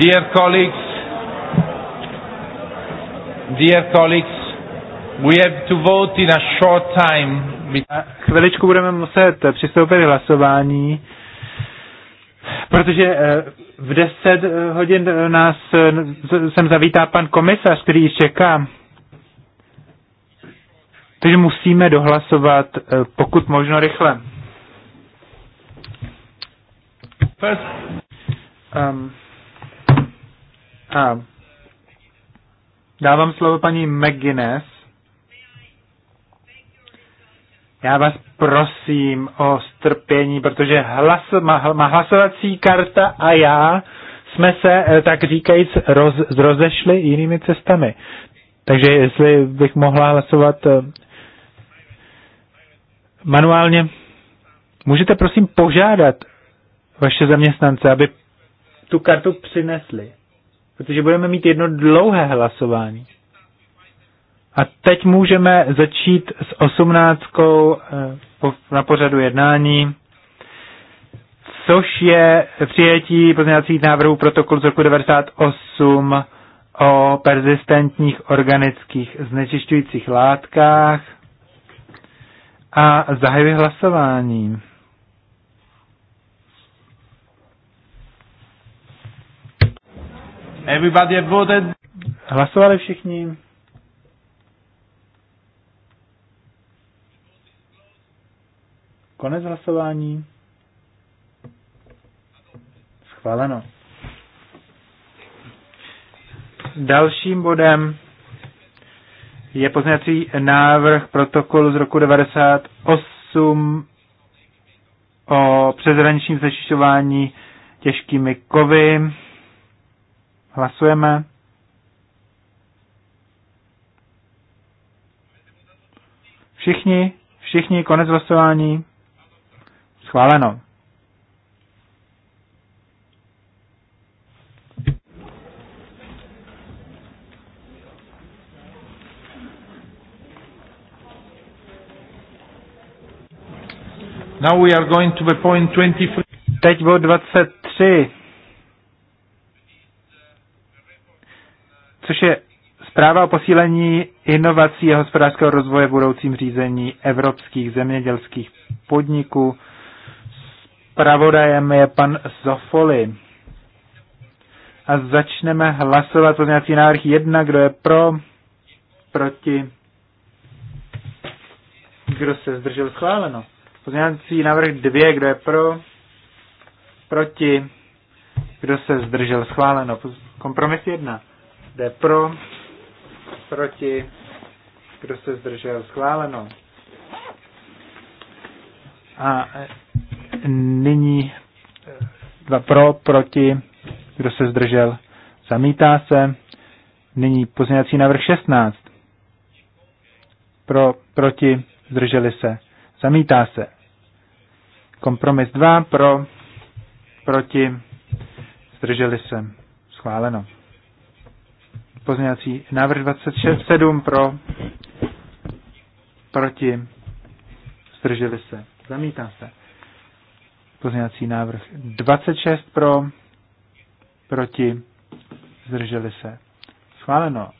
Dear colleagues, dear colleagues, we have to vote in a short time. Chviličku budeme muset přistoupit k hlasování, protože eh, v 10 eh, hodin eh, nás sem zavítá pan komisař, který již čeká. Takže musíme dohlasovat pokud možno rychle. First. Um, a dávám slovo paní McGuinness. Já vás prosím o strpění, protože hlas, má, má hlasovací karta a já jsme se, eh, tak říkajíc, roz, rozešli jinými cestami. Takže jestli bych mohla hlasovat eh, manuálně, můžete prosím požádat vaše zaměstnance, aby tu kartu přinesli protože budeme mít jedno dlouhé hlasování. A teď můžeme začít s osmnáctkou eh, na pořadu jednání, což je přijetí pozměňovacích návrhů protokolu z roku 98 o persistentních organických znečišťujících látkách a zahajuji hlasování. Everybody voted. Hlasovali všichni. Konec hlasování. Schváleno. Dalším bodem je pozměňovací návrh protokolu z roku 98 o přezraničním znečišťování těžkými kovy. Hlasujeme. Všichni, všichni, konec hlasování. Schváleno. Now we are going to the point 23. Teď bod 23. což je zpráva o posílení inovací a hospodářského rozvoje v budoucím řízení evropských zemědělských podniků. Pravodajem je pan Zofoli. A začneme hlasovat pozměňovací návrh 1, kdo je pro, proti, kdo se zdržel schváleno. Pozměňovací návrh 2, kdo je pro, proti, kdo se zdržel schváleno. Kompromis 1. Jde pro, proti, kdo se zdržel, schváleno. A e, nyní e, dva pro, proti, kdo se zdržel, zamítá se. Nyní pozměňovací návrh 16. Pro, proti, zdrželi se, zamítá se. Kompromis 2 pro, proti, zdrželi se, schváleno. Pozměňovací návrh 27 pro, proti, zdrželi se, zamítá se. Pozměňovací návrh 26 pro, proti, zdrželi se. Schváleno.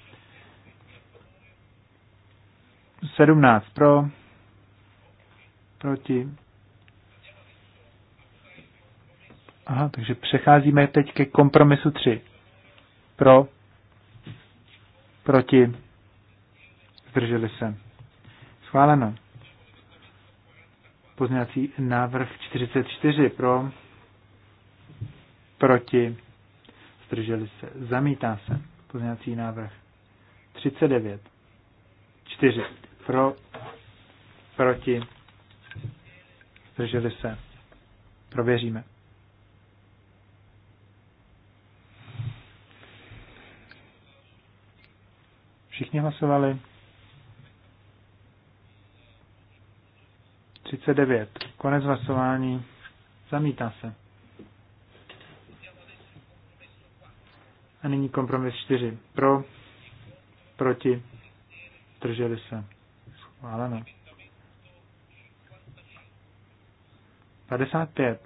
17 pro, proti. Aha, takže přecházíme teď ke kompromisu 3. Pro, proti, zdrželi se. Schváleno. Pozměňovací návrh 44 pro, proti, zdrželi se. Zamítá se. Pozměňovací návrh 39, 4 pro, proti, zdrželi se. Prověříme. Všichni hlasovali? 39. Konec hlasování. Zamítá se. A nyní kompromis 4. Pro, proti, drželi se. Schváleno. 55.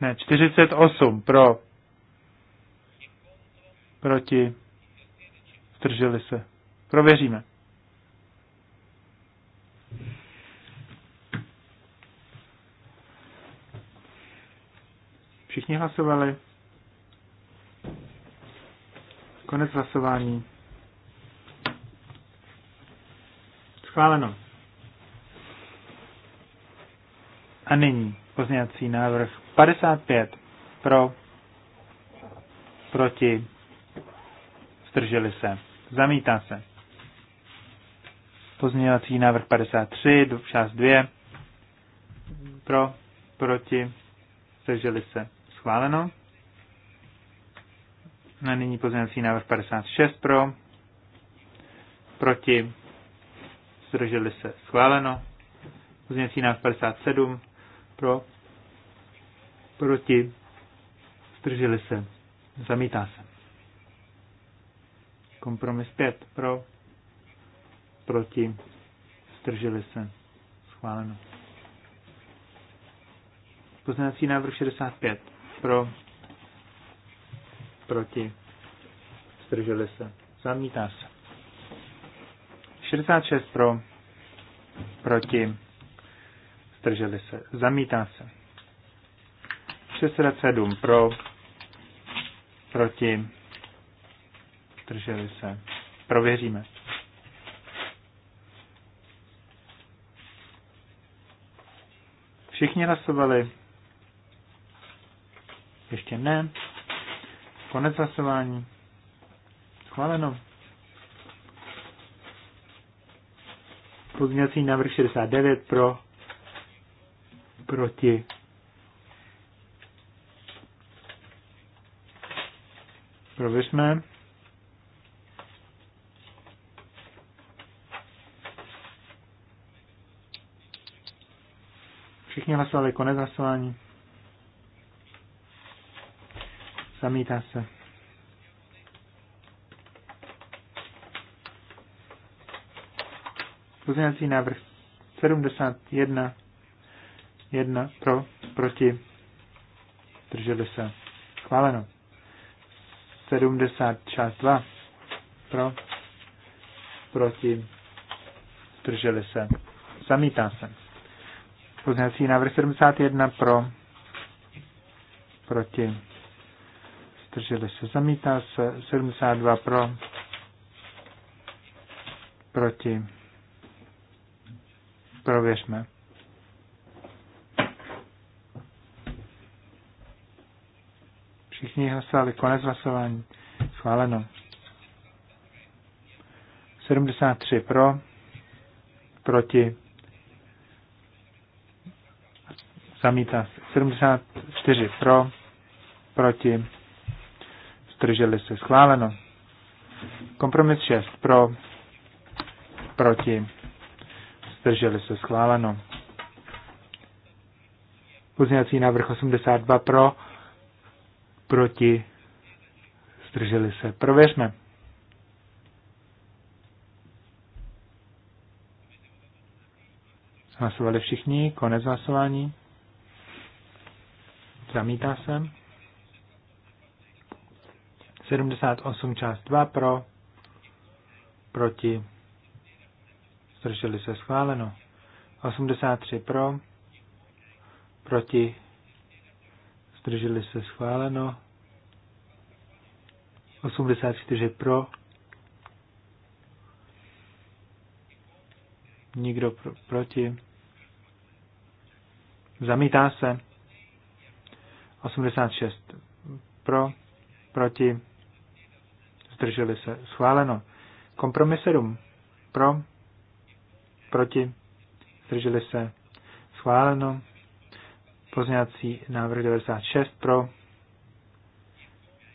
Ne, 48 pro, proti, zdrželi se. Prověříme. Všichni hlasovali. Konec hlasování. Schváleno. A nyní pozněcí návrh 55 pro, proti, zdrželi se, zamítá se. Pozměňovací návrh 53, část 2, pro, proti, zdrželi se, schváleno. A nyní pozměňovací návrh 56 pro, proti, zdrželi se, schváleno. Pozměňovací návrh 57 pro, proti, zdrželi se, zamítá se. Kompromis 5 pro, proti, zdrželi se. Schváleno. Poznací návrh 65 pro, proti, zdrželi se. Zamítá se. 66 pro, proti, zdrželi se. Zamítá se. 67 pro, proti, zdrželi se. Prověříme. Všichni hlasovali? Ještě ne. Konec hlasování. Schváleno. Pozměňovací návrh 69 pro, proti. Prověřme. Všichni hlasovali konec hlasování. Zamítá se. Pozměňovací návrh 71. 1 pro, proti, drželi se. Schváleno. 76 2 pro, proti, drželi se. Zamítá se. Poznací návrh 71 pro, proti, zdrželi se, zamítá se, 72 pro, proti, prověřme. Všichni hlasovali, konec hlasování, schváleno. 73 pro, proti, zamítá 74 pro, proti, zdrželi se schváleno. Kompromis 6 pro, proti, zdrželi se schváleno. Pozměňovací návrh 82 pro, proti, zdrželi se. Prověřme. Hlasovali všichni, konec hlasování. Zamítá se. 78 část 2 pro, proti, zdrželi se schváleno. 83 pro, proti, zdrželi se schváleno. 84 pro, nikdo pro, proti, zamítá se. 86 pro, proti, zdrželi se, schváleno. Kompromis 7 pro, proti, zdrželi se, schváleno. Pozněcí návrh 96 pro,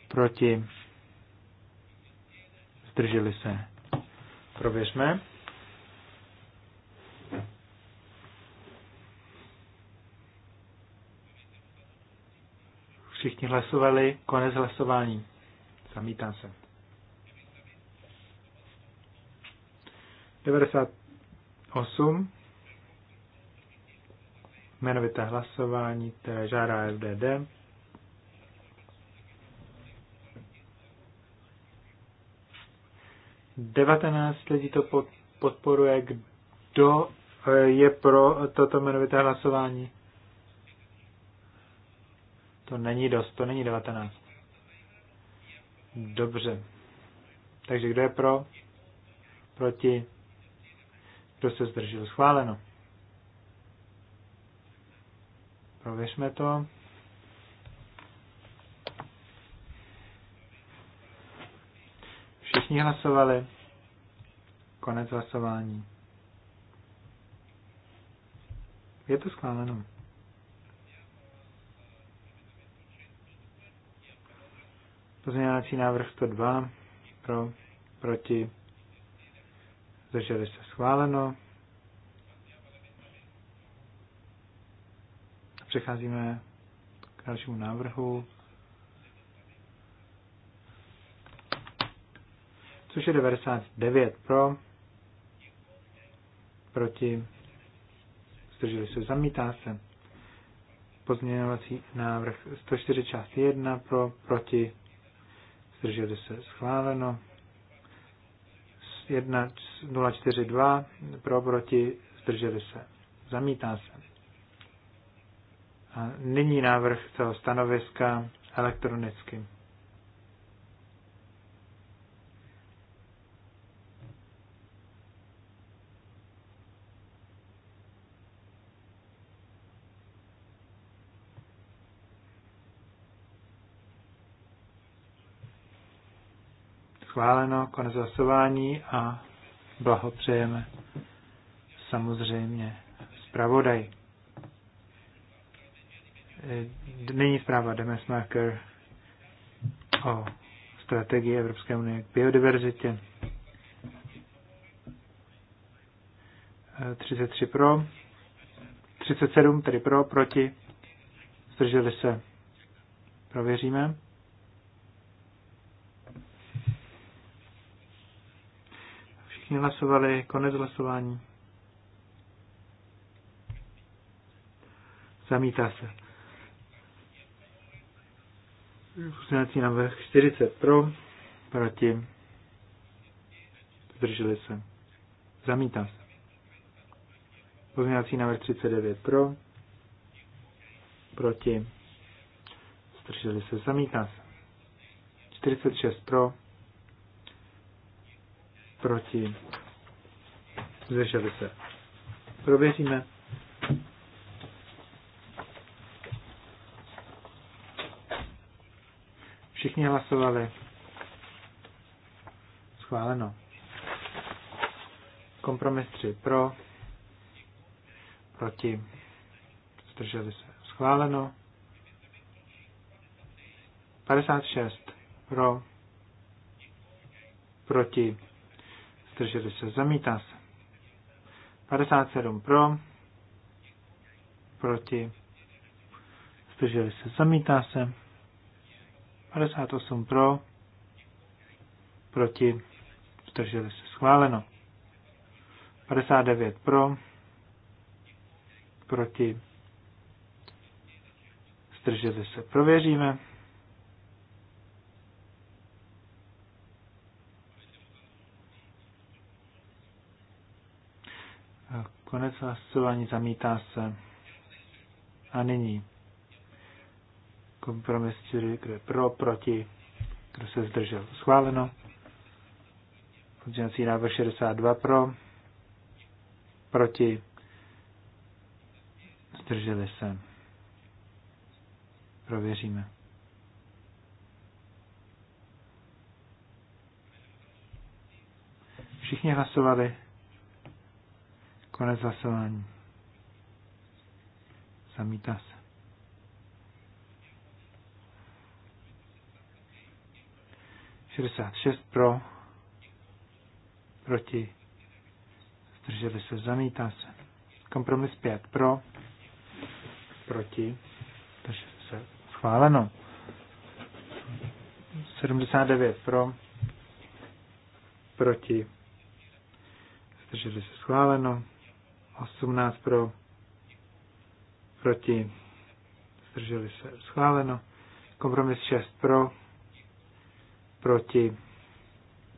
proti, zdrželi se. Prověřme. Všichni hlasovali, konec hlasování. Zamítá se. 98. Jmenovité hlasování, které žádá FDD. Devatenáct lidí to podporuje. Kdo eh, je pro toto jmenovité hlasování? to není dost, to není 19. Dobře. Takže kdo je pro? Proti? Kdo se zdržel? Schváleno. Prověřme to. Všichni hlasovali. Konec hlasování. Je to schváleno. Pozměňovací návrh 102 pro, proti, zdrželi se schváleno. Přecházíme k dalšímu návrhu, což je 99 pro, proti, zdrželi se, zamítá se. Pozměňovací návrh 104 část 1 pro, proti, zdrželi se schváleno. 1042 pro, proti, zdrželi se. Zamítá se. A nyní návrh toho stanoviska elektronicky. Schváleno, konec hlasování a blahopřejeme samozřejmě zpravodaj. E, nyní zpráva Demesmaker o strategii Evropské unie k biodiverzitě. 33 e, pro, 37 tedy pro, proti, zdrželi se, prověříme. Všichni hlasovali, konec hlasování. Zamítá se. Usnávací návrh 40 pro, proti, zdrželi se. Zamítá se. Pozměňovací návrh 39 pro, proti, zdrželi se, zamítá se. 46 pro, proti, zdrželi se. Prověříme. Všichni hlasovali. Schváleno. Kompromis 3 pro, proti, zdrželi se. Schváleno. 56 pro, proti, zdrželi se, zamítá se. 57 pro, proti, zdrželi se, zamítá se. 58 pro, proti, zdrželi se, schváleno. 59 pro, proti, zdrželi se, prověříme. Konec hlasování zamítá se. A nyní kompromis čili kdo je pro, proti, kdo se zdržel. Schváleno. Pozměňovací návrh 62 pro, proti, zdrželi se. Prověříme. Všichni hlasovali. Konec hlasování. Zamítá se. Šedesát šest pro, proti, zdrželi se, zamítá se. Kompromis pět pro, proti, takže se schváleno. 79 pro, proti, zdrželi se schváleno. 18 pro, proti, zdrželi se, schváleno. Kompromis 6 pro, proti,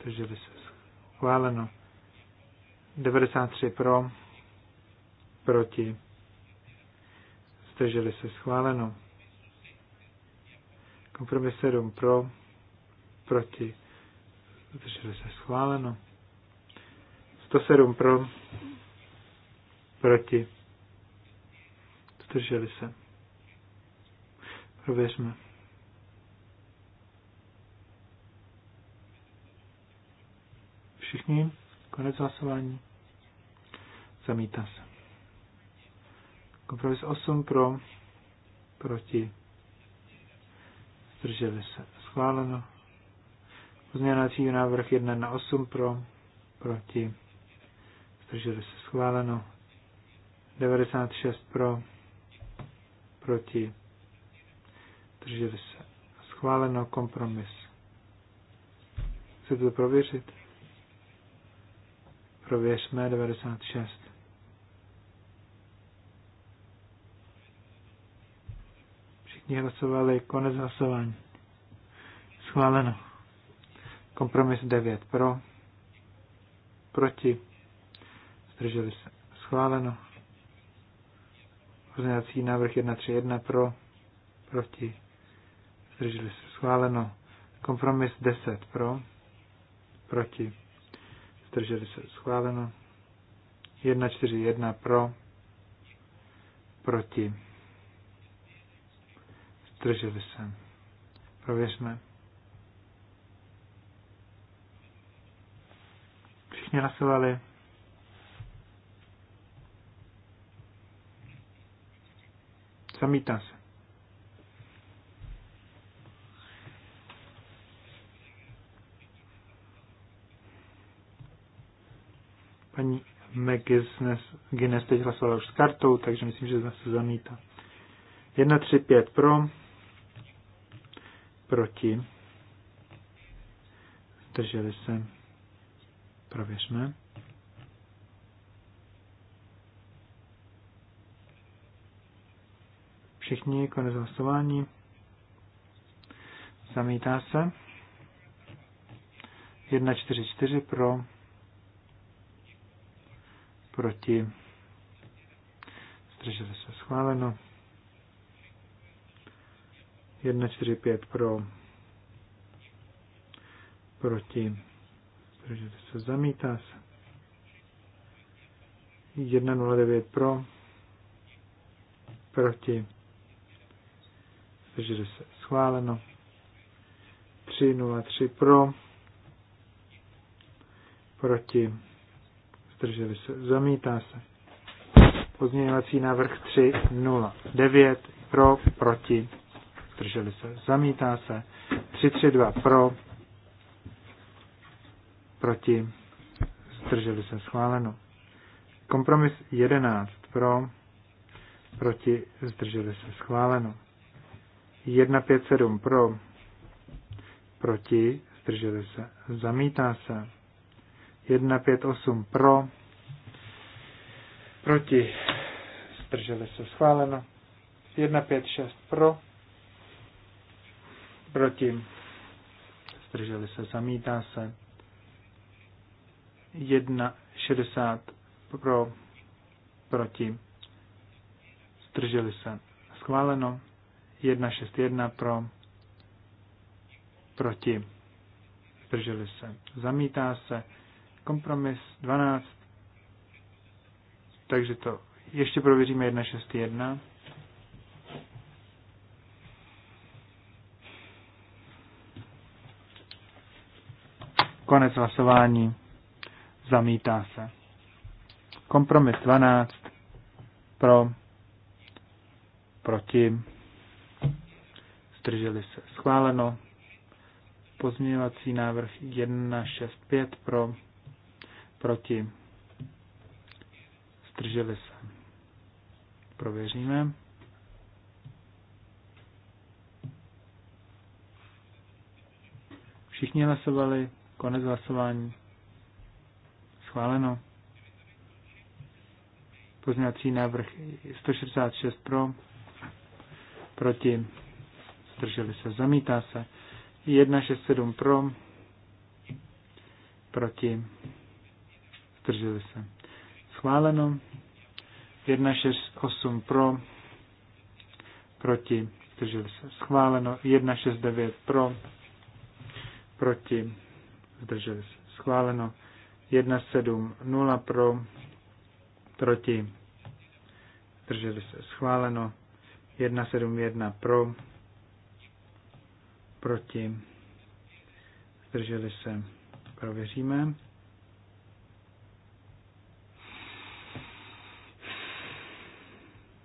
zdrželi se, schváleno. 93 pro, proti, zdrželi se, schváleno. Kompromis 7 pro, proti, zdrželi se, schváleno. 107 pro, Proti. Zdrželi se. Prověřme. Všichni? Konec hlasování. Zamítá se. Kompromis 8 pro, proti, zdrželi se. Schváleno. Pozměňovací návrh 1 na 8 pro, proti, zdrželi se. Schváleno. 96 pro, proti, drželi se. Schváleno kompromis. Chcete to prověřit? Prověřme 96. Všichni hlasovali, konec hlasování. Schváleno. Kompromis 9 pro, proti, zdrželi se. Schváleno. Pozměňovací návrh 131 pro, proti, zdrželi se schváleno. Kompromis 10 pro, proti, zdrželi se schváleno. 141 pro, proti, zdrželi se. Prověřme. Všichni hlasovali. samitas. Paní Paní McGuinness teď hlasovala už s kartou, takže myslím, že zase zamítá. 1, 3, 5 pro, proti, zdrželi se, prověřme. Všichni, konec hlasování. Zamítá se. 1,44 pro, proti, zdrželi se schváleno, 1,45 pro, proti, zdrželi se zamítá se, 1,09 pro, proti, zdrželi se schváleno. 303 pro, proti, zdrželi se, zamítá se. Pozměňovací návrh 309 pro, proti, zdrželi se, zamítá se. 332 pro, proti, zdrželi se, schváleno. Kompromis 11 pro, proti, zdrželi se, schváleno. 157 pro, proti, zdrželi se, zamítá se. 158 pro, proti, zdrželi se, schváleno. 156 pro, proti, zdrželi se, zamítá se. 160 pro, proti, zdrželi se, schváleno. 161 pro, proti, zdrželi se, zamítá se, kompromis 12, takže to ještě prověříme 161. Konec hlasování. Zamítá se. Kompromis 12. Pro. Proti zdrželi se schváleno. Pozměňovací návrh 165 pro, proti, zdrželi se. Prověříme. Všichni hlasovali, konec hlasování. Schváleno. Pozměňovací návrh 166 pro, proti zdrželi se, zamítá se. 167 pro, proti, zdrželi se. Schváleno. 168 pro, proti, zdrželi se. Schváleno. 169 pro, proti, zdrželi se. Schváleno. 170 pro, proti, zdrželi se. Schváleno. 171 pro, proti, zdrželi se, prověříme.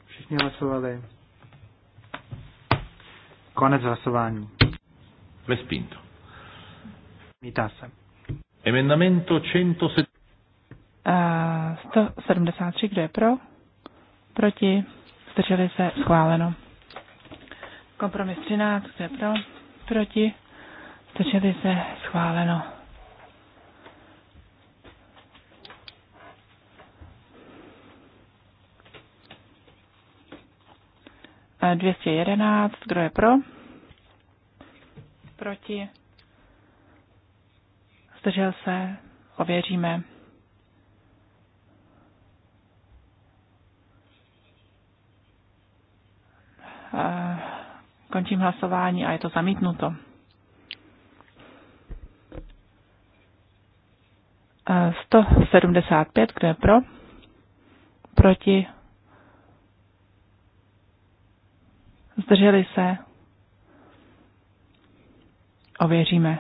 Všichni hlasovali. Konec hlasování. Respinto. Mítá se. Emendamento 170. Uh, 173, kdo je pro? Proti? Zdrželi se? Schváleno. Kompromis 13, kdo je pro? proti, zdrželi se, schváleno. A 211, kdo je pro? Proti. Zdržel se, ověříme. A Končím hlasování a je to zamítnuto. E, eh, 175, kdo je pro? Proti? Zdrželi se? Ověříme.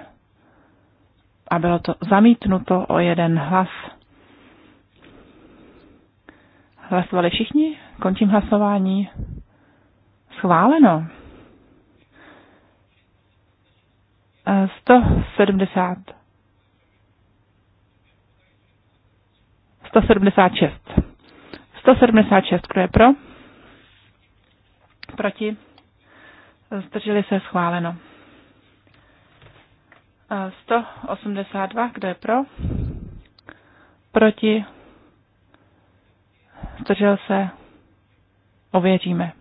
A bylo to zamítnuto o jeden hlas. Hlasovali všichni? Končím hlasování. Schváleno. 170. 176. 176, kdo je pro? Proti? Zdrželi se schváleno. 182, kdo je pro? Proti? Zdržel se? Ověříme.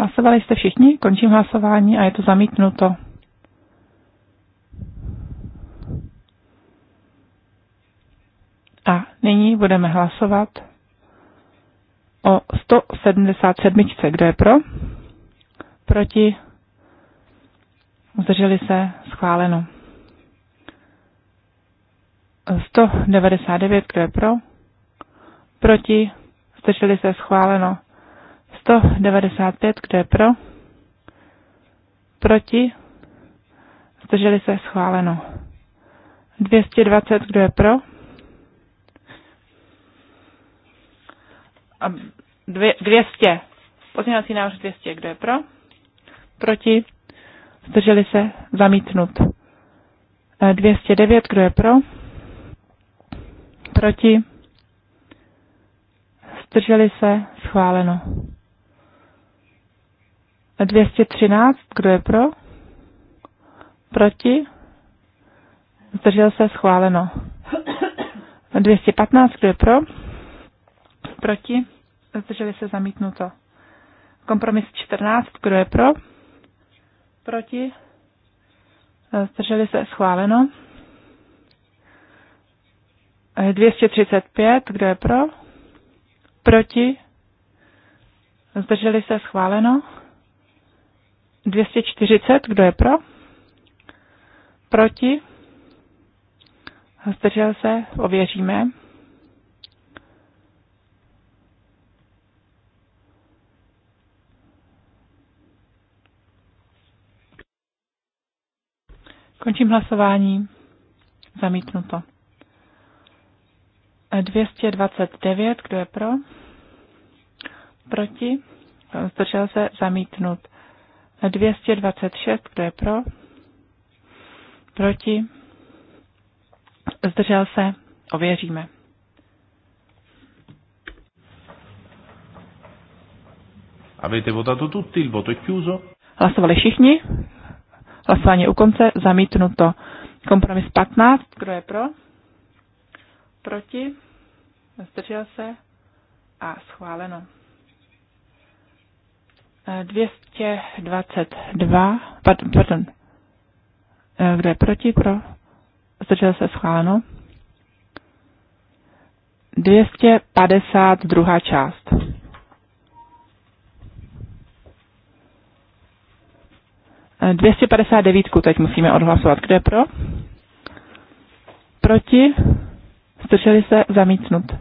Hlasovali jste všichni? Končím hlasování a je to zamítnuto. A nyní budeme hlasovat o 177. Kdo je pro? Proti? Zdrželi se? Schváleno. 199. Kdo je pro? Proti? Zdrželi se? Schváleno. 195, kdo je pro? Proti? Zdrželi se schváleno. 220, kdo je pro? A dvě, 200. Pozměňovací návrh 200, kdo je pro? Proti? Zdrželi se zamítnut. 209, e, kdo je pro? Proti? Zdrželi se schváleno. 213, kdo je pro? Proti? Zdržel se schváleno. 215, kdo je pro? Proti? Zdrželi se zamítnuto. Kompromis 14, kdo je pro? Proti? Zdrželi se schváleno. 235, kdo je pro? Proti? Zdrželi se schváleno. 240, kdo je pro? Proti? Zdržel se? Ověříme. Končím hlasování. Zamítnuto. 229, kdo je pro? Proti? Zdržel se? Zamítnut. 226, kdo je pro? Proti? Zdržel se? Ověříme. Avete votato tutti, il voto è chiuso. Hlasovali všichni. Hlasování u konce, zamítnuto. Kompromis 15, kdo je pro? Proti? Zdržel se? A schváleno. 222, pardon, eh, kdo je proti, pro, zdržel se schváleno. 252. část. E, eh, 259 teď musíme odhlasovat. Kdo je pro? Proti? Zdrželi se zamítnut.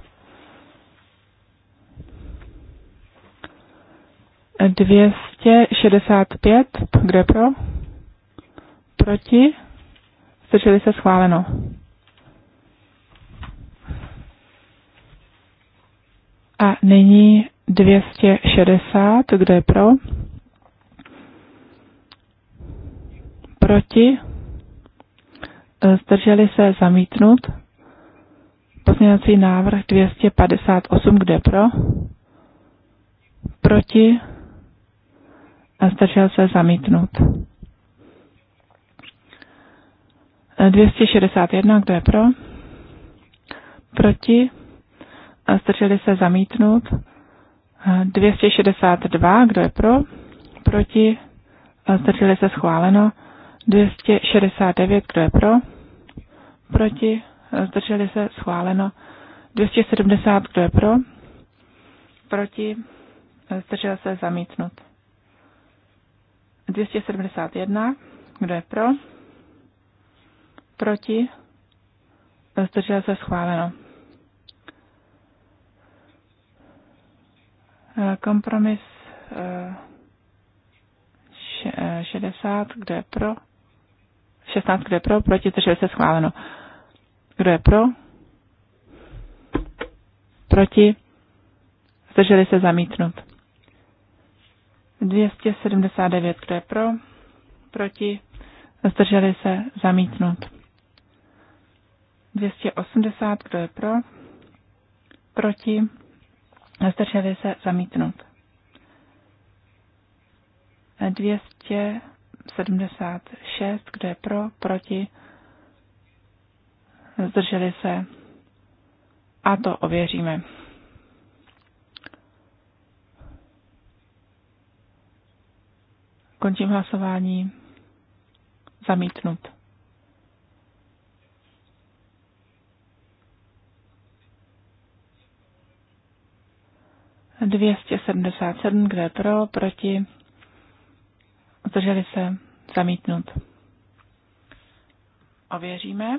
265, je pro? Proti? Zdrželi se schváleno. A nyní 260, kdo je pro? Proti? Zdrželi se zamítnut. Pozměňovací návrh 258, kde pro? Proti? stačil se zamítnut. 261, kdo je pro? Proti? stačili se zamítnout. 262, kdo je pro? Proti? stačili se schváleno. 269, kdo je pro? Proti? stačili se schváleno. 270, kdo je pro? Proti? stačil se zamítnout. 271. Kdo je pro? Proti? Zdržel se schváleno. Eh, kompromis 60, eh, eh, kdo je pro? 16, kdo je pro? Proti, zdržel se schváleno. Kdo je pro? Proti? Zdrželi se zamítnut. 279, kdo je pro, proti, zdrželi se, zamítnout. 280, kdo je pro, proti, zdrželi se, zamítnout. 276, kdo je pro, proti, zdrželi se, a to ověříme. Končím hlasování. Zamítnut. Dvěstě sedmdesát sedm, kde je pro, proti, zdrželi se, zamítnut. Ověříme.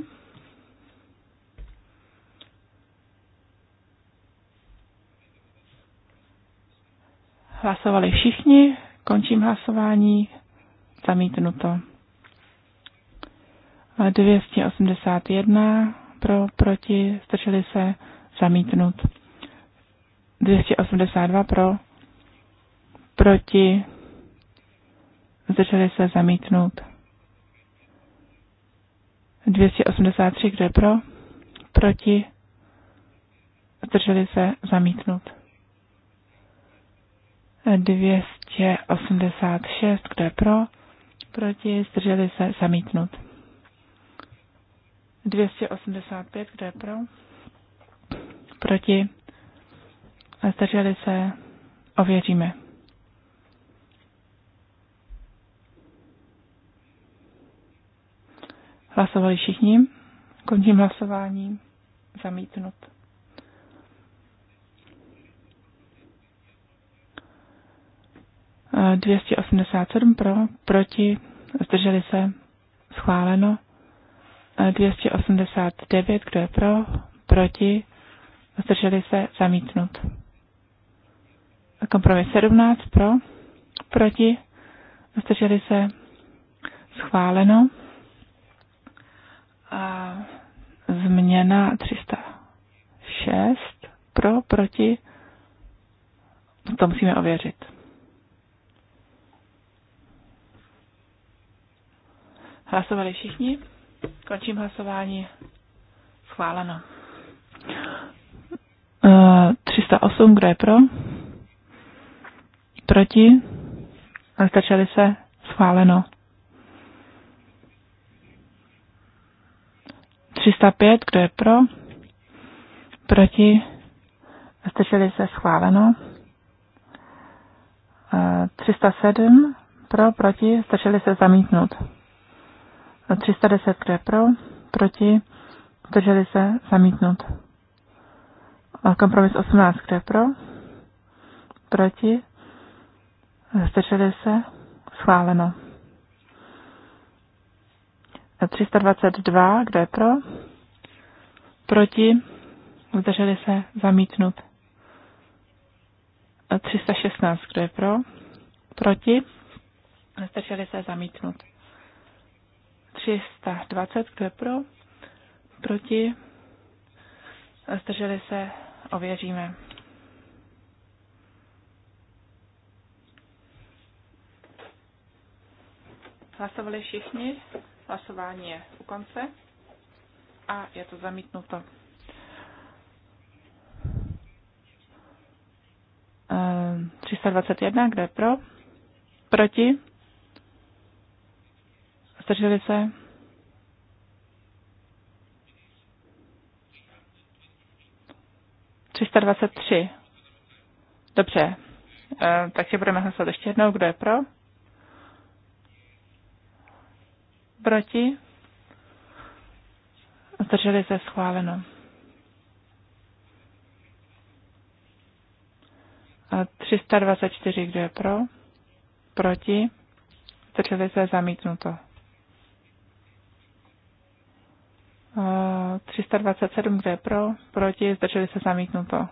Hlasovali všichni, Končím hlasování. Zamítnuto. 281 pro, proti, strčili se, zamítnut. 282 pro, proti, zdrželi se, zamítnout. 283, kdo je pro, proti, zdrželi se, zamítnout. 286, kdo je pro, proti, zdrželi se, zamítnut. 285, kdo je pro, proti, a zdrželi se, ověříme. Hlasovali všichni. Končím hlasování. Zamítnut. 287 pro, proti, zdrželi se, schváleno. 289, kdo je pro, proti, zdrželi se, zamítnut. Kompromis 17 pro, proti, zdrželi se, schváleno. A změna 306 pro, proti, to musíme ověřit. Hlasovali všichni? Končím hlasování. Schváleno. Uh, eh, 308, kdo je pro? Proti? Stačili se? Schváleno. 305, kdo je pro? Proti? Stačili se? Schváleno. Uh, eh, 307, pro, proti? Stačili se? Zamítnout. 310, kdo je pro, proti, zdrželi se, zamítnut. Kompromis 18, kdo je pro, proti, zdrželi se, schváleno. 322, kdo je pro, proti, zdrželi se, zamítnut. 316, kdo je pro, proti, zdrželi se, zamítnut. 320, kdo je pro, proti, zdrželi se, ověříme. Hlasovali všichni, hlasování je u konce a je to zamítnuto. Uh, 321, kde pro? Proti? Zdrželi se? 323. tři. Dobře. E, takže budeme hlasovat ještě jednou. Kdo je pro? Proti? Zdrželi se schváleno. Eh, A 324, kdo je pro? Proti? Zdrželi se zamítnuto. 327, kde je pro, proti, zdrželi se zamítnuto.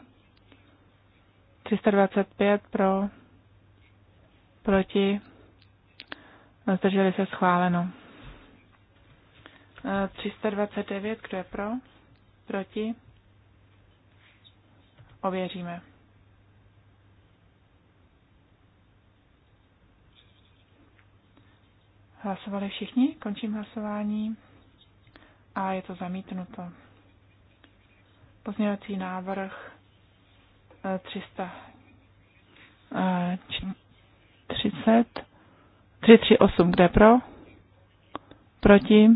325 pro, proti, zdrželi se schváleno. 329, eh, kdo je pro, proti, ověříme. Hlasovali všichni? Končím hlasování a je to zamítnuto. Pozměňovací návrh 330, eh, 338, eh, kde pro, proti,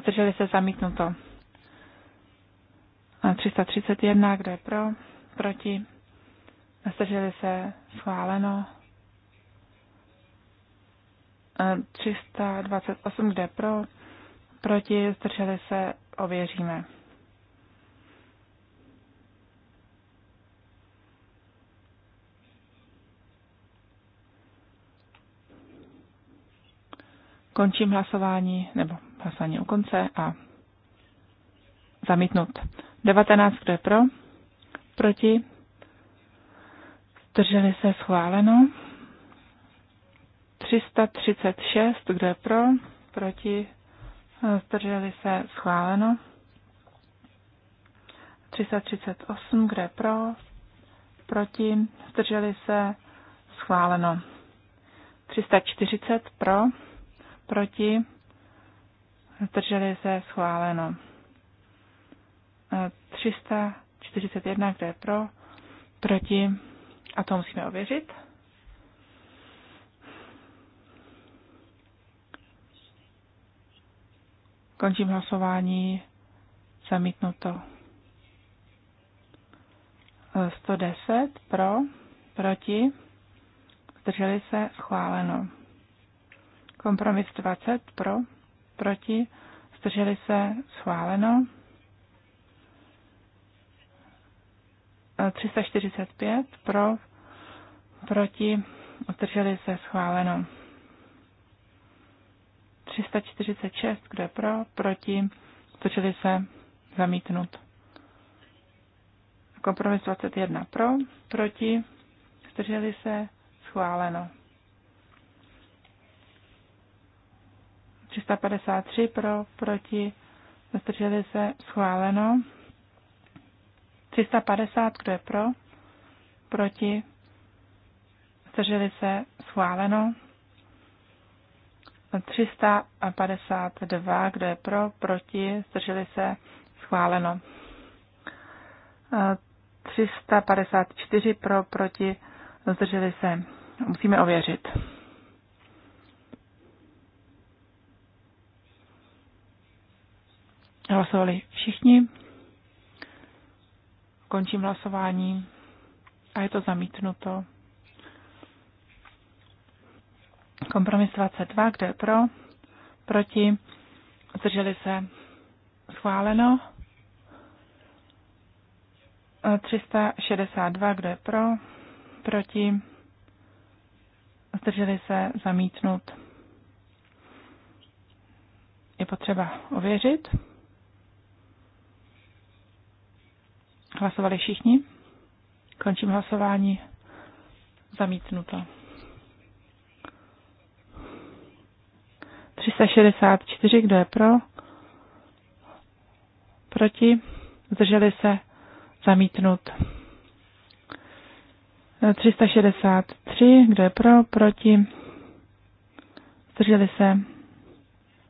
zdrželi se zamítnuto. 331, eh, kde pro, proti, zdrželi se schváleno. 328, kde pro, proti, zdrželi se, ověříme. Končím hlasování, nebo hlasování u konce a zamítnut. 19, kdo je pro? Proti? Zdrželi se schváleno. 336, kdo je pro? Proti? zdrželi se schváleno. 338, kde pro, proti, zdrželi se schváleno. 340 pro, proti, zdrželi se schváleno. 341, kde pro, proti, a to musíme ověřit. Končím hlasování. Zamítnuto. 110 e, pro, proti, zdrželi se, schváleno. Kompromis 20 pro, proti, zdrželi se, schváleno. 345 e, pro, proti, zdrželi se, schváleno. 346, kdo je pro, proti, točili se, zamítnut. Kompromis 21 pro, proti, zdrželi se, schváleno. 353 pro, proti, zdrželi se, schváleno. 350, kdo je pro, proti, zdrželi se, schváleno. 352, kdo je pro, proti, zdrželi se, schváleno. 354 pro, proti, zdrželi se. Musíme ověřit. Hlasovali všichni. Končím hlasování a je to zamítnuto. Kompromis 22, kdo je pro? Proti? Zdrželi se? Schváleno. 362, e, kdo je pro? Proti? Zdrželi se? Zamítnut. Je potřeba ověřit. Hlasovali všichni? Končím hlasování. Zamítnuto. 364, kdo je pro? Proti? Zdrželi se? Zamítnut. 363, kdo je pro? Proti? Zdrželi se?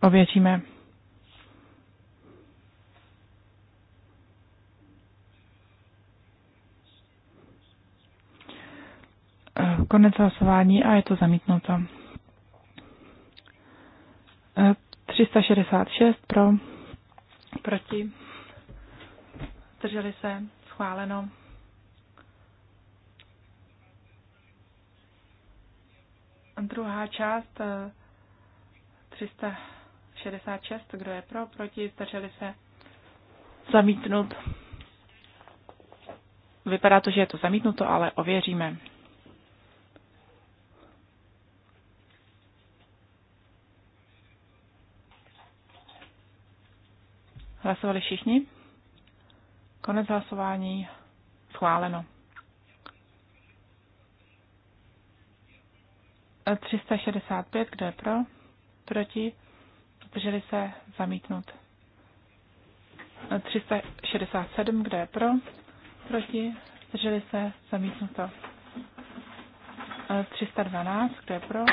Ověříme. Konec hlasování a je to zamítnuto. 366 pro, proti, drželi se, schváleno. Druhá část 366, eh, kdo je pro, proti, zdrželi se, zamítnut. Vypadá to, že je to zamítnuto, ale ověříme. Hlasovali všichni? Konec hlasování. Schváleno. 365, kdo je pro? Proti? Zdrželi se zamítnout. 367, kdo je pro? Proti? Zdrželi se zamítnuto. 312, kdo je pro?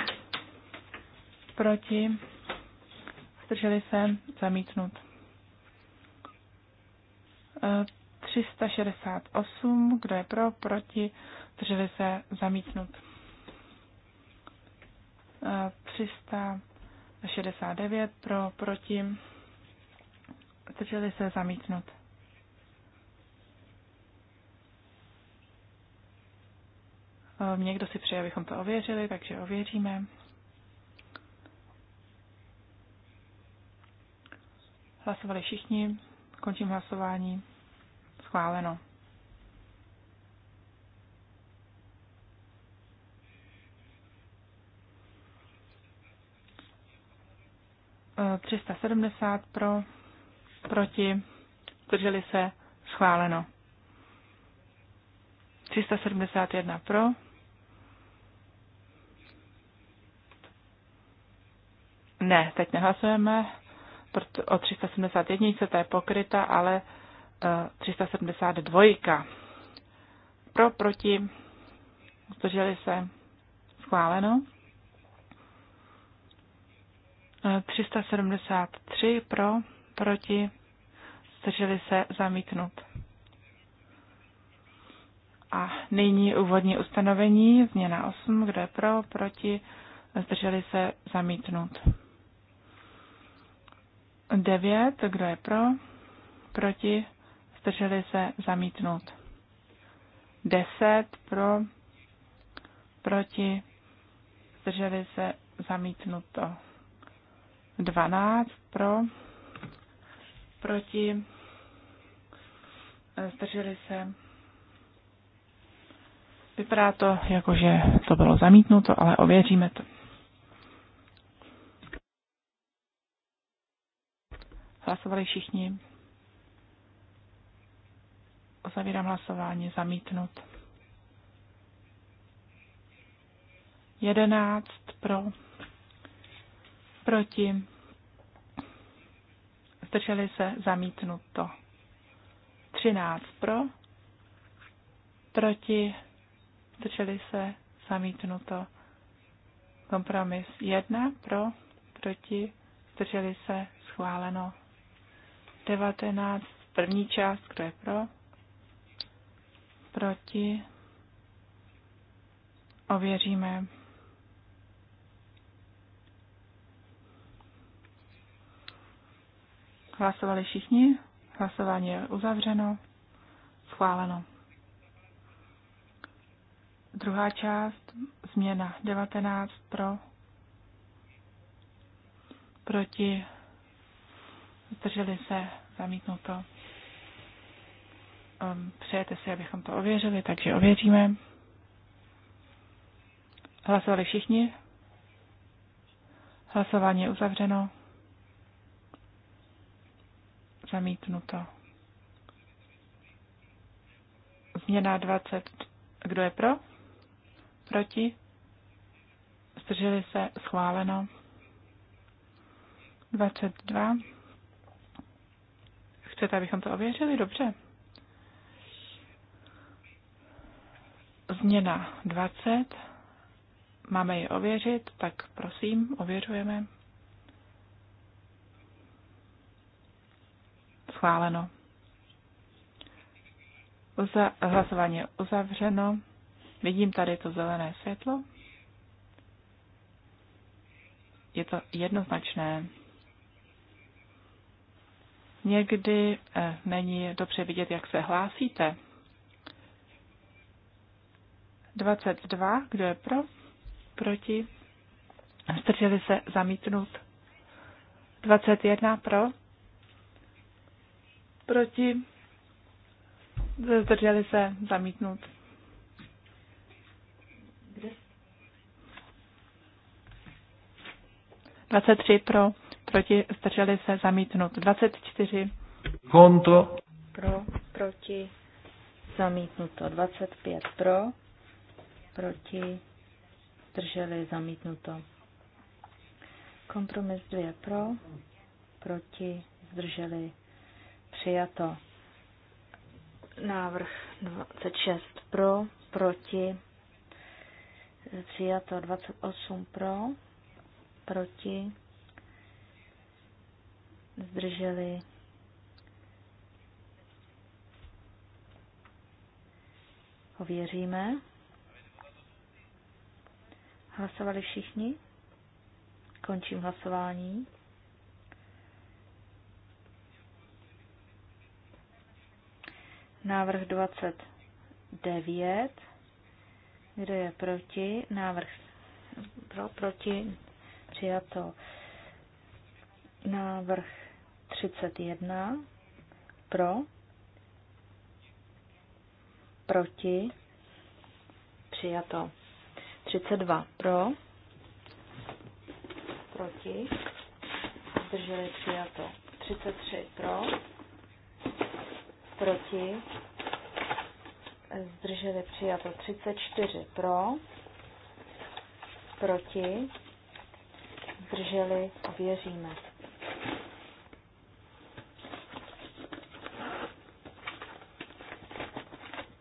Proti? Zdrželi se zamítnout. 368, kdo je pro, proti, drželi se zamítnut. 369 pro, proti, drželi se zamítnut. Ehm, někdo si přeje, abychom to ověřili, takže ověříme. Hlasovali všichni. Končím hlasování schváleno. E, 370 pro, proti, zdrželi se, schváleno. 371 pro, Ne, teď nehlasujeme o 371, to je pokryta, ale 372. Pro, proti, zdrželi se, schváleno. 373 pro, proti, zdrželi se, zamítnut. A nyní úvodní ustanovení, změna 8, kde pro, proti, zdrželi se, zamítnut. 9, kdo je pro, proti, zdrželi se zamítnout. 10 pro, proti, zdrželi se zamítnuto. 12 pro, proti, zdrželi se. Vypadá to jako, že to bylo zamítnuto, ale ověříme to. Hlasovali všichni. Uzavírám hlasování. Zamítnut. 11 pro. Proti. Zdrželi se. to 13 pro. Proti. Zdrželi se. to Kompromis 1 pro. Proti. Zdrželi se. Schváleno. 19. První část. Kdo je pro? proti, ověříme. Hlasovali všichni, hlasování je uzavřeno, schváleno. Druhá část, změna 19 pro, proti, zdrželi se, zamítnuto. Um, přejete si, abychom to ověřili, takže ověříme. Hlasovali všichni? Hlasování je uzavřeno. Zamítnuto. Změna 20. Kdo je pro? Proti? Zdrželi se? Schváleno. 22. Chcete, abychom to ověřili? Dobře. Změna 20. Máme ji ověřit, tak prosím, ověřujeme. Schváleno. Uza- hlasování je uzavřeno. Vidím tady to zelené světlo. Je to jednoznačné. Někdy eh, není dobře vidět, jak se hlásíte. 22, kdo je pro, proti, zdrželi se zamítnout. 21 pro, proti, zdrželi se zamítnout. Kde? 23 pro, proti, zdrželi se zamítnout. 24 Konto. Pro, proti, zamítnuto. 25 pro, proti, zdrželi, zamítnuto. Kompromis 2 pro, proti, zdrželi, přijato. Návrh 26 pro, proti, přijato 28 pro, proti, zdrželi ověříme. Hlasovali všichni? Končím hlasování. Návrh 29. Kdo je proti? Návrh pro, proti přijato. Návrh 31. Pro. Proti. Přijato. 32 pro, proti, zdrželi přijato. 33 pro, proti, zdrželi přijato. 34 pro, proti, zdrželi, věříme.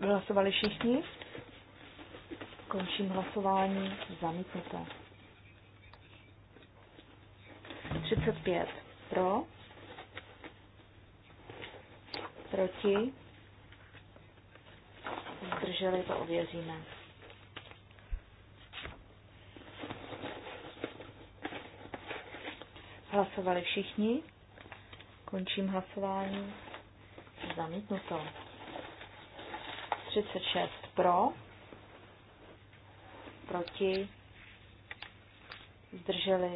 Hlasovali všichni? Končím hlasování. Zamítnuto. 35 pro. Proti. Zdrželi to ověříme. Hlasovali všichni. Končím hlasování. Zamítnuto. 36 pro proti, zdrželi,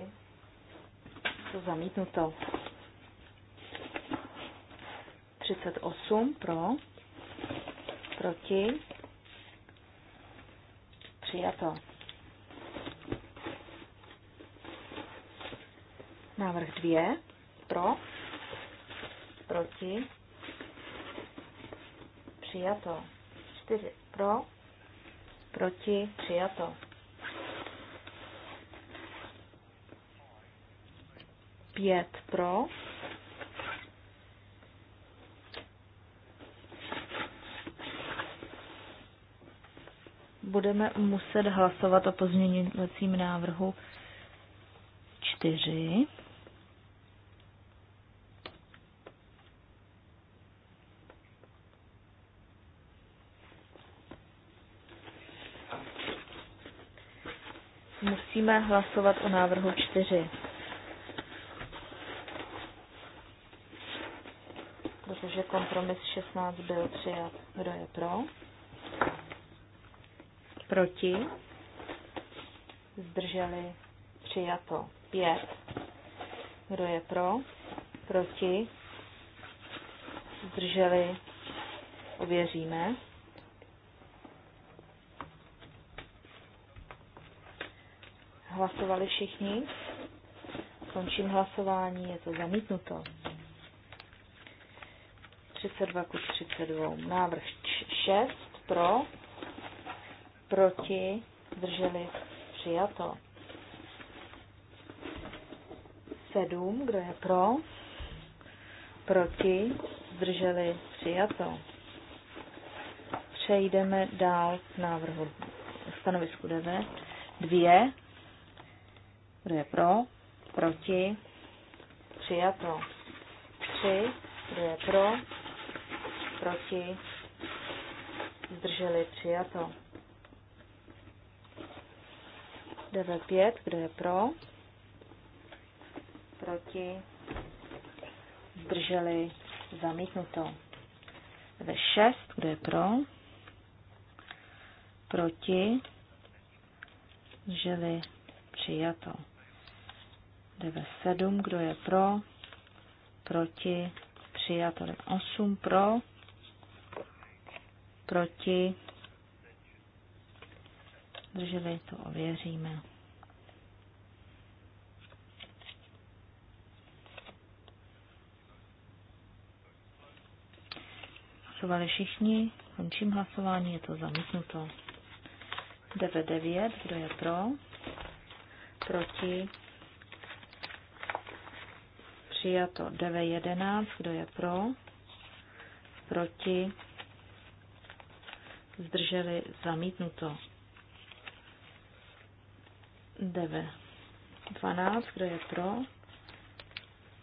to zamítnuto. 38 pro, proti, přijato. Návrh 2 pro, proti, přijato. 4 pro, proti, přijato. Pět pro, budeme muset hlasovat o pozměňovacím návrhu čtyři. Budeme hlasovat o návrhu 4. Protože kompromis 16 byl přijat. Kdo je pro? Proti? Zdrželi? Přijato. 5. Kdo je pro? Proti? Zdrželi? Ověříme. Hlasovali všichni. Končím hlasování, je to zamítnuto. 32 k 32. Návrh 6 pro, proti, zdrželi přijato. 7, kdo je pro, proti, zdrželi přijato. Přejdeme dál k návrhu stanovisku 9. 2 kdo je pro? Proti? Přijato. tři, Kdo je pro? Proti? Zdrželi přijato. 9.5. Kdo je pro? Proti? Zdrželi zamítnuto. 9.6. Kdo je pro? Proti? Zdrželi přijato. DV7, kdo je pro, proti, přijato 8 pro, proti, drželi, to ověříme. Hlasovali všichni, končím hlasování, je to zamítnuto. 99, kdo je pro, proti, Přijato 9.11. kdo je pro? Proti? Zdrželi zamítnuto. 9.12. kdo je pro?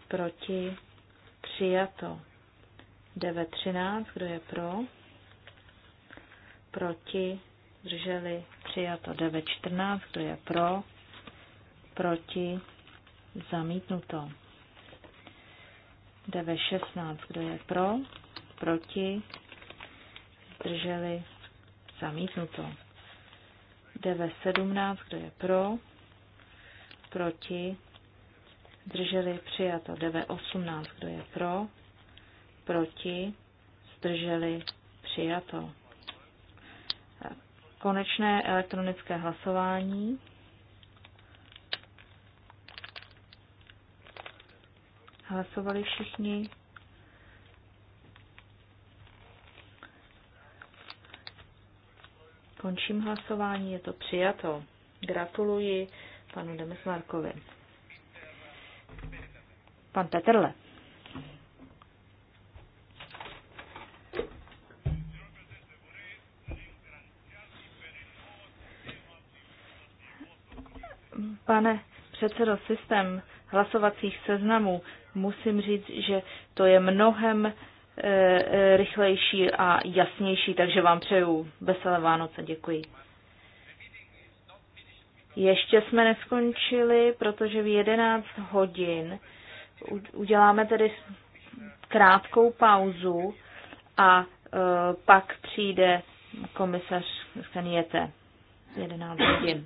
Proti? Přijato. 9.13. kdo je pro? Proti? Zdrželi přijato. 9.14. kdo je pro? Proti? Zamítnuto. DV16, kdo je pro, proti, zdrželi, zamítnuto. DV17, kdo je pro, proti, zdrželi, přijato. DV18, kdo je pro, proti, zdrželi, přijato. Konečné elektronické hlasování. Hlasovali všichni. Končím hlasování, je to přijato. Gratuluji panu Demesmarkovi. Pan Petrle. Pane předsedo, systém hlasovacích seznamů, musím říct, že to je mnohem eh, eh, rychlejší a jasnější, takže vám přeju veselé Vánoce, děkuji. Ještě jsme neskončili, protože v 11 hodin uděláme tedy krátkou pauzu a eh, pak přijde komisař Kaniete 11 hodin.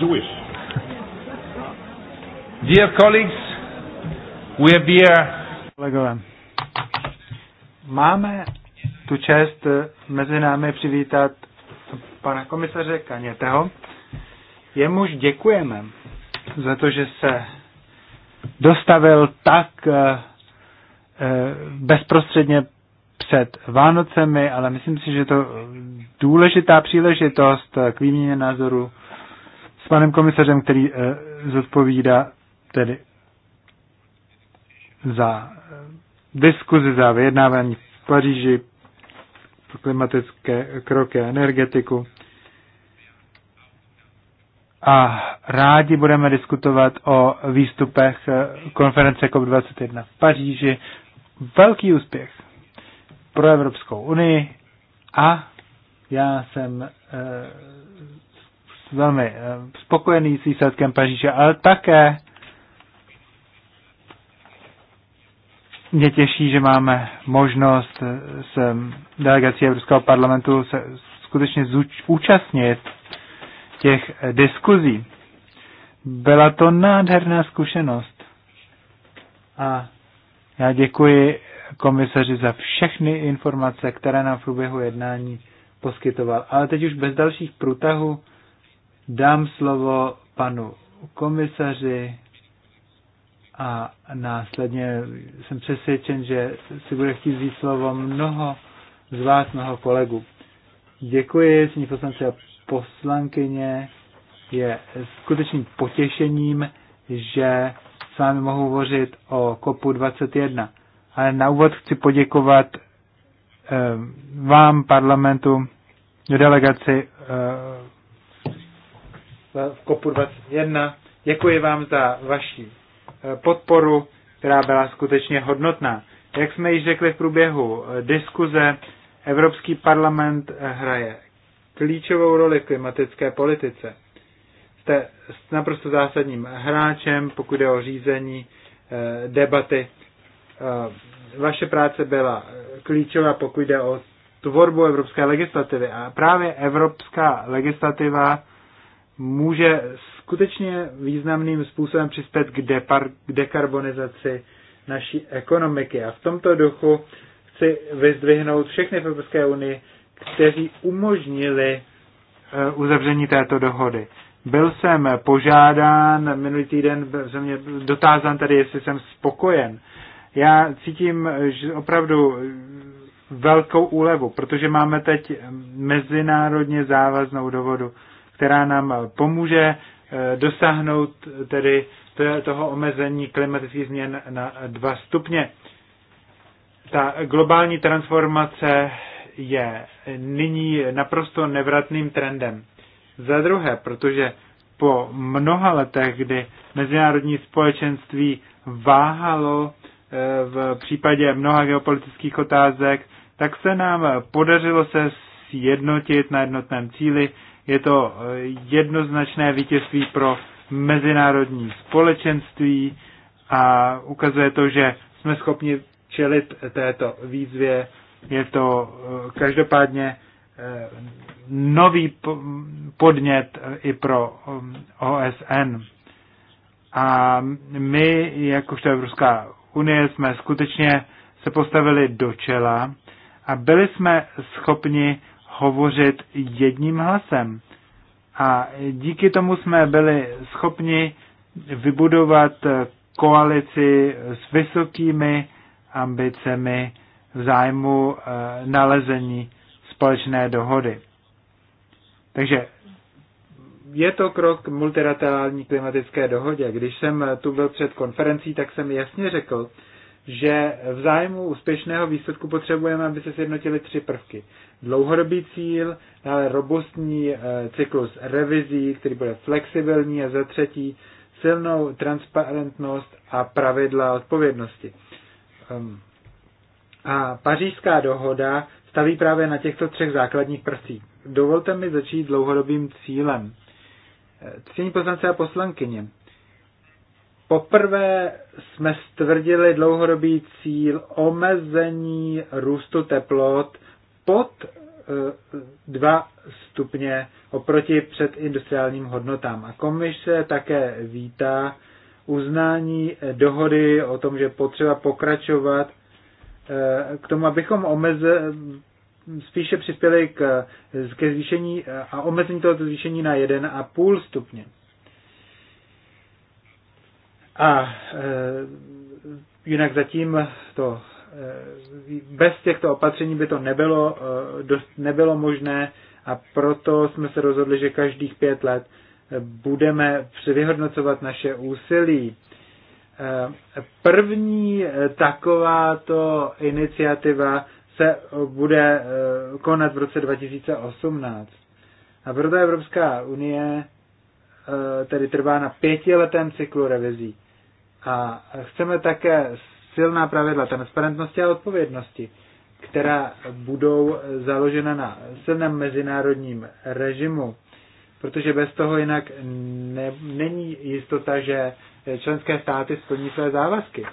Jewish. Dear colleagues, we have here... Kolegové, máme tu čest eh, mezi námi přivítat pana komisaře Kaněteho. Jemuž děkujeme za to, že se dostavil tak eh, eh, bezprostředně před Vánocemi, ale myslím si, že to důležitá příležitost k výměně názoru panem komisařem, který eh, zodpovídá tedy za eh, diskuzi, za vyjednávání v Paříži, klimatické kroky a energetiku. A rádi budeme diskutovat o výstupech eh, konference COP21 v Paříži. Velký úspěch pro Evropskou unii a já jsem velmi eh, spokojený s výsledkem Paříže, ale také mě těší, že máme možnost eh, s eh, delegací Evropského parlamentu se skutečně účastnit těch diskuzí. Byla to nádherná zkušenost. A já děkuji komisaři za všechny informace, které nám v průběhu jednání poskytoval. Ale teď už bez dalších průtahů dám slovo panu komisaři a následně jsem přesvědčen, že si bude chtít vzít slovo mnoho z vás, mnoho kolegů. Děkuji, sní poslanci a poslankyně. Je skutečným potěšením, že s vámi mohu hovořit o kopu 21. Ale na úvod chci poděkovat eh, vám, parlamentu, delegaci eh, v kopu 21. Děkuji vám za vaši eh, podporu, která byla skutečně hodnotná. Jak jsme již řekli v průběhu eh, diskuze, Evropský parlament eh, hraje klíčovou roli v klimatické politice. Jste naprosto zásadním hráčem, pokud je o řízení debaty. Vaše práce byla klíčová, pokud jde o tvorbu evropské legislativy. A právě evropská legislativa může skutečně významným způsobem přispět k, depar- k dekarbonizaci naší ekonomiky. A v tomto duchu chci vyzdvihnout všechny v Evropské unii, kteří umožnili eh, uzavření této dohody. Byl jsem požádán minulý týden, jsem mě dotázán tady, jestli jsem spokojen. Já cítím že opravdu eh, velkou úlevu, protože máme teď mezinárodně závaznou dohodu která nám eh, pomůže eh, dosáhnout tedy toho omezení klimatických změn na dva stupně. Ta globální transformace je nyní naprosto nevratným trendem. Za druhé, protože po mnoha letech, kdy mezinárodní společenství váhalo eh, v případě mnoha geopolitických otázek, tak se nám podařilo se sjednotit na jednotném cíli, je to eh, jednoznačné vítězství pro mezinárodní společenství a ukazuje to, že jsme schopni čelit této výzvě. Je to eh, každopádně eh, nový podnět i pro OSN. A my, jakožto Evropská unie, jsme skutečně se postavili do čela a byli jsme schopni hovořit jedním hlasem. A díky tomu jsme byli schopni vybudovat koalici s vysokými ambicemi v zájmu eh, nalezení společné dohody. Takže je to krok k multilaterální klimatické dohodě. Když jsem eh, tu byl před konferencí, tak jsem jasně řekl, že v zájmu úspěšného výsledku potřebujeme, aby se sjednotily tři prvky dlouhodobý cíl, dále robustní eh, cyklus revizí, který bude flexibilní a za třetí silnou transparentnost a pravidla odpovědnosti. Ehm, a pařížská dohoda staví právě na těchto třech základních prvcích. Dovolte mi začít dlouhodobým cílem. Eh, Cíní poslance a poslankyně. Poprvé jsme stvrdili dlouhodobý cíl omezení růstu teplot pod eh, dva stupně oproti předindustriálním hodnotám. A komise také vítá uznání dohody o tom, že potřeba pokračovat eh, k tomu, abychom omeze, spíše přispěli k, ke zvýšení eh, a omezení tohoto zvýšení na 1,5 stupně. A jinak zatím to bez těchto opatření by to nebylo, eh, dost, nebylo možné a proto jsme se rozhodli, že každých pět let eh, budeme vyhodnocovat naše úsilí. Eh, první takováto iniciativa se bude konat v roce 2018. A proto Evropská unie tedy trvá na pětiletém cyklu revizí. A chceme také silná pravidla transparentnosti a odpovědnosti, která budou založena na silném mezinárodním režimu, protože bez toho jinak ne, není jistota, že členské státy splní své závazky.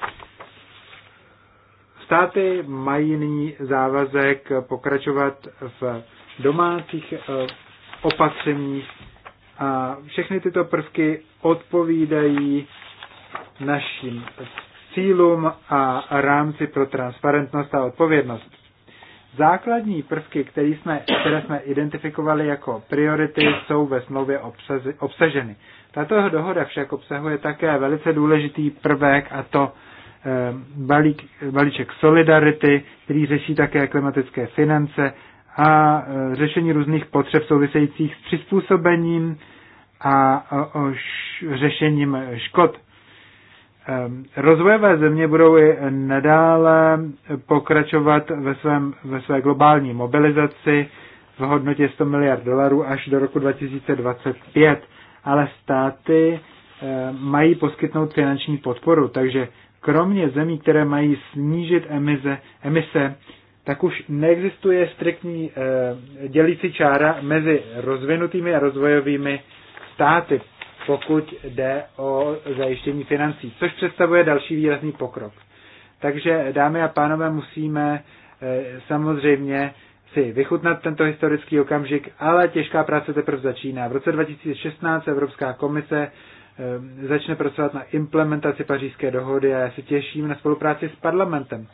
Státy mají nyní závazek pokračovat v domácích eh, opatřeních a všechny tyto prvky odpovídají našim cílům a rámci pro transparentnost a odpovědnost. Základní prvky, které jsme, které jsme identifikovali jako priority, jsou ve smlouvě obsaženy. Tato dohoda však obsahuje také velice důležitý prvek a to eh, balík, balíček solidarity, který řeší také klimatické finance a eh, řešení různých potřeb souvisejících s přizpůsobením a š, řešením škod. Ehm, rozvojové země budou i nadále pokračovat ve, svém, ve své globální mobilizaci v hodnotě 100 miliard dolarů až do roku 2025, ale státy ehm, mají poskytnout finanční podporu, takže kromě zemí, které mají snížit emize, emise, tak už neexistuje striktní ehm, dělící čára mezi rozvinutými a rozvojovými státy pokud jde o zajištění financí, což představuje další výrazný pokrok. Takže, dámy a pánové, musíme eh, samozřejmě si vychutnat tento historický okamžik, ale těžká práce teprve začíná. V roce 2016 Evropská komise eh, začne pracovat na implementaci pařížské dohody a já se těším na spolupráci s parlamentem.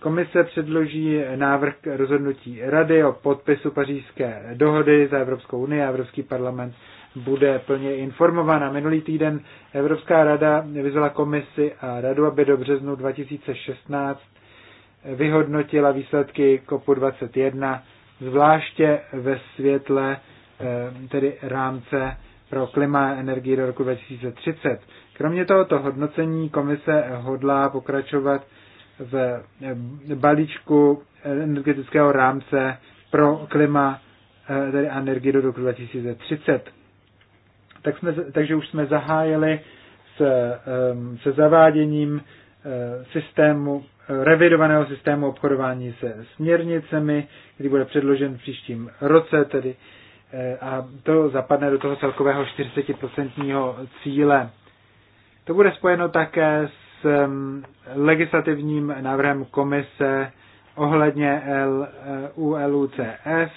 Komise předloží návrh rozhodnutí Rady o podpisu pařížské dohody za Evropskou unii a Evropský parlament bude plně informována. Minulý týden Evropská rada vyzvala komisi a radu, aby do březnu 2016 vyhodnotila výsledky COP21, zvláště ve světle eh, tedy rámce pro klima a energii do roku 2030. Kromě tohoto hodnocení komise hodlá pokračovat v eh, balíčku energetického rámce pro klima eh, tedy energii do roku 2030 tak jsme, takže už jsme zahájili se, se zaváděním eh, systému, revidovaného systému obchodování se směrnicemi, který bude předložen v příštím roce, tedy eh, a to zapadne do toho celkového 40% cíle. To bude spojeno také s legislativním návrhem komise ohledně LULUCF, eh,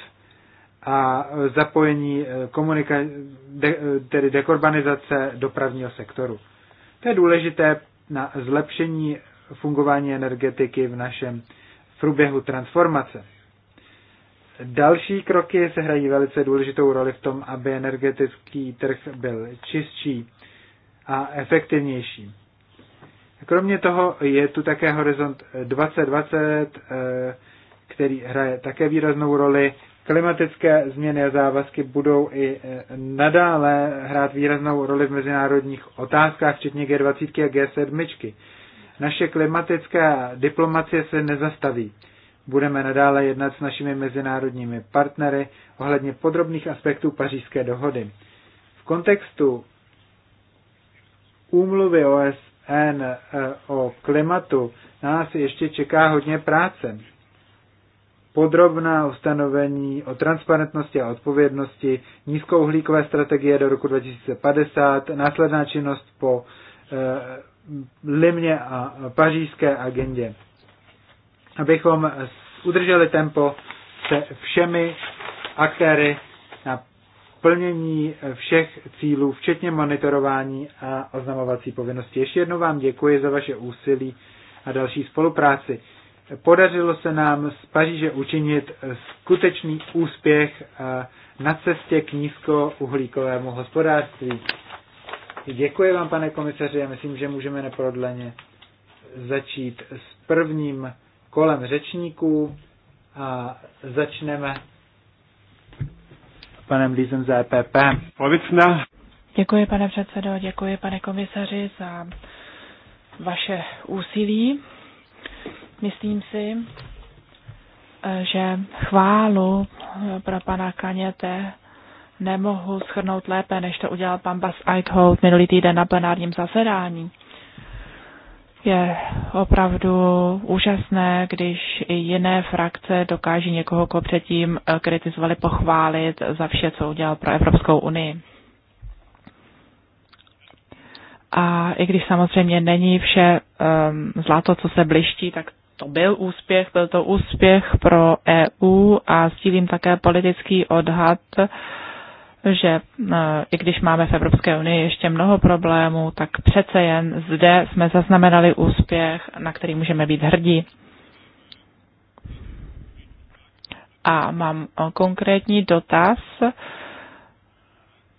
a zapojení eh, komunika- de- eh, tedy dekorbanizace dopravního sektoru. To je důležité na zlepšení fungování energetiky v našem průběhu transformace. Další kroky se hrají velice důležitou roli v tom, aby energetický trh byl čistší a efektivnější. Kromě toho je tu také horizont 2020, eh, který hraje také výraznou roli Klimatické změny a závazky budou i e, nadále hrát výraznou roli v mezinárodních otázkách, včetně G20 a G7. Naše klimatická diplomacie se nezastaví. Budeme nadále jednat s našimi mezinárodními partnery ohledně podrobných aspektů pařížské dohody. V kontextu úmluvy OSN e, o klimatu nás ještě čeká hodně práce podrobná ustanovení o transparentnosti a odpovědnosti, nízkouhlíkové strategie do roku 2050, následná činnost po eh, Limně a pařížské agendě. Abychom udrželi tempo se všemi aktéry na plnění všech cílů, včetně monitorování a oznamovací povinnosti. Ještě jednou vám děkuji za vaše úsilí a další spolupráci. Podařilo se nám z Paříže učinit skutečný úspěch eh, na cestě k nízkouhlíkovému hospodářství. Děkuji vám, pane komisaři, já myslím, že můžeme neprodleně začít s prvním kolem řečníků a začneme panem Lízem z EPP. Povicna. Děkuji, pane předsedo, děkuji, pane komisaři, za vaše úsilí Myslím si, eh, že chválu eh, pro pana Kaněte nemohu schrnout lépe, než to udělal pan Bas Eichhout minulý týden na plenárním zasedání. Je opravdu úžasné, když i jiné frakce dokáží někoho, koho předtím eh, kritizovali, pochválit za vše, co udělal pro Evropskou unii. A i když samozřejmě není vše um, zlato, co se bliští, tak to byl úspěch, byl to úspěch pro EU a sdílím také politický odhad, že e, i když máme v Evropské unii ještě mnoho problémů, tak přece jen zde jsme zaznamenali úspěch, na který můžeme být hrdí. A mám konkrétní dotaz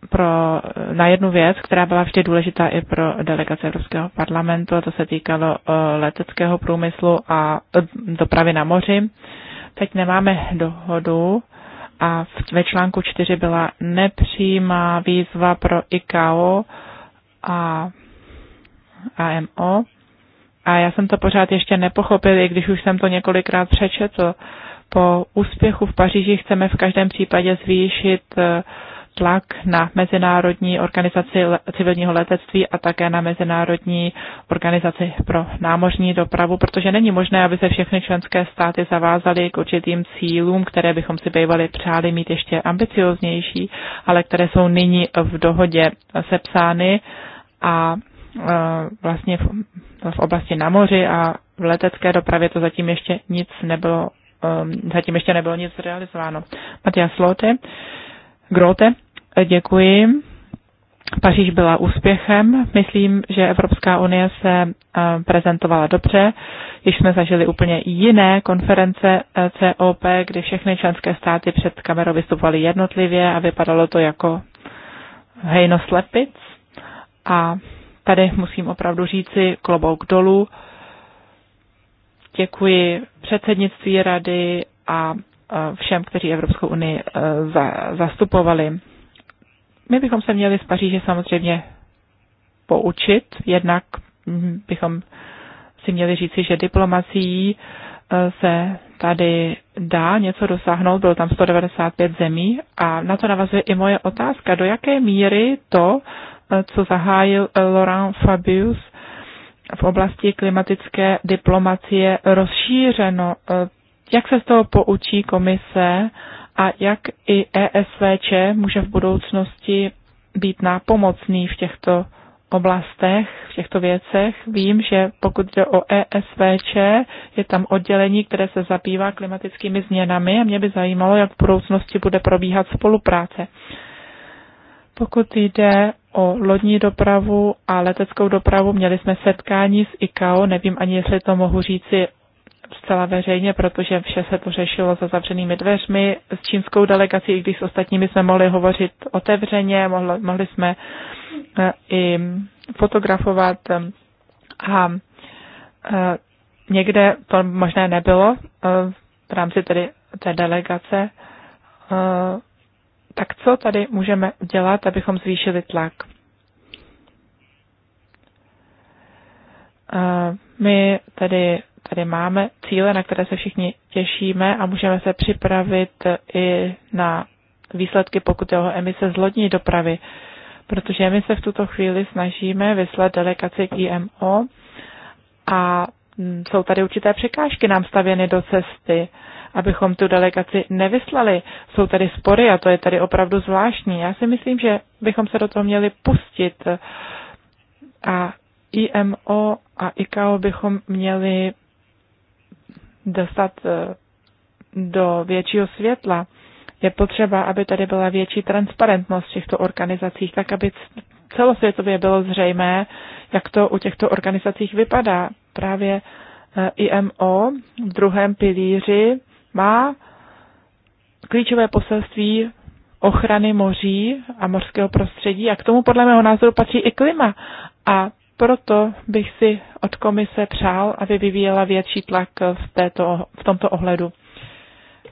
pro, na jednu věc, která byla vždy důležitá i pro delegace Evropského parlamentu, a to se týkalo eh, leteckého průmyslu a eh, dopravy na moři. Teď nemáme dohodu a ve článku 4 byla nepřímá výzva pro ICAO a AMO. A já jsem to pořád ještě nepochopil, i když už jsem to několikrát přečetl. Po úspěchu v Paříži chceme v každém případě zvýšit uh, tlak na Mezinárodní organizaci civilního letectví a také na Mezinárodní organizaci pro námořní dopravu, protože není možné, aby se všechny členské státy zavázaly k určitým cílům, které bychom si bývali přáli mít ještě ambicioznější, ale které jsou nyní v dohodě sepsány a e, vlastně v, oblasti na moři a v letecké dopravě to zatím ještě nic nebylo, um, zatím ještě nebylo nic realizováno. Matias Lote, Grote, Děkuji. Paříž byla úspěchem. Myslím, že Evropská unie se eh, prezentovala dobře. Když jsme zažili úplně jiné konference eh, COP, kdy všechny členské státy před kamerou vystupovaly jednotlivě a vypadalo to jako hejno slepic. A tady musím opravdu říci klobouk dolů. Děkuji předsednictví rady a eh, všem, kteří Evropskou unii zastupovali. My bychom se měli z Paříže samozřejmě poučit, jednak mhm, bychom si měli říci, že diplomací e, se tady dá něco dosáhnout, bylo tam 195 zemí a na to navazuje i moje otázka, do jaké míry to, e, co zahájil Laurent Fabius v oblasti klimatické diplomacie rozšířeno, e, jak se z toho poučí komise a jak i ESVČ může v budoucnosti být nápomocný v těchto oblastech, v těchto věcech. Vím, že pokud jde o ESVČ, je tam oddělení, které se zabývá klimatickými změnami a mě by zajímalo, jak v budoucnosti bude probíhat spolupráce. Pokud jde o lodní dopravu a leteckou dopravu, měli jsme setkání s ICAO, nevím ani, jestli to mohu říci zcela veřejně, protože vše se to řešilo za zavřenými dveřmi s čínskou delegací, i když s ostatními jsme mohli hovořit otevřeně, mohli, mohli jsme eh, i fotografovat eh, a eh, někde to možné nebylo v rámci tedy té delegace. Tak co tady můžeme dělat, abychom zvýšili tlak? My tedy tady máme cíle, na které se všichni těšíme a můžeme se připravit i na výsledky, pokud je o emise z lodní dopravy, protože my se v tuto chvíli snažíme vyslat delegaci k IMO a jsou tady určité překážky nám stavěny do cesty, abychom tu delegaci nevyslali. Jsou tady spory a to je tady opravdu zvláštní. Já si myslím, že bychom se do toho měli pustit a IMO a ICAO bychom měli dostat eh, do většího světla, je potřeba, aby tady byla větší transparentnost v těchto organizacích, tak aby celosvětově bylo zřejmé, jak to u těchto organizacích vypadá. Právě eh, IMO v druhém pilíři má klíčové poselství ochrany moří a mořského prostředí a k tomu podle mého názoru patří i klima. A proto bych si od komise přál, aby vyvíjela větší tlak v, této, v tomto ohledu.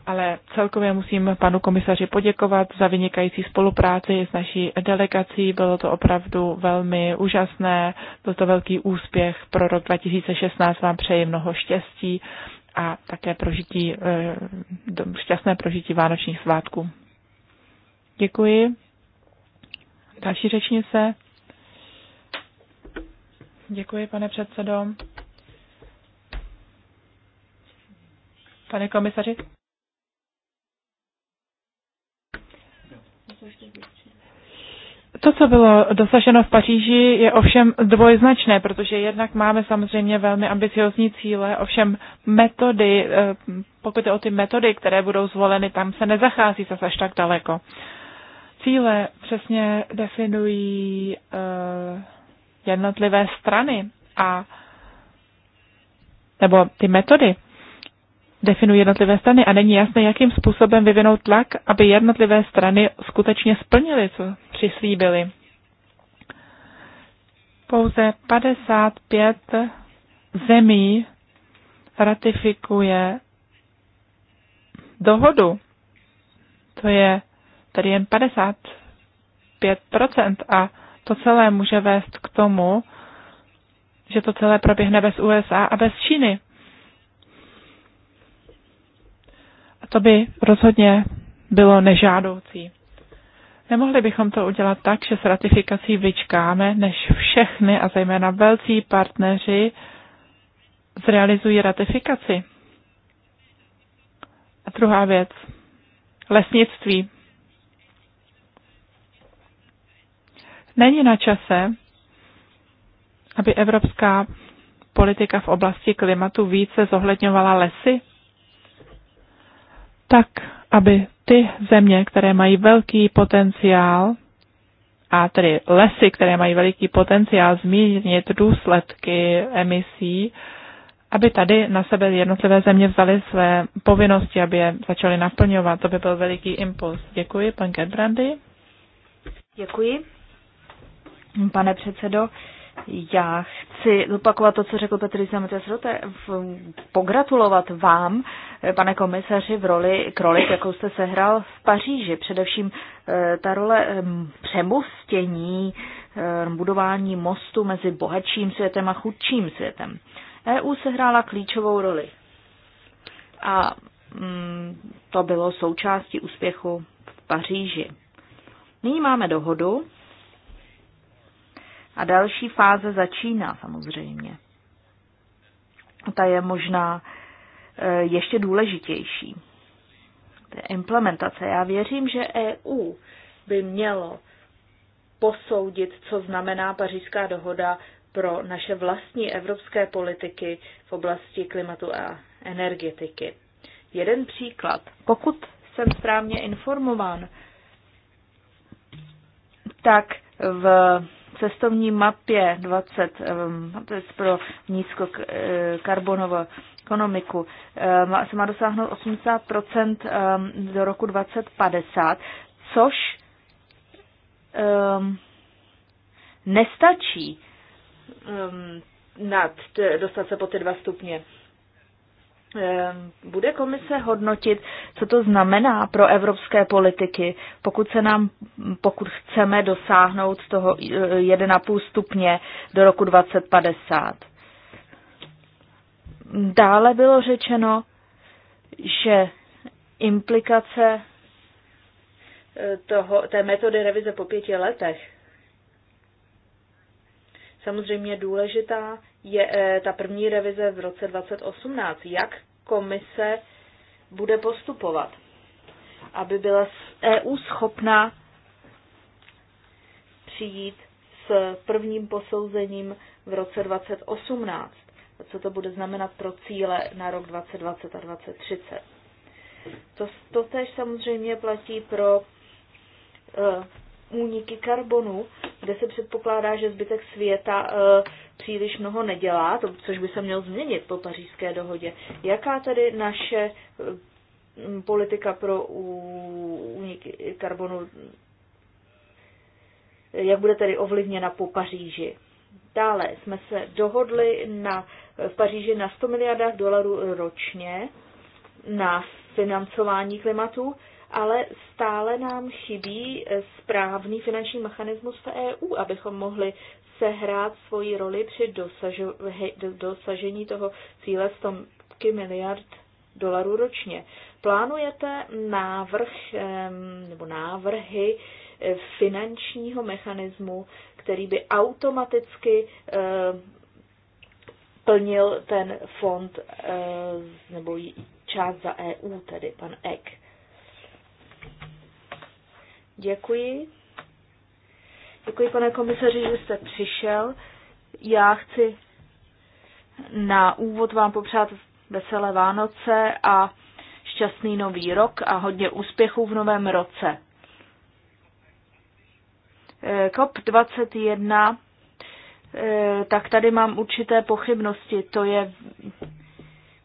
Ale celkově musím panu komisaři poděkovat za vynikající spolupráci s naší delegací. Bylo to opravdu velmi úžasné, byl to velký úspěch pro rok 2016. Vám přeji mnoho štěstí a také prožití, eh, šťastné prožití vánočních svátků. Děkuji. Další řečnice. Děkuji, pane předsedo. Pane komisaři? To, co bylo dosaženo v Paříži, je ovšem dvojznačné, protože jednak máme samozřejmě velmi ambiciozní cíle, ovšem metody, eh, pokud je o ty metody, které budou zvoleny, tam se nezachází zase až tak daleko. Cíle přesně definují uh, jednotlivé strany a nebo ty metody definují jednotlivé strany a není jasné, jakým způsobem vyvinout tlak, aby jednotlivé strany skutečně splnily, co přislíbily. Pouze 55 zemí ratifikuje dohodu. To je tady jen 55 a to celé může vést k tomu, že to celé proběhne bez USA a bez Číny. A to by rozhodně bylo nežádoucí. Nemohli bychom to udělat tak, že s ratifikací vyčkáme, než všechny a zejména velcí partneři zrealizují ratifikaci. A druhá věc. Lesnictví. Není na čase, aby evropská politika v oblasti klimatu více zohledňovala lesy? Tak, aby ty země, které mají velký potenciál, a tedy lesy, které mají veliký potenciál zmírnit důsledky emisí, aby tady na sebe jednotlivé země vzaly své povinnosti, aby je začaly naplňovat. To by byl veliký impuls. Děkuji, pan Gerbrandy. Děkuji. Pane předsedo, já chci zopakovat to, co řekl Petr Zametes Rote, pogratulovat vám, eh, pane komisaři, v roli krolik, jakou jste sehrál v Paříži. Především eh, ta role přemostění, eh, budování mostu mezi bohatším světem a chudším světem. EU sehrála klíčovou roli. A mm, to bylo součástí úspěchu v Paříži. Nyní máme dohodu, a další fáze začíná samozřejmě. Ta je možná e, ještě důležitější. To je implementace. Já věřím, že EU by mělo posoudit, co znamená pařížská dohoda pro naše vlastní evropské politiky v oblasti klimatu a energetiky. Jeden příklad. Pokud jsem správně informován, tak v cestovní mapě 20 pro nízkokarbonovou eh, ekonomiku se má dosáhnout 80 do roku 2050, což nestačí nad, eh, dostat se po ty dva stupně. Ehm, bude komise hodnotit, co to znamená pro evropské politiky, pokud se nám, pokud chceme dosáhnout z toho 1,5 e, stupně do roku 2050. Dále bylo řečeno, že implikace e, toho, té metody revize po pěti letech samozřejmě důležitá je eh, ta první revize v roce 2018. Jak komise bude postupovat, aby byla EU schopná přijít s prvním posouzením v roce 2018, co to bude znamenat pro cíle na rok 2020 a 2030. To, to tež samozřejmě platí pro eh, úniky karbonu kde se předpokládá, že zbytek světa eh, příliš mnoho nedělá, to, což by se měl změnit po pařížské dohodě. Jaká tedy naše eh, politika pro únik karbonu, jak bude tedy ovlivněna po Paříži? Dále jsme se dohodli na, v Paříži na 100 miliardách dolarů ročně na financování klimatu ale stále nám chybí eh, správný finanční mechanismus v EU, abychom mohli sehrát svoji roli při dosažení toho cíle 100 miliard dolarů ročně. Plánujete návrh nebo návrhy eh, finančního mechanismu, který by automaticky eh, plnil ten fond nebo část za EU, tedy pan Eck. Děkuji. Děkuji, pane komisaři, že jste přišel. Já chci na úvod vám popřát veselé Vánoce a šťastný nový rok a hodně úspěchů v novém roce. Eh, COP21, eh, tak tady mám určité pochybnosti. To je,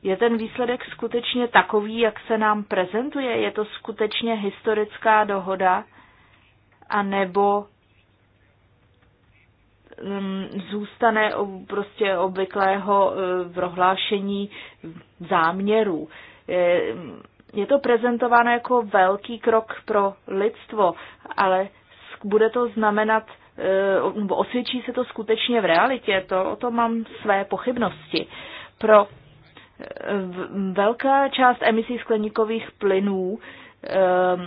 je ten výsledek skutečně takový, jak se nám prezentuje? Je to skutečně historická dohoda? anebo um, zůstane prostě obvyklého uh, prohlášení záměrů. Je to prezentováno jako velký krok pro lidstvo, ale bude to znamenat, uh, nebo osvědčí se to skutečně v realitě, to, o tom mám své pochybnosti. Pro uh, velká část emisí skleníkových plynů um,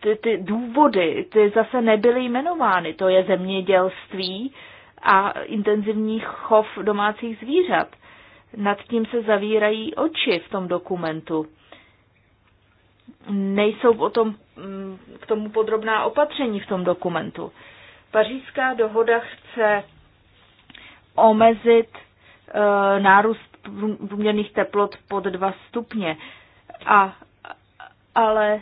ty, ty důvody, ty zase nebyly jmenovány. To je zemědělství a intenzivní chov domácích zvířat. Nad tím se zavírají oči v tom dokumentu. Nejsou o tom mm, k tomu podrobná opatření v tom dokumentu. Pařížská dohoda chce omezit e, nárůst průměrných teplot pod 2 stupně. A, ale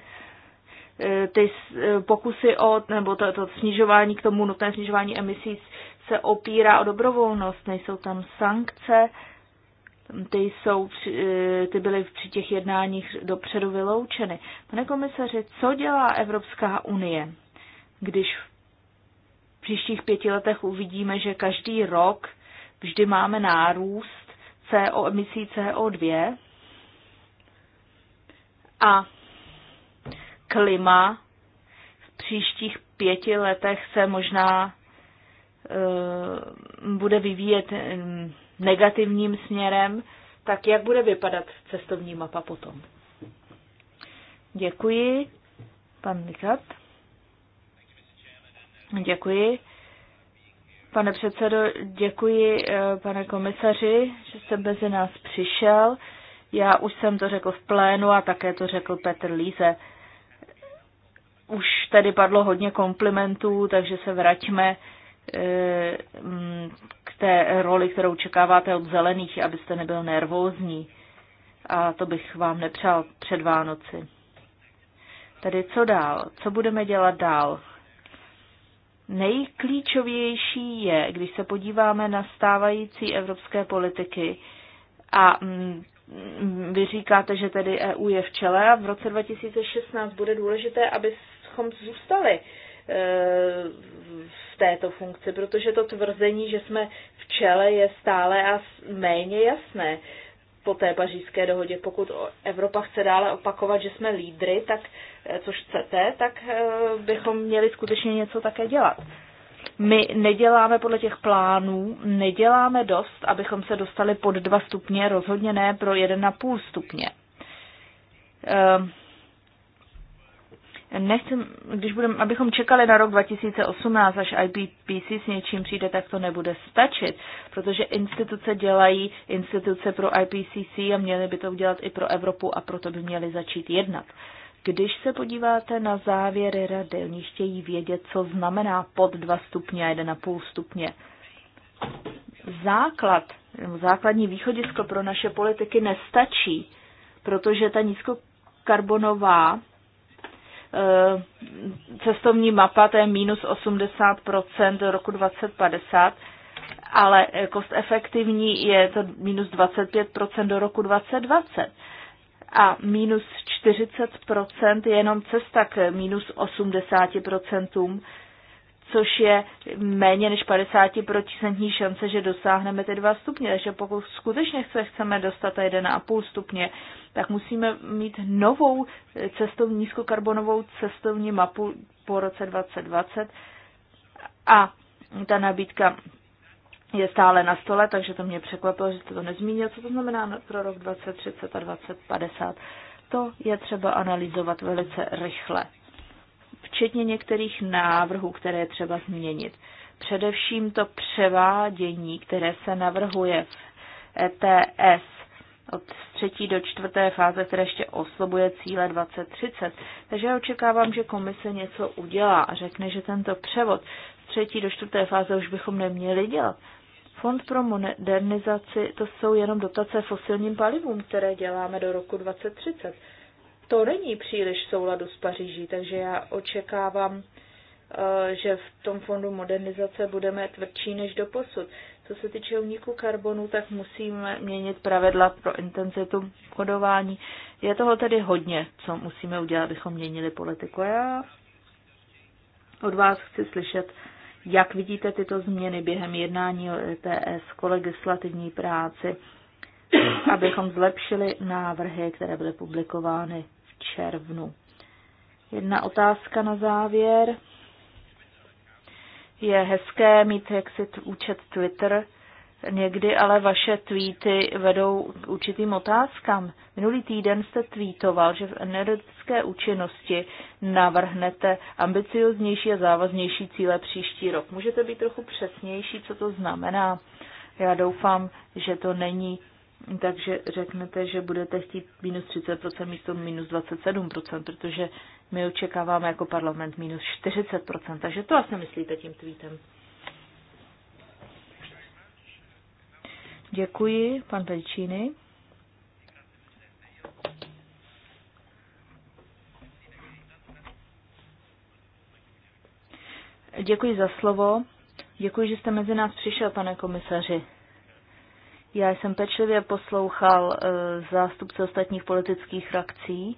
ty e, pokusy o, nebo to, to snižování k tomu nutné snižování emisí se opírá o dobrovolnost, nejsou tam sankce, ty, jsou, e, ty byly při těch jednáních dopředu vyloučeny. Pane komisaři, co dělá Evropská unie, když v příštích pěti letech uvidíme, že každý rok vždy máme nárůst CO, emisí CO2 a klima v příštích pěti letech se možná eh, bude vyvíjet hm, negativním směrem, tak jak bude vypadat cestovní mapa potom? Děkuji. Pan Mikat. Děkuji. Pane předsedo, děkuji, eh, pane komisaři, že jste mezi nás přišel. Já už jsem to řekl v plénu a také to řekl Petr Líze. Už tady padlo hodně komplimentů, takže se vraťme eh, mm, k té roli, kterou čekáváte od zelených, abyste nebyl nervózní. A to bych vám nepřál před Vánoci. Tedy co dál? Co budeme dělat dál? Nejklíčovější je, když se podíváme na stávající evropské politiky a mm, vy říkáte, že tedy EU je v čele a v roce 2016 bude důležité, aby abychom zůstali eh, v této funkci, protože to tvrzení, že jsme v čele, je stále a méně jasné po té pařížské dohodě. Pokud Evropa chce dále opakovat, že jsme lídry, tak eh, což chcete, tak eh, bychom měli skutečně něco také dělat. My neděláme podle těch plánů, neděláme dost, abychom se dostali pod dva stupně, rozhodně ne pro jeden půl stupně. Ehm nechcem, když budem, abychom čekali na rok 2018, až IPPC s něčím přijde, tak to nebude stačit, protože instituce dělají instituce pro IPCC a měly by to udělat i pro Evropu a proto by měly začít jednat. Když se podíváte na závěry rady, oni chtějí vědět, co znamená pod 2 stupně a 1,5 stupně. Základ, základní východisko pro naše politiky nestačí, protože ta nízkokarbonová Eh, cestovní mapa, to je minus 80% do roku 2050, ale kost efektivní je to minus 25% do roku 2020 a minus 40% je jenom cesta k minus což je méně než 50% šance, že dosáhneme ty dva stupně. Takže pokud skutečně se chceme dostat na 1,5 stupně, tak musíme mít novou cestovní, nízkokarbonovou cestovní mapu po roce 2020 a ta nabídka je stále na stole, takže to mě překvapilo, že jste to nezmínil, co to znamená pro rok 2030 a 2050. To je třeba analyzovat velice rychle včetně některých návrhů, které třeba změnit. Především to převádění, které se navrhuje v e ETS od třetí do čtvrté fáze, které ještě oslabuje cíle 2030. Takže já očekávám, že komise něco udělá a řekne, že tento převod z třetí do čtvrté fáze už bychom neměli dělat. Fond pro modernizaci to jsou jenom dotace fosilním palivům, které děláme do roku 2030 to není příliš v souladu s Paříží, takže já očekávám, eh, že v tom fondu modernizace budeme tvrdší než do posud. Co se týče uniku karbonu, tak musíme měnit pravidla pro intenzitu kodování. Je toho tedy hodně, co musíme udělat, abychom měnili politiku. Já od vás chci slyšet, jak vidíte tyto změny během jednání o ETS, legislativní práci, abychom zlepšili návrhy, které byly publikovány červnu. Jedna otázka na závěr. Je hezké mít jaksi účet Twitter, někdy ale vaše tweety vedou k určitým otázkám. Minulý týden jste tweetoval, že v energetické účinnosti navrhnete ambicioznější a závaznější cíle příští rok. Můžete být trochu přesnější, co to znamená? Já doufám, že to není takže řeknete, že budete chtít minus 30% místo minus 27%, protože my očekáváme jako parlament minus 40%, takže to asi myslíte tím tweetem. Děkuji, pan Pelčíny. Děkuji za slovo. Děkuji, že jste mezi nás přišel, pane komisaři. Já jsem pečlivě poslouchal eh, zástupce ostatních politických frakcí.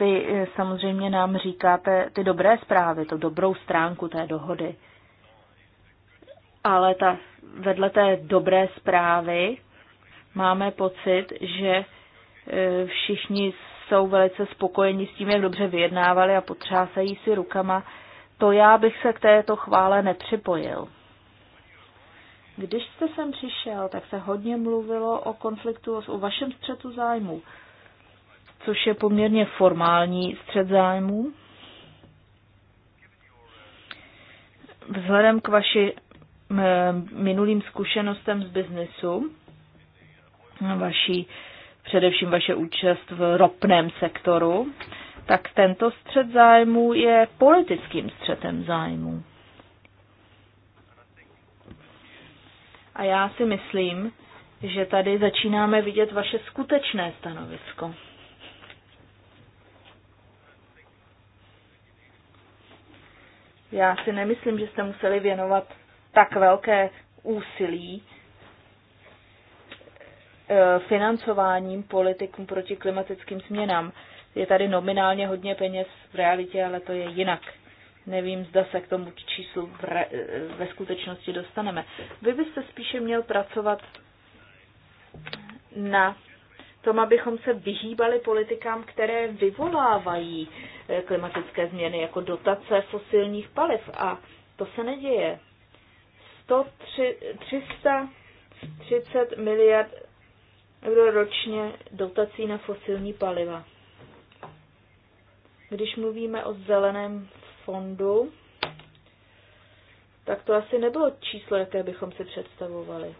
Vy eh, samozřejmě nám říkáte ty dobré zprávy, tu dobrou stránku té dohody. Ale ta, vedle té dobré zprávy máme pocit, že eh, všichni jsou velice spokojeni s tím, jak dobře vyjednávali a potřásají si rukama. To já bych se k této chvále nepřipojil. Když jste sem přišel, tak se hodně mluvilo o konfliktu, o vašem střetu zájmu, což je poměrně formální střet zájmu. Vzhledem k vaši eh, minulým zkušenostem z biznesu, vaší, především vaše účast v ropném sektoru, tak tento střed zájmu je politickým střetem zájmu. A já si myslím, že tady začínáme vidět vaše skutečné stanovisko. Já si nemyslím, že jste museli věnovat tak velké úsilí eh, financováním politikům proti klimatickým změnám. Je tady nominálně hodně peněz v realitě, ale to je jinak. Nevím, zda se k tomu číslu v re, ve skutečnosti dostaneme. Vy byste spíše měl pracovat na tom, abychom se vyhýbali politikám, které vyvolávají eh, klimatické změny, jako dotace fosilních paliv. A to se neděje. 330 miliard euro ročně dotací na fosilní paliva. Když mluvíme o zeleném fondu, tak to asi nebylo číslo, jaké bychom si představovali.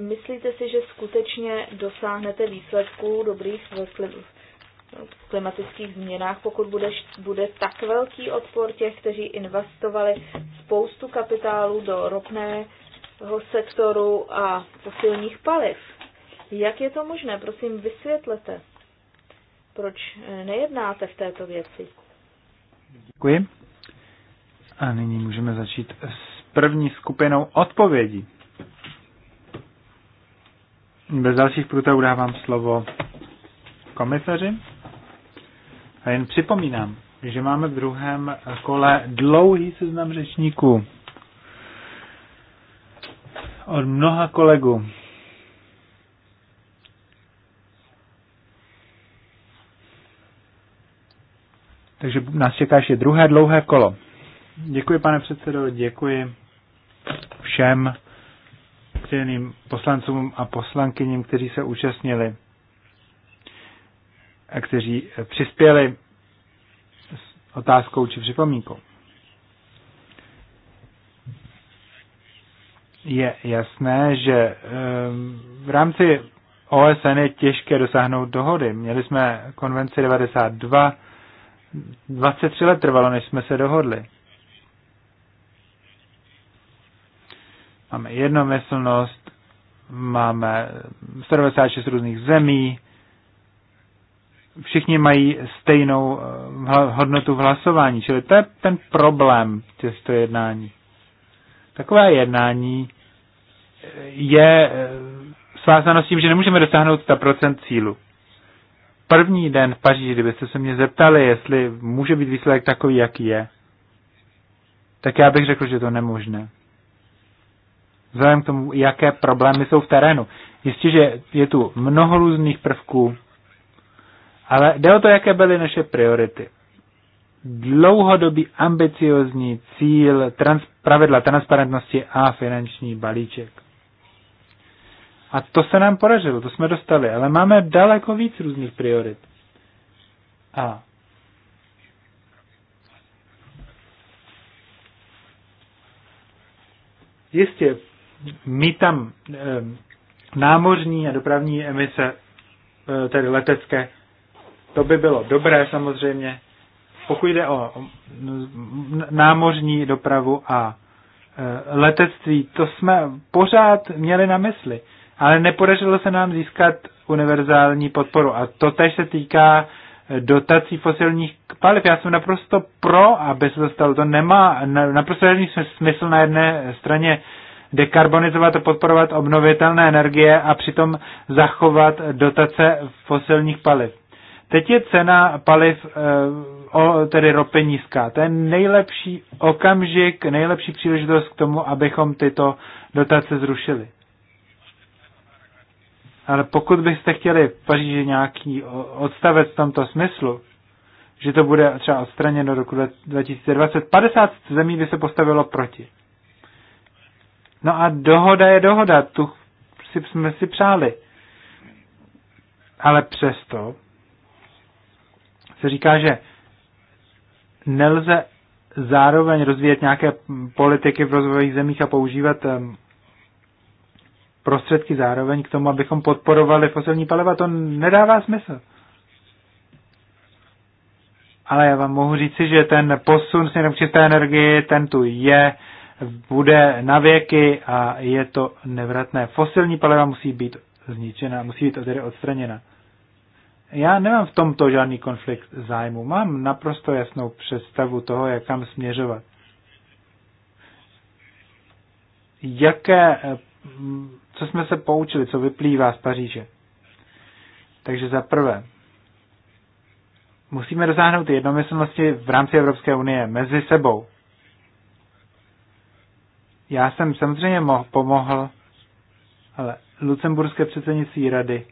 Myslíte si, že skutečně dosáhnete výsledků dobrých v klimatických změnách, pokud bude, bude tak velký odpor těch, kteří investovali spoustu kapitálu do ropného sektoru a fosilních paliv? Jak je to možné? Prosím, vysvětlete. Proč eh, nejednáte v této věci? Děkuji. A nyní můžeme začít s první skupinou odpovědí. Bez dalších průtahů dávám slovo komisaři. A jen připomínám, že máme v druhém kole dlouhý seznam řečníků od mnoha kolegů. Takže nás čeká ještě druhé dlouhé kolo. Děkuji, pane předsedo, děkuji všem ctěným poslancům a poslankyním, kteří se účastnili a kteří eh, přispěli s otázkou či připomínkou. Je jasné, že eh, v rámci OSN je těžké dosáhnout dohody. Měli jsme konvenci 92, 23 let trvalo, než jsme se dohodli. Máme jednomyslnost, máme 196 různých zemí, všichni mají stejnou eh, hodnotu v hlasování, čili to je ten problém těchto jednání. Takové jednání eh, je eh, svázáno s tím, že nemůžeme dosáhnout 100% cílu první den v Paříži, kdybyste se mě zeptali, jestli může být výsledek takový, jaký je, tak já bych řekl, že to nemožné. Vzhledem k tomu, jaké problémy jsou v terénu. Jistě, že je tu mnoho různých prvků, ale jde o to, jaké byly naše priority. Dlouhodobý ambiciozní cíl, trans, pravidla transparentnosti a finanční balíček. A to se nám podařilo, to jsme dostali, ale máme daleko víc různých priorit. A jistě my tam e, námořní a dopravní emise, e, tedy letecké, to by bylo dobré samozřejmě. Pokud jde o námořní dopravu a e, letectví, to jsme pořád měli na mysli ale nepodařilo se nám získat univerzální podporu. A to tež se týká eh, dotací fosilních paliv. Já jsem naprosto pro, aby se to stalo. To nemá naprosto žádný smysl na jedné straně dekarbonizovat a podporovat obnovitelné energie a přitom zachovat dotace fosilních paliv. Teď je cena paliv, eh, tedy ropy nízká. To je nejlepší okamžik, nejlepší příležitost k tomu, abychom tyto dotace zrušili. Ale pokud byste chtěli v Paříži nějaký odstavec v tomto smyslu, že to bude třeba odstraněno do roku 2020, 50 zemí by se postavilo proti. No a dohoda je dohoda, tu si, jsme si přáli. Ale přesto se říká, že nelze zároveň rozvíjet nějaké politiky v rozvojových zemích a používat prostředky zároveň k tomu, abychom podporovali fosilní paliva. To nedává smysl. Ale já vám mohu říci, že ten posun směrem k čisté energii, ten tu je, bude na věky a je to nevratné. Fosilní paliva musí být zničena, musí být tedy odstraněna. Já nemám v tomto žádný konflikt zájmu. Mám naprosto jasnou představu toho, jak kam směřovat. Jaké co jsme se poučili, co vyplývá z Paříže. Takže za prvé, musíme dosáhnout jednomyslnosti v rámci Evropské unie mezi sebou. Já jsem samozřejmě mohl, pomohl, ale lucemburské předsednictví rady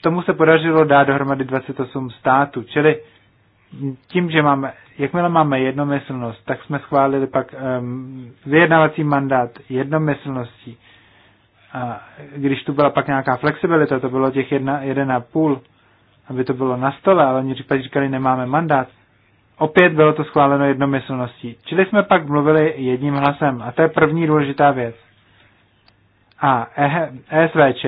tomu se podařilo dát dohromady 28 států, čili tím, že máme, jakmile máme jednomyslnost, tak jsme schválili pak um, vyjednávací mandát jednomyslností. A když tu byla pak nějaká flexibilita, to bylo těch jedna, jeden a půl, aby to bylo na stole, ale oni říkali, říkali, nemáme mandát. Opět bylo to schváleno jednomyslností. Čili jsme pak mluvili jedním hlasem. A to je první důležitá věc. A ESVČ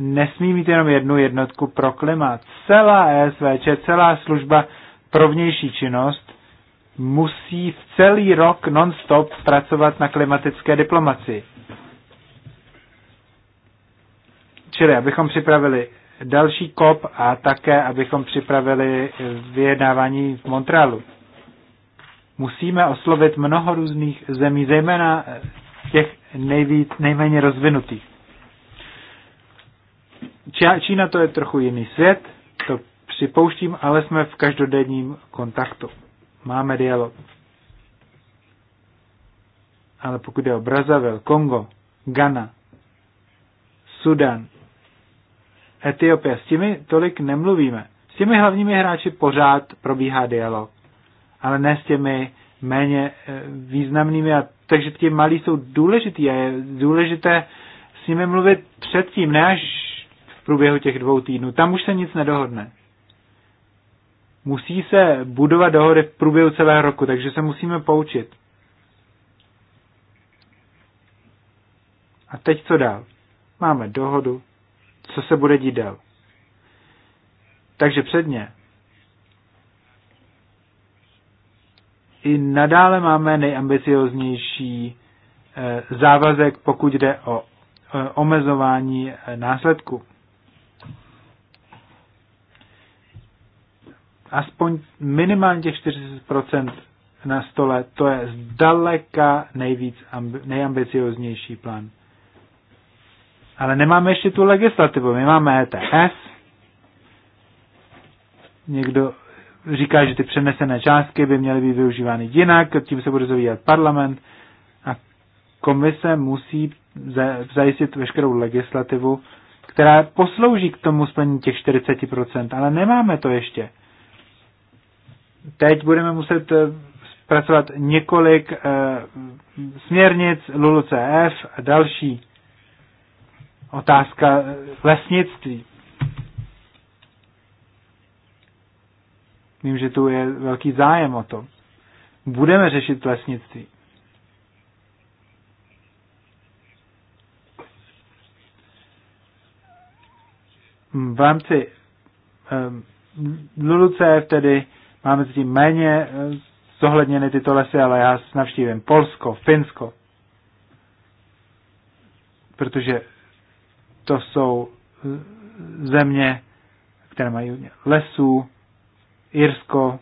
nesmí mít jenom jednu jednotku pro klima. Celá ESVČ, celá služba pro vnější činnost musí v celý rok non-stop pracovat na klimatické diplomaci. Čili abychom připravili další kop a také abychom připravili vyjednávání v Montrealu. Musíme oslovit mnoho různých zemí, zejména těch nejvíc, nejméně rozvinutých. Čína to je trochu jiný svět, to připouštím, ale jsme v každodenním kontaktu. Máme dialog. Ale pokud je o Brazavel, Kongo, Ghana, Sudan, Etiopie, s těmi tolik nemluvíme. S těmi hlavními hráči pořád probíhá dialog, ale ne s těmi méně e, významnými. A, takže ti malí jsou důležitý a je důležité s nimi mluvit předtím, ne až průběhu těch dvou týdnů. Tam už se nic nedohodne. Musí se budovat dohody v průběhu celého roku, takže se musíme poučit. A teď co dál? Máme dohodu, co se bude dít dál. Takže předně. I nadále máme nejambicioznější eh, závazek, pokud jde o eh, omezování eh, následku. aspoň minimálně těch 40% na stole, to je zdaleka nejvíc nejambicioznější plán. Ale nemáme ještě tu legislativu. My máme ETS. Někdo říká, že ty přenesené částky by měly být využívány jinak, tím se bude zavíjet parlament a komise musí zajistit veškerou legislativu, která poslouží k tomu splnění těch 40%, ale nemáme to ještě teď budeme muset zpracovat eh, několik eh, směrnic LULUCF a další. Otázka eh, lesnictví. Vím, že tu je velký zájem o to. Budeme řešit lesnictví. V rámci um, LULUCF tedy máme zatím méně eh, zohledněny tyto lesy, ale já navštívím Polsko, Finsko, protože to jsou eh, země, které mají lesů, Irsko,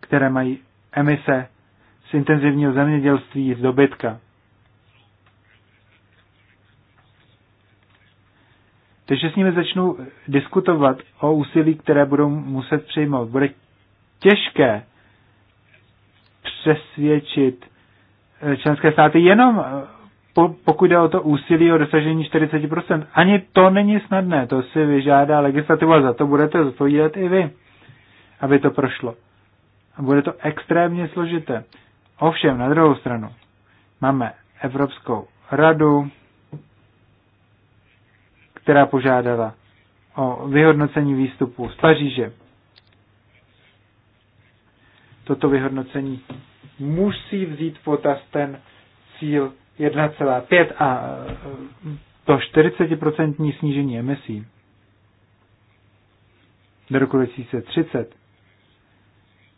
které mají emise z intenzivního zemědělství z dobytka. Takže s nimi začnu diskutovat o úsilí, které budou muset přijmout. Bude těžké přesvědčit eh, členské státy jenom eh, pokud jde o to úsilí o dosažení 40%. Ani to není snadné, to si vyžádá legislativa, za to budete zodpovídat i vy, aby to prošlo. A bude to extrémně složité. Ovšem, na druhou stranu, máme Evropskou radu, která požádala o vyhodnocení výstupu z Paříže. Toto vyhodnocení musí vzít potaz ten cíl 1,5 a e, to 40% snížení emisí do roku 2030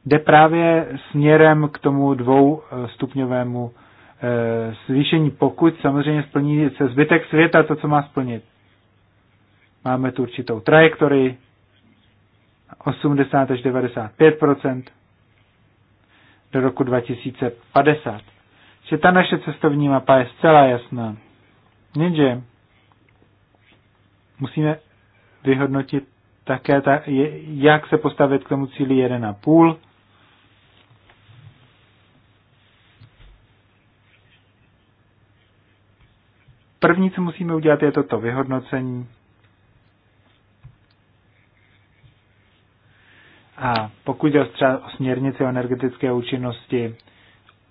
jde právě směrem k tomu dvoustupňovému e, zvýšení, pokud samozřejmě splní se zbytek světa to, co má splnit. Máme tu určitou trajektorii, 80 až 95 do roku 2050. Že ta naše cestovní mapa je zcela jasná. Jenže musíme vyhodnotit také, ta, jak se postavit k tomu cíli 1,5. První, co musíme udělat, je toto vyhodnocení A pokud jde třeba o směrnici o energetické účinnosti,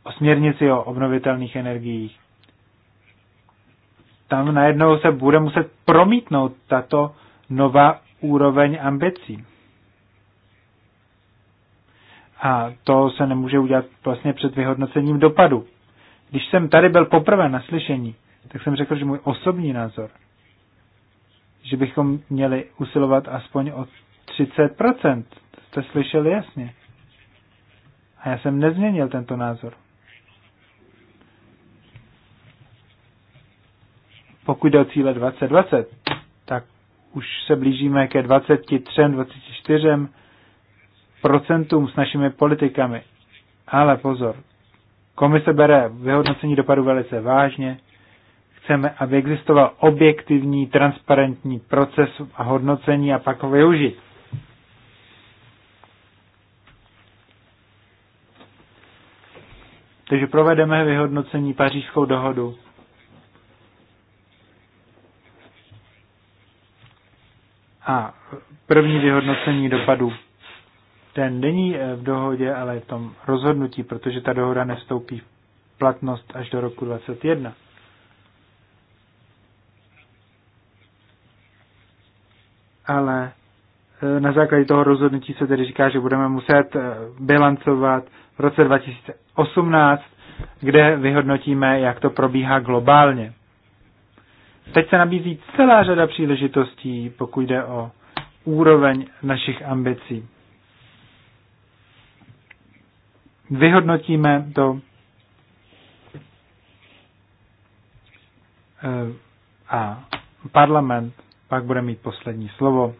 o směrnici o obnovitelných energiích, tam najednou se bude muset promítnout tato nová úroveň ambicí. A to se nemůže udělat vlastně před vyhodnocením dopadu. Když jsem tady byl poprvé na slyšení, tak jsem řekl, že můj osobní názor, že bychom měli usilovat aspoň o 30 jste slyšeli jasně. A já jsem nezměnil tento názor. Pokud jde o cíle 2020, tak už se blížíme ke 23, 24 procentům s našimi politikami. Ale pozor, komise bere vyhodnocení dopadu velice vážně. Chceme, aby existoval objektivní, transparentní proces a hodnocení a pak ho využít. Takže provedeme vyhodnocení pařížskou dohodu. A první vyhodnocení dopadu Ten není eh, v dohodě, ale v tom rozhodnutí, protože ta dohoda nestoupí v platnost až do roku 2021. Ale Eh, na základě toho rozhodnutí se tedy říká, že budeme muset eh, bilancovat v roce 2018, kde vyhodnotíme, jak to probíhá globálně. Teď se nabízí celá řada příležitostí, pokud jde o úroveň našich ambicí. Vyhodnotíme to eh, a parlament pak bude mít poslední slovo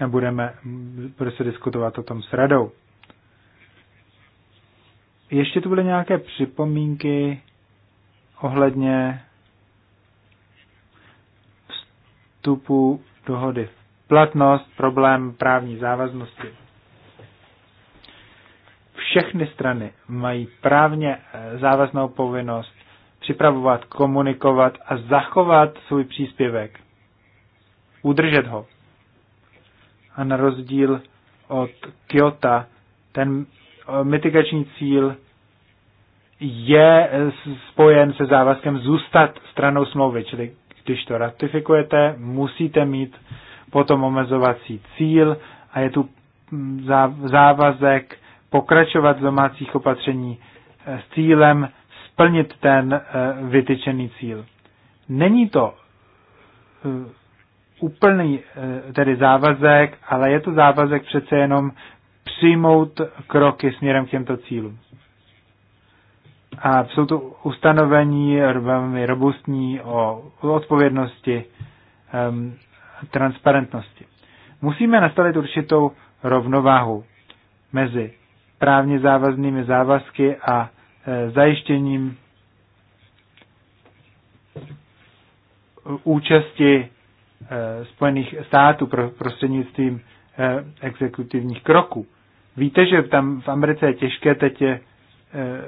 a budeme prostě diskutovat o tom s radou. Ještě tu byly nějaké připomínky ohledně vstupu dohody v platnost, problém právní závaznosti. Všechny strany mají právně závaznou povinnost připravovat, komunikovat a zachovat svůj příspěvek. Udržet ho a na rozdíl od Kyoto, ten eh, mitigační cíl je eh, spojen se závazkem zůstat stranou smlouvy, čili když to ratifikujete, musíte mít potom omezovací cíl a je tu mm, závazek pokračovat v domácích opatření eh, s cílem splnit ten vytyčený cíl. Není to úplný eh, tedy závazek, ale je to závazek přece jenom přijmout kroky směrem k těmto cílům. A jsou to ustanovení velmi robustní o odpovědnosti, ehm, transparentnosti. Musíme nastavit určitou rovnováhu mezi právně závaznými závazky a eh, zajištěním účasti Eh, Spojených států prostřednictvím eh, exekutivních kroků. Víte, že tam v Americe je těžké teď je eh,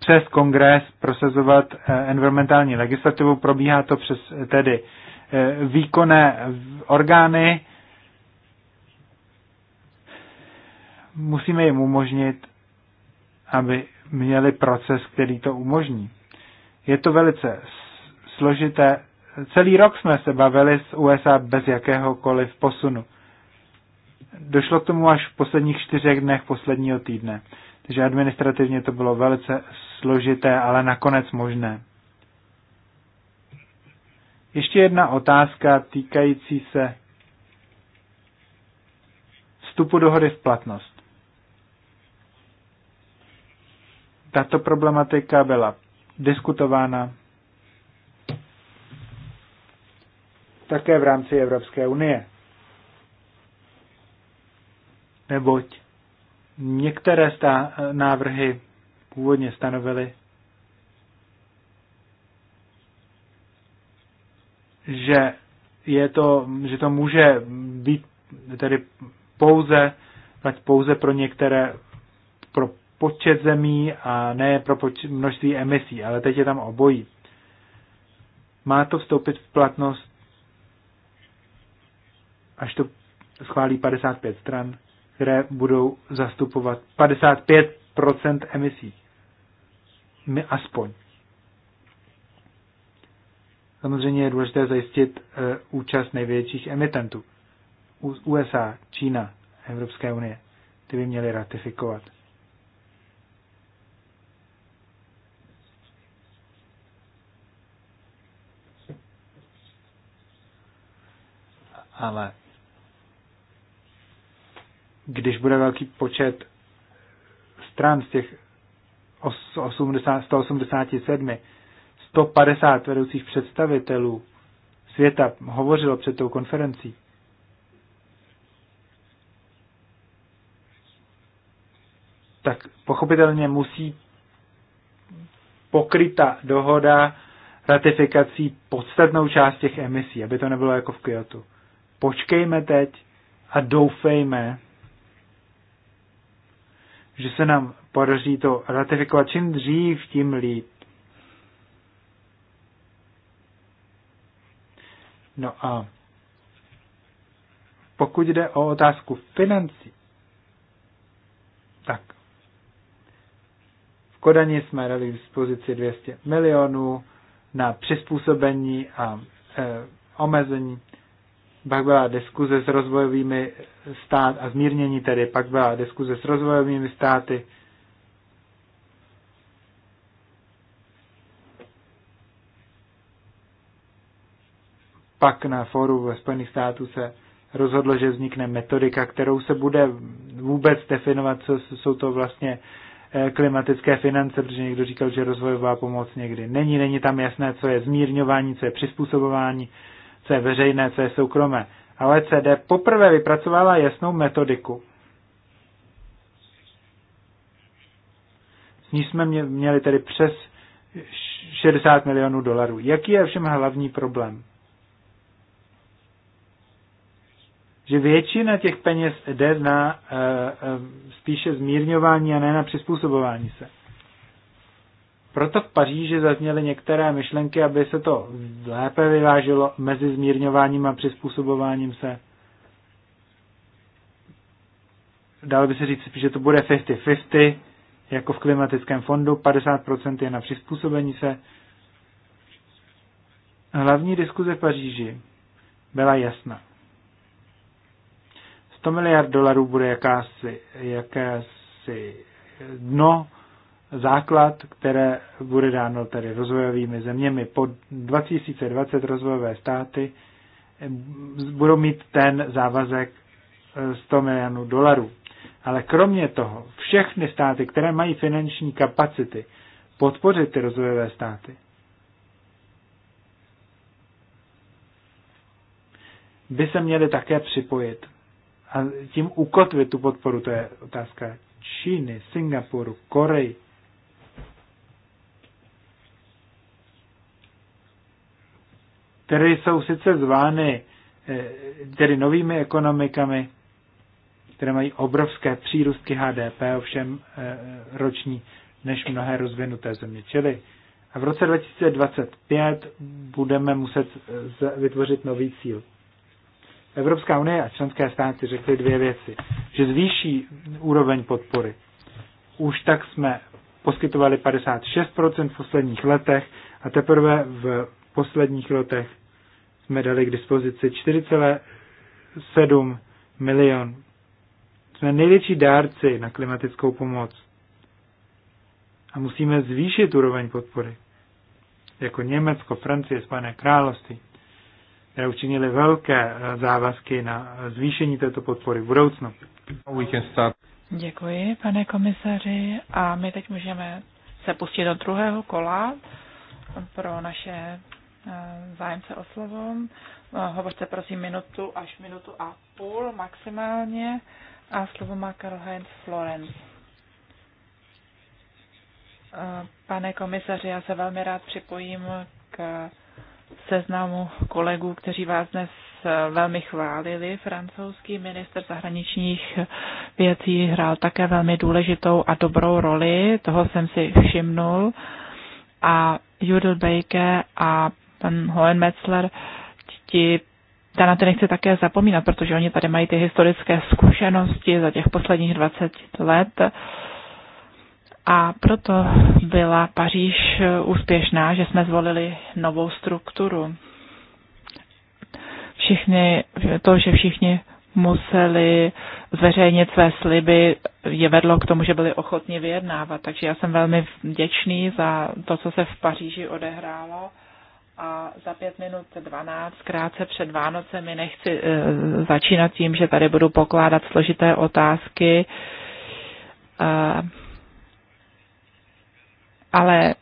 přes kongres prosazovat environmentální legislativu, probíhá to přes tedy výkonné orgány. Musíme jim umožnit, aby měli proces, který to umožní. Je to velice složité celý rok jsme se bavili s USA bez jakéhokoliv posunu. Došlo k tomu až v posledních čtyřech dnech posledního týdne. Takže administrativně to bylo velice složité, ale nakonec možné. Ještě jedna otázka týkající se vstupu dohody v platnost. Tato problematika byla diskutována také v rámci Evropské unie. Neboť některé stá- návrhy původně stanovily, že je to, že to může být tedy pouze, pouze pro některé, pro počet zemí a ne pro poč- množství emisí, ale teď je tam obojí. Má to vstoupit v platnost až to schválí 55 stran, které budou zastupovat 55 emisí. My aspoň. Samozřejmě je důležité zajistit eh, účast největších emitentů. USA, Čína, Evropské unie. Ty by měly ratifikovat. Ale když bude velký počet stran z těch 80, 187, 150 vedoucích představitelů světa hovořilo před tou konferencí. Tak pochopitelně musí pokryta dohoda ratifikací podstatnou část těch emisí, aby to nebylo jako v Kyoto. Počkejme teď a doufejme, že se nám podaří to ratifikovat čím dřív, tím líp. No a pokud jde o otázku financí, tak v Kodani jsme dali k dispozici 200 milionů na přizpůsobení a e, omezení pak byla diskuze s rozvojovými státy a zmírnění tedy, pak byla diskuze s rozvojovými státy. Pak na fóru ve Spojených států se rozhodlo, že vznikne metodika, kterou se bude vůbec definovat, co jsou to vlastně eh, klimatické finance, protože někdo říkal, že rozvojová pomoc někdy není, není tam jasné, co je zmírňování, co je přizpůsobování, co je veřejné, co je soukromé. A OECD poprvé vypracovala jasnou metodiku. S ní jsme měli tedy přes 60 milionů dolarů. Jaký je všem hlavní problém? Že většina těch peněz jde na uh, uh, spíše zmírňování a ne na přizpůsobování se. Proto v Paříži zazněly některé myšlenky, aby se to lépe vyvážilo mezi zmírňováním a přizpůsobováním se. Dalo by se říct, že to bude 50-50, jako v klimatickém fondu, 50% je na přizpůsobení se. Hlavní diskuze v Paříži byla jasná. 100 miliard dolarů bude jakási, jakési dno základ, které bude dáno tedy rozvojovými zeměmi. Po 2020 rozvojové státy eh, budou mít ten závazek 100 eh, milionů dolarů. Ale kromě toho, všechny státy, které mají finanční kapacity podpořit ty rozvojové státy, by se měly také připojit a tím ukotvit tu podporu. To je otázka Číny, Singapuru, Koreji, které jsou sice zvány eh, tedy novými ekonomikami, které mají obrovské přírůstky HDP, ovšem eh, roční, než mnohé rozvinuté země. Čili a v roce 2025 budeme muset eh, vytvořit nový cíl. Evropská unie a členské státy řekly dvě věci. Že zvýší úroveň podpory. Už tak jsme poskytovali 56% v posledních letech a teprve v posledních letech jsme dali k dispozici 4,7 milion. Jsme největší dárci na klimatickou pomoc. A musíme zvýšit úroveň podpory. Jako Německo, Francie, Spojené království, které učinili velké eh, závazky na zvýšení této podpory v budoucnu. Děkuji, pane komisaři. A my teď můžeme se pustit do druhého kola pro naše zájemce o slovo. No, hovořte prosím minutu až minutu a půl maximálně. A slovo má Karl Heinz Florence. Pane komisaři, já se velmi rád připojím k seznamu kolegů, kteří vás dnes velmi chválili. Francouzský minister zahraničních věcí hrál také velmi důležitou a dobrou roli, toho jsem si všimnul. A Judel Baker a pan Hohenmetzler, ti ta na to nechci také zapomínat, protože oni tady mají ty historické zkušenosti za těch posledních 20 let. A proto byla Paříž úspěšná, že jsme zvolili novou strukturu. Všichni, to, že všichni museli zveřejnit své sliby, je vedlo k tomu, že byli ochotni vyjednávat. Takže já jsem velmi vděčný za to, co se v Paříži odehrálo a za pět minut dvanáct, krátce před Vánocemi, nechci e, začínat tím, že tady budu pokládat složité otázky, e, ale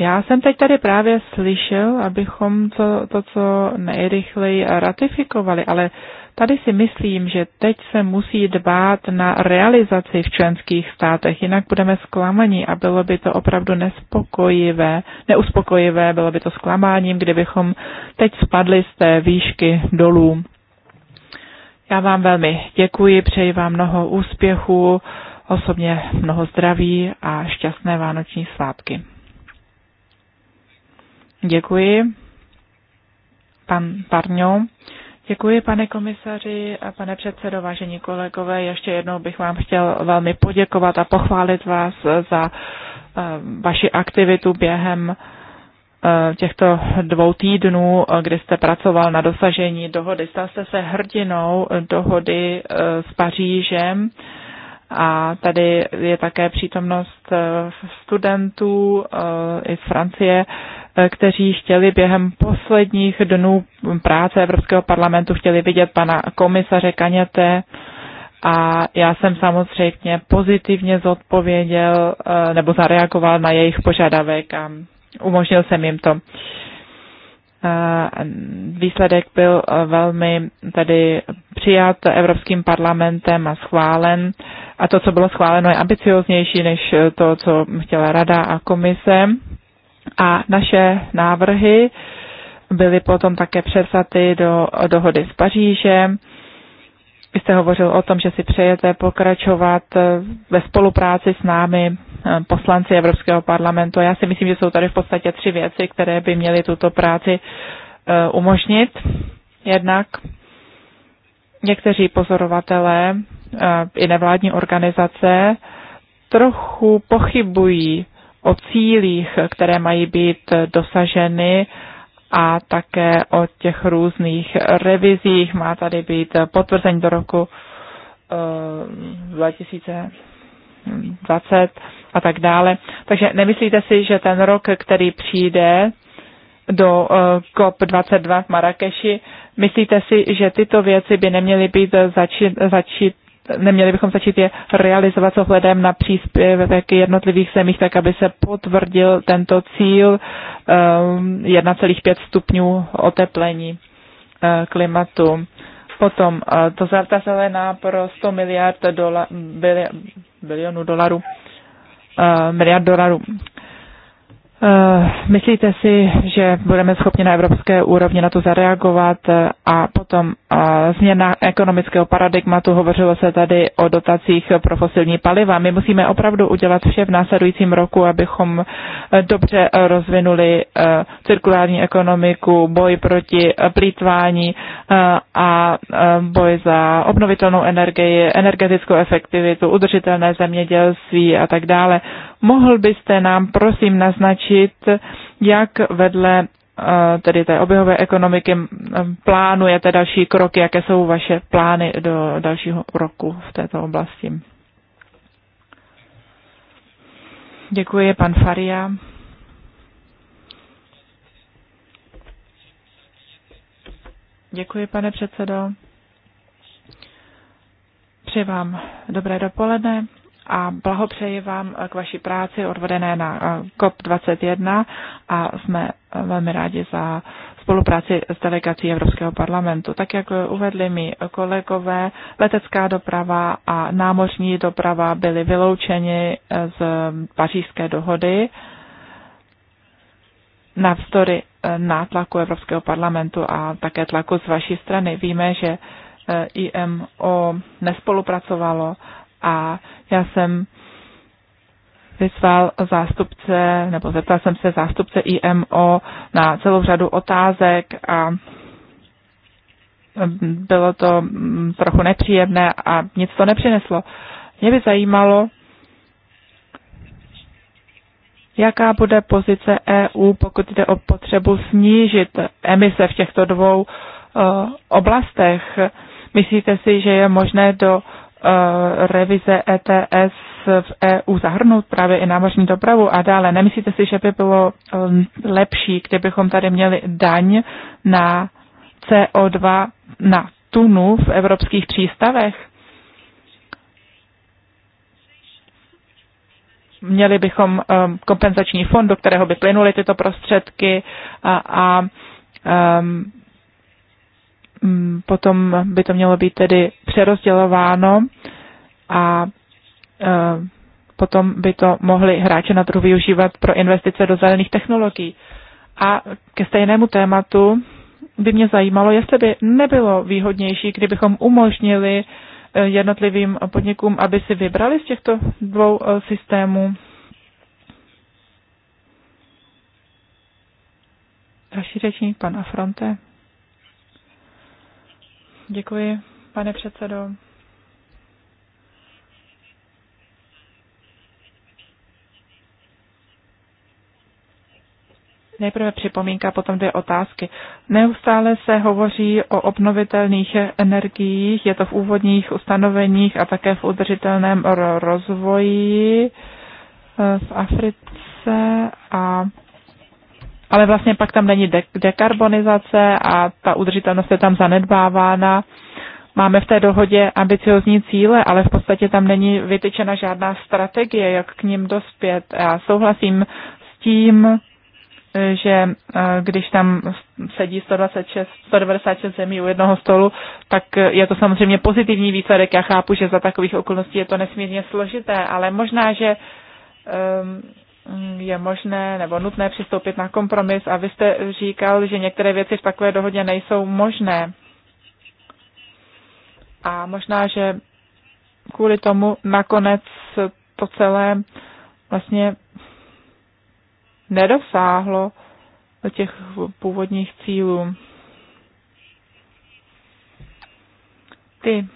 já jsem teď tady právě slyšel, abychom to, to co nejrychleji ratifikovali, ale tady si myslím, že teď se musí dbát na realizaci v členských státech, jinak budeme zklamaní a bylo by to opravdu nespokojivé, neuspokojivé, bylo by to zklamáním, kdybychom teď spadli z té výšky dolů. Já vám velmi děkuji, přeji vám mnoho úspěchů, osobně mnoho zdraví a šťastné vánoční svátky. Děkuji. Pan Parňo. Děkuji, pane komisaři a pane předsedo, vážení kolegové. Ještě jednou bych vám chtěl velmi poděkovat a pochválit vás za eh, vaši aktivitu během eh, těchto dvou týdnů, eh, kdy jste pracoval na dosažení dohody. Stal jste se hrdinou dohody s Pařížem a tady je také přítomnost eh, studentů eh, i z Francie, eh, kteří chtěli během posledních dnů práce Evropského parlamentu, chtěli vidět pana komisaře Kaněte a já jsem samozřejmě pozitivně zodpověděl nebo zareagoval na jejich požadavek a umožnil jsem jim to. Výsledek byl velmi tady přijat Evropským parlamentem a schválen a to, co bylo schváleno, je ambicioznější než eh, to, co chtěla rada a komise. A naše návrhy byly potom také přesaty do eh, dohody s Pařížem. Vy jste hovořil o tom, že si přejete pokračovat eh, ve spolupráci s námi poslanci Evropského parlamentu. Já si myslím, že jsou tady v podstatě tři věci, které by měly tuto práci umožnit. Jednak někteří pozorovatelé i nevládní organizace trochu pochybují o cílích, které mají být dosaženy a také o těch různých revizích. Má tady být potvrzení do roku 2020 e, a tak dále. Takže nemyslíte si, že ten rok, který přijde do e, COP22 v Marrakeši, myslíte si, že tyto věci by neměly být začít, začít neměli bychom začít je realizovat s ohledem na příspěvek jednotlivých zemích, tak aby se potvrdil tento cíl 1,5 ehm, stupňů oteplení eh, klimatu. Potom eh, to zarta zelená pro 100 miliard dola, bilionů dolarů, eh, miliard dolarů Eh, myslíte si, že budeme schopni na evropské úrovni na to zareagovat a potom eh, změna ekonomického paradigmatu, hovořilo se tady o dotacích pro fosilní paliva. My musíme opravdu udělat vše v následujícím roku, abychom eh, dobře rozvinuli cirkulární ekonomiku, boj proti plítvání a boj za obnovitelnou energii, energetickou efektivitu, udržitelné zemědělství a tak dále. Mohl byste nám prosím naznačit, jak vedle eh, tedy té oběhové ekonomiky plánujete další kroky, jaké jsou vaše plány do dalšího roku v této oblasti? Děkuji, pan Faria. Děkuji, pane předsedo. Přeji vám dobré dopoledne a blahopřeji vám k vaší práci odvedené na eh, COP21 a jsme eh, velmi rádi za spolupráci s delegací Evropského parlamentu. Tak jak uvedli mi kolegové, letecká doprava a námořní doprava byly vyloučeny eh, z pařížské dohody navzdory nátlaku Evropského parlamentu a také tlaku z vaší strany. Víme, že IMO nespolupracovalo a já jsem vyzval zástupce, nebo zeptal jsem se zástupce IMO na celou řadu otázek a bylo to mm, trochu nepříjemné a nic to nepřineslo. Mě by zajímalo, jaká bude pozice EU, pokud jde o potřebu snížit emise v těchto dvou eh, oblastech. Myslíte si, že je možné do Eh, revize ETS v EU zahrnout právě i námořní dopravu a dále. Nemyslíte si, že by bylo lepší, kdybychom tady měli daň na CO2 na tunu v evropských přístavech? Měli bychom kompenzační fond, do kterého by plynuly tyto prostředky a, a um, potom by to mělo být tedy přerozdělováno a e, potom by to mohli hráči na trhu využívat pro investice do zelených technologií. A ke stejnému tématu by mě zajímalo, jestli by nebylo výhodnější, kdybychom umožnili e, jednotlivým podnikům, aby si vybrali z těchto dvou e, systémů. Další řečník, pan Afronte. Děkuji pane předsedo. Nejprve připomínka, potom dvě otázky. Neustále se hovoří o obnovitelných energiích, je to v úvodních ustanoveních a také v udržitelném rozvoji eh, v Africe, a, ale vlastně pak tam není de- dekarbonizace a ta udržitelnost je tam zanedbávána. Máme v té dohodě ambiciozní cíle, ale v podstatě tam není vytyčena žádná strategie, jak k ním dospět. Já souhlasím s tím, že eh, když tam sedí 126, 196 zemí u jednoho stolu, tak eh, je to samozřejmě pozitivní výsledek. Já chápu, že za takových okolností je to nesmírně složité, ale možná, že ehm, je možné nebo nutné přistoupit na kompromis a vy jste říkal, že některé věci v takové dohodě nejsou možné a možná, že kvůli tomu nakonec to celé vlastně nedosáhlo do těch původních cílů. Ty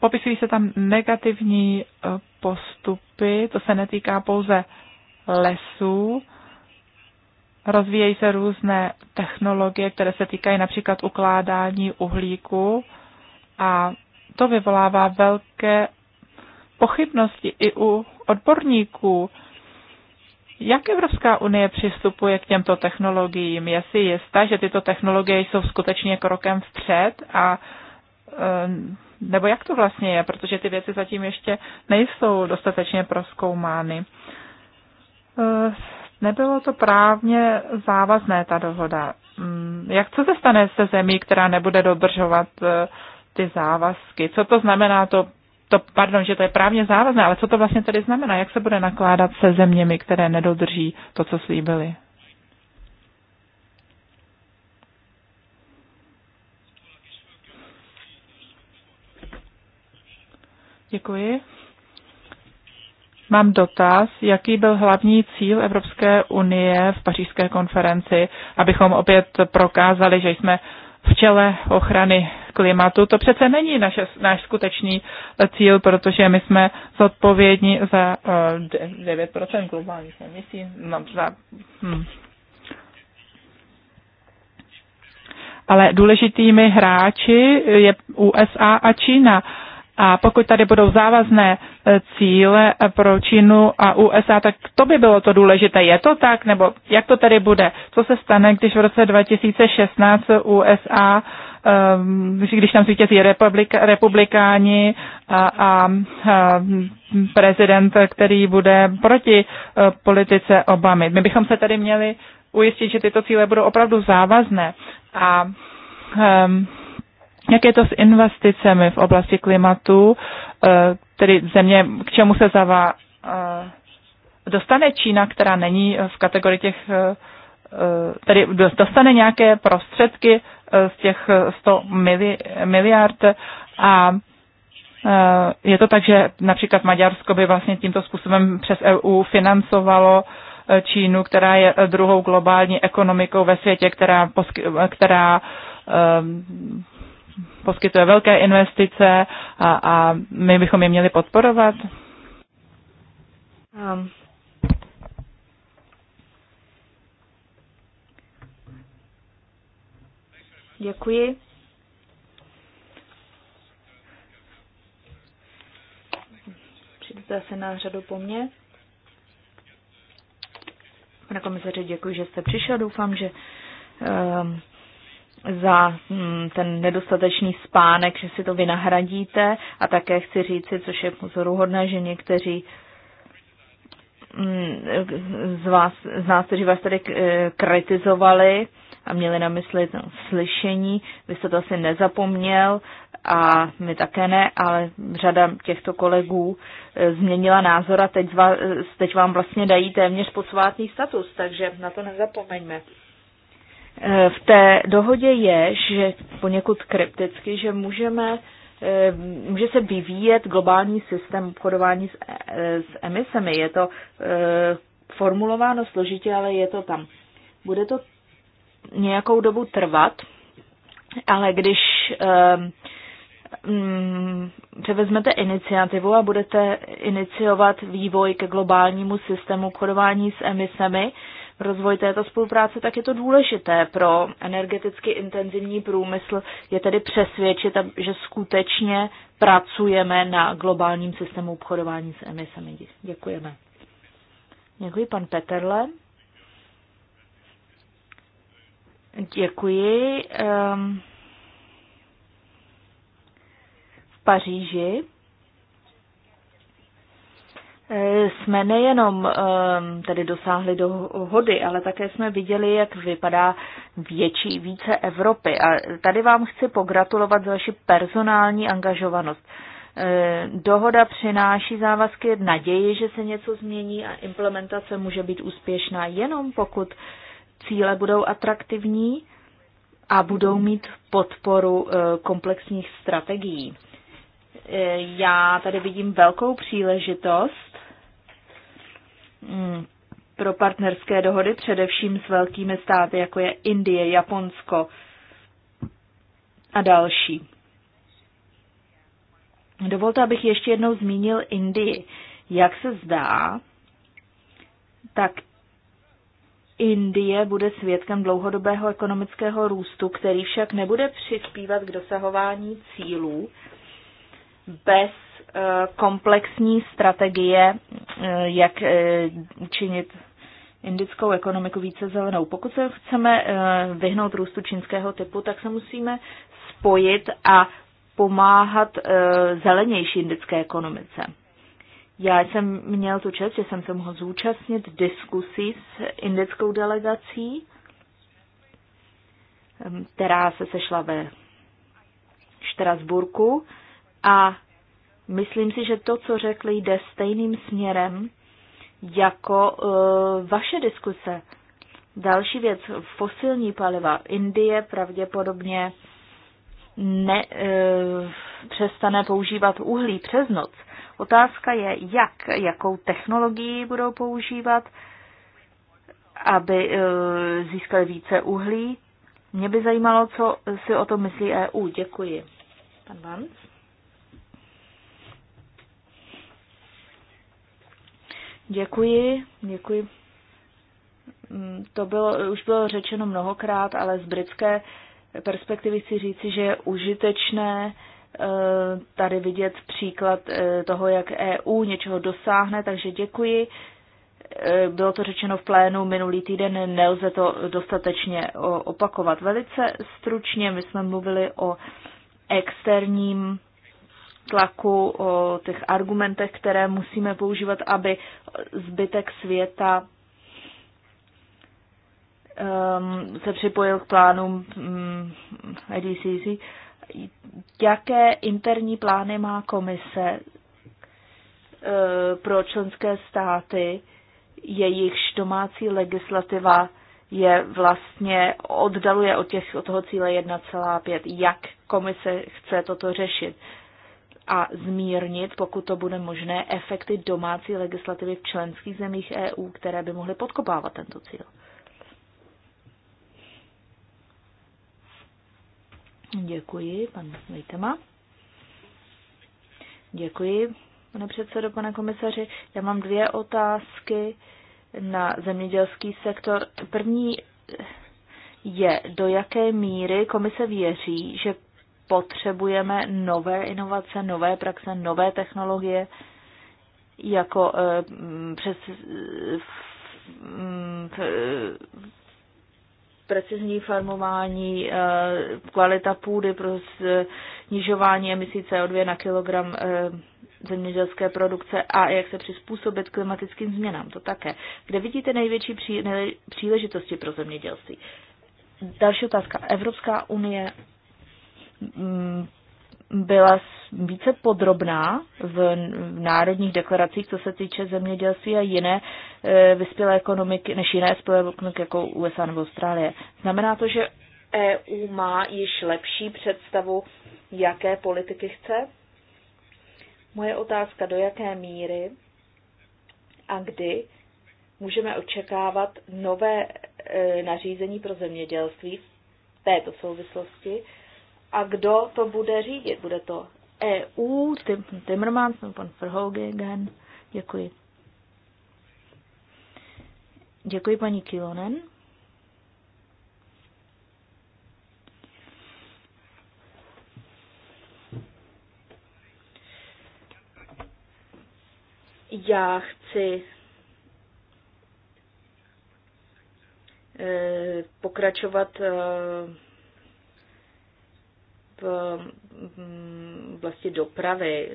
popisují se tam negativní postupy, to se netýká pouze lesů, Rozvíjejí se různé technologie, které se týkají například ukládání uhlíku a to vyvolává velké pochybnosti i u odborníků. Jak Evropská unie přistupuje k těmto technologiím? Je si jistá, že tyto technologie jsou skutečně krokem vpřed a eh, nebo jak to vlastně je, protože ty věci zatím ještě nejsou dostatečně proskoumány. Eh, Nebylo to právně závazné, ta dohoda. Mm, jak co se stane se zemí, která nebude dodržovat e, ty závazky? Co to znamená to, to, pardon, že to je právně závazné, ale co to vlastně tedy znamená? Jak se bude nakládat se zeměmi, které nedodrží to, co slíbili? Děkuji. Mám dotaz, jaký byl hlavní cíl Evropské unie v pařížské konferenci, abychom opět prokázali, že jsme v čele ochrany klimatu. To přece není naše, náš skutečný cíl, protože my jsme zodpovědní za uh, 9% globálních emisí. No, za, hmm. Ale důležitými hráči je USA a Čína. Uh, a pokud tady budou závazné e, cíle e, pro Čínu a USA, tak to by bylo to důležité. Je to tak, nebo jak to tady bude? Co se stane, když v roce 2016 USA, e, když tam zvítězí republik, republikáni a, a, a prezident, který bude proti politice Obamy? My bychom se tady měli ujistit, že tyto cíle budou opravdu závazné. A jak je to s investicemi v oblasti klimatu, eh, tedy země, k čemu se zavá, eh, dostane Čína, která není eh, v kategorii těch, tedy dostane nějaké prostředky z těch 100 mili, miliard a je to tak, že například Maďarsko by vlastně tímto způsobem přes EU financovalo Čínu, která je druhou globální ekonomikou ve světě, která, která poskytuje velké investice a, a my bychom je měli podporovat? Um. Děkuji. Přijdete se na řadu po mně. Pane komisaře, děkuji, že jste přišel. Doufám, že um, za hm, ten nedostatečný spánek, že si to vynahradíte. A také chci říci, což je pozoruhodné, že někteří hm, z, vás, z nás, kteří vás tady eh, kritizovali a měli na mysli no, slyšení, vy jste to asi nezapomněl a my také ne, ale řada těchto kolegů eh, změnila názor a teď, eh, teď vám vlastně dají téměř posvátný status, takže na to nezapomeňme. V té dohodě je, že poněkud krypticky, že můžeme, eh, může se vyvíjet globální systém obchodování s, eh, s emisemi. Je to eh, formulováno složitě, ale je to tam. Bude to nějakou dobu trvat, ale když mm, převezmete iniciativu a budete iniciovat vývoj ke globálnímu systému obchodování s emisemi, rozvoj této spolupráce, tak je to důležité pro energeticky intenzivní průmysl, je tedy přesvědčit, že skutečně pracujeme na globálním systému obchodování s emisemi. Děkujeme. Děkuji, pan Peterle. Děkuji. Ehm, v Paříži Eh, jsme nejenom ehm, tedy dosáhli dohody, ale také jsme viděli, jak vypadá větší, více Evropy. A tady vám chci pogratulovat za vaši personální angažovanost. Eh, dohoda přináší závazky, naději, že se něco změní a implementace může být úspěšná jenom pokud cíle budou atraktivní a budou mít podporu eh, komplexních strategií. Já tady vidím velkou příležitost Mm, pro partnerské dohody, především s velkými státy, jako je Indie, Japonsko a další. Dovolte, abych ještě jednou zmínil Indii. Jak se zdá, tak Indie bude svědkem dlouhodobého ekonomického růstu, který však nebude přispívat k dosahování cílů bez komplexní strategie, eh, jak učinit eh, indickou ekonomiku více zelenou. Pokud se chceme eh, vyhnout růstu čínského typu, tak se musíme spojit a pomáhat zelenější indické ekonomice. Já jsem měl tu čest, že jsem se mohl zúčastnit diskusí s indickou delegací, která se sešla ve Štrasburku a Myslím si, že to, co řekli, jde stejným směrem jako uh, vaše diskuse. Další věc, fosilní paliva. Indie pravděpodobně ne, e, přestane používat uhlí přes noc. Otázka je, jak, jakou technologii budou používat, aby e, získali více uhlí. Mě by zajímalo, co si o tom myslí EU. Děkuji. Pan Vance? Děkuji, děkuji. Mm, to bylo, už bylo řečeno mnohokrát, ale z britské perspektivy si říci, že je užitečné eh, tady vidět příklad eh, toho, jak EU něčeho dosáhne, takže děkuji. Eh, bylo to řečeno v plénu minulý týden, nelze to dostatečně opakovat. Velice stručně my jsme mluvili o externím tlaku, o těch argumentech, které musíme používat, aby zbytek světa um, se připojil k plánům um, mm, IDCC. Jaké interní plány má komise uh, pro členské státy, jejichž domácí legislativa je vlastně oddaluje od, těch, od toho cíle 1,5. Jak komise chce toto řešit? a zmírnit, pokud to bude možné, efekty domácí legislativy v členských zemích EU, které by mohly podkopávat tento cíl. Děkuji, pan Vejtema. Děkuji, pane předsedo, pane komisaři. Já mám dvě otázky na zemědělský sektor. První je, do jaké míry komise věří, že potřebujeme nové inovace, nové praxe, nové technologie, jako e, přes eh, precizní farmování, eh, kvalita půdy pro snižování emisí CO2 na kilogram zemědělské produkce a jak se přizpůsobit klimatickým změnám. To také. Kde vidíte největší příležitosti pro zemědělství? Další otázka. Evropská unie Mm, byla více podrobná v národních deklaracích, co se týče zemědělství a jiné e, vyspělé ekonomiky, než jiné vyspělé ekonomiky jako USA nebo Austrálie. Znamená to, že EU má již lepší představu, jaké politiky chce? Moje otázka, do jaké míry a kdy můžeme očekávat nové e, nařízení pro zemědělství v této souvislosti, a kdo to bude řídit? Bude to EU, Timmermans nebo pan Verhoogen? Děkuji. Děkuji paní Kilonen. Já chci eh, pokračovat eh, v dopravy.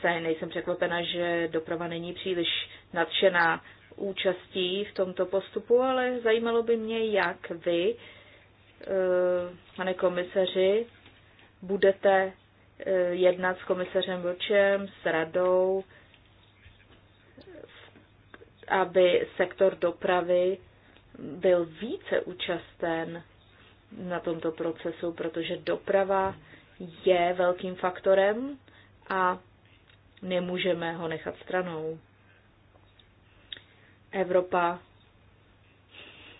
Se nejsem překvapena, že doprava není příliš nadšená účastí v tomto postupu, ale zajímalo by mě, jak vy, eh, pane komisaři, budete eh, jednat s komisařem Vlčem, s radou, aby sektor dopravy byl více účasten na tomto procesu, protože doprava je velkým faktorem a nemůžeme ho nechat stranou. Evropa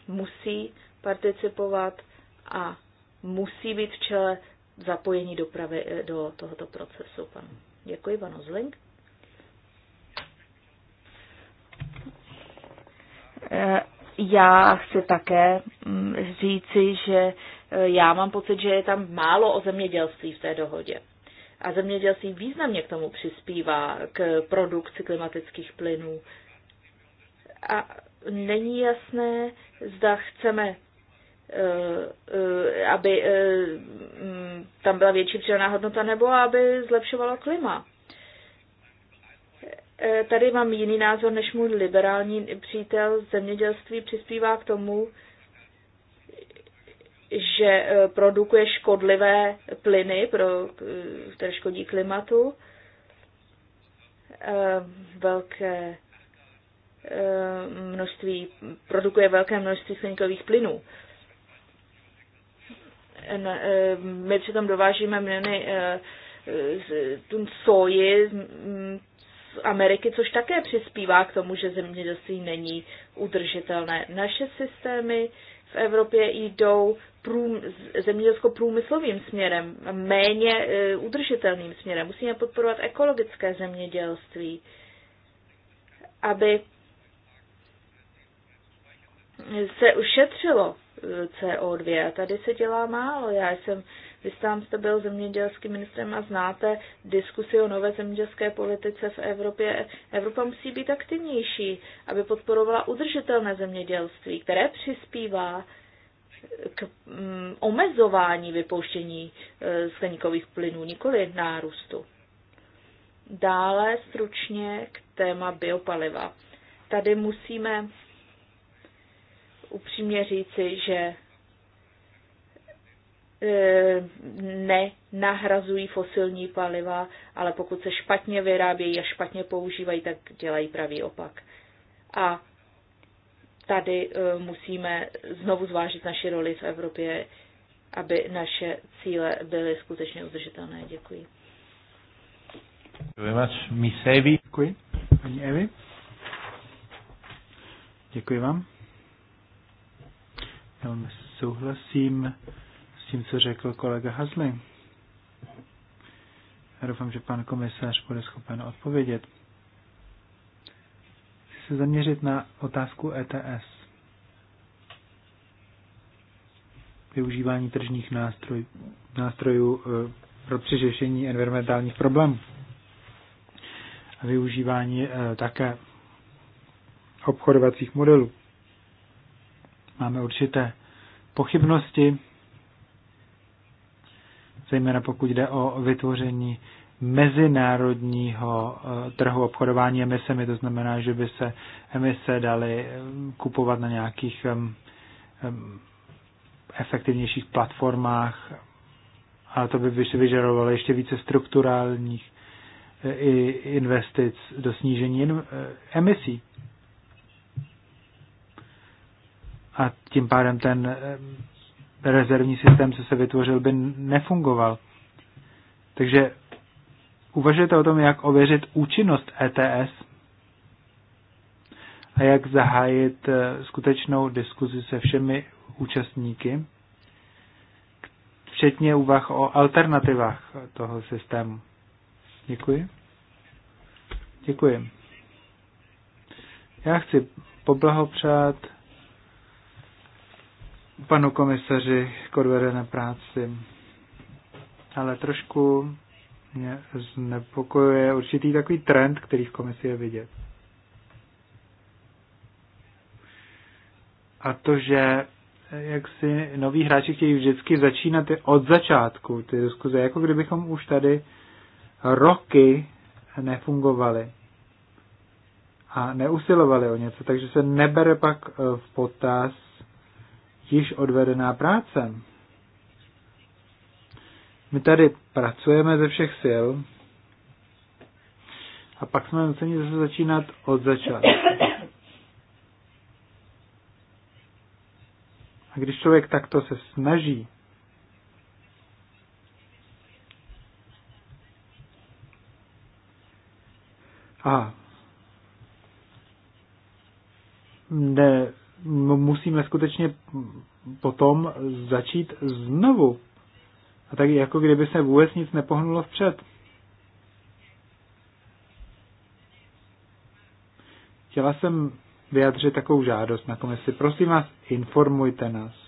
musí participovat a musí být v čele zapojení dopravy eh, do tohoto procesu. Pan. Děkuji, pan Ozling. Eh, já chci také mm, říci, že e, já mám pocit, že je tam málo o zemědělství v té dohodě. A zemědělství významně k tomu přispívá, k produkci klimatických plynů. A není jasné, zda chceme, e, e, aby tam byla větší přidaná hodnota, nebo aby zlepšovalo klima. E, tady mám jiný názor než můj liberální přítel. Zemědělství přispívá k tomu, že e, produkuje škodlivé plyny, pro, e, které škodí klimatu. Velké množství, produkuje velké množství skleníkových plynů. My přitom dovážíme miliony tun soji Ameriky, což také přispívá k tomu, že zemědělství není udržitelné. Naše systémy v Evropě jdou prům, zemědělsko-průmyslovým směrem, méně e, udržitelným směrem. Musíme podporovat ekologické zemědělství, aby se ušetřilo e, CO2. A tady se dělá málo. Já jsem vy sám jste byl zemědělským ministrem a znáte diskusi o nové zemědělské politice v Evropě. Evropa musí být aktivnější, aby podporovala udržitelné zemědělství, které přispívá k mm, omezování vypouštění e, skleníkových plynů, nikoli nárůstu. Dále stručně k téma biopaliva. Tady musíme upřímně říci, že E, nenahrazují fosilní paliva, ale pokud se špatně vyrábějí a špatně používají, tak dělají pravý opak. A tady e, musíme znovu zvážit naši roli v Evropě, aby naše cíle byly skutečně udržitelné. Děkuji. Děkuji. Děkuji. Paní Evi. Děkuji vám. Velmi souhlasím tím, co řekl kolega Hazli. Já doufám, že pan komisař bude schopen odpovědět. Chci se zaměřit na otázku ETS. Využívání tržních nástroj, nástrojů eh, pro přiřešení environmentálních problémů. A využívání eh, také obchodovacích modelů. Máme určité pochybnosti zejména pokud jde o vytvoření mezinárodního eh, trhu obchodování emisemi, to znamená, že by se emise daly eh, kupovat na nějakých eh, efektivnějších platformách, ale to by vyžadovalo ještě více strukturálních investic do snížení emisí. A tím pádem ten rezervní systém, co se vytvořil, by nefungoval. Takže uvažujete o tom, jak ověřit účinnost ETS a jak zahájit eh, skutečnou diskuzi se všemi účastníky, včetně úvah o alternativách toho systému. Děkuji. Děkuji. Já chci poblahopřát panu komisaři k odvedené práci. Ale trošku mě znepokojuje určitý takový trend, který v komisi je vidět. A to, že jak si noví hráči chtějí vždycky začínat od začátku ty diskuze, jako kdybychom už tady roky nefungovali a neusilovali o něco, takže se nebere pak v potaz již odvedená práce. My tady pracujeme ze všech sil a pak jsme nuceni zase začínat od začátku. A když člověk takto se snaží, a ne, No, musíme skutečně potom začít znovu. A tak jako kdyby se vůbec nic nepohnulo vpřed. Chtěla jsem vyjadřit takovou žádost na komisi. Prosím vás, informujte nás.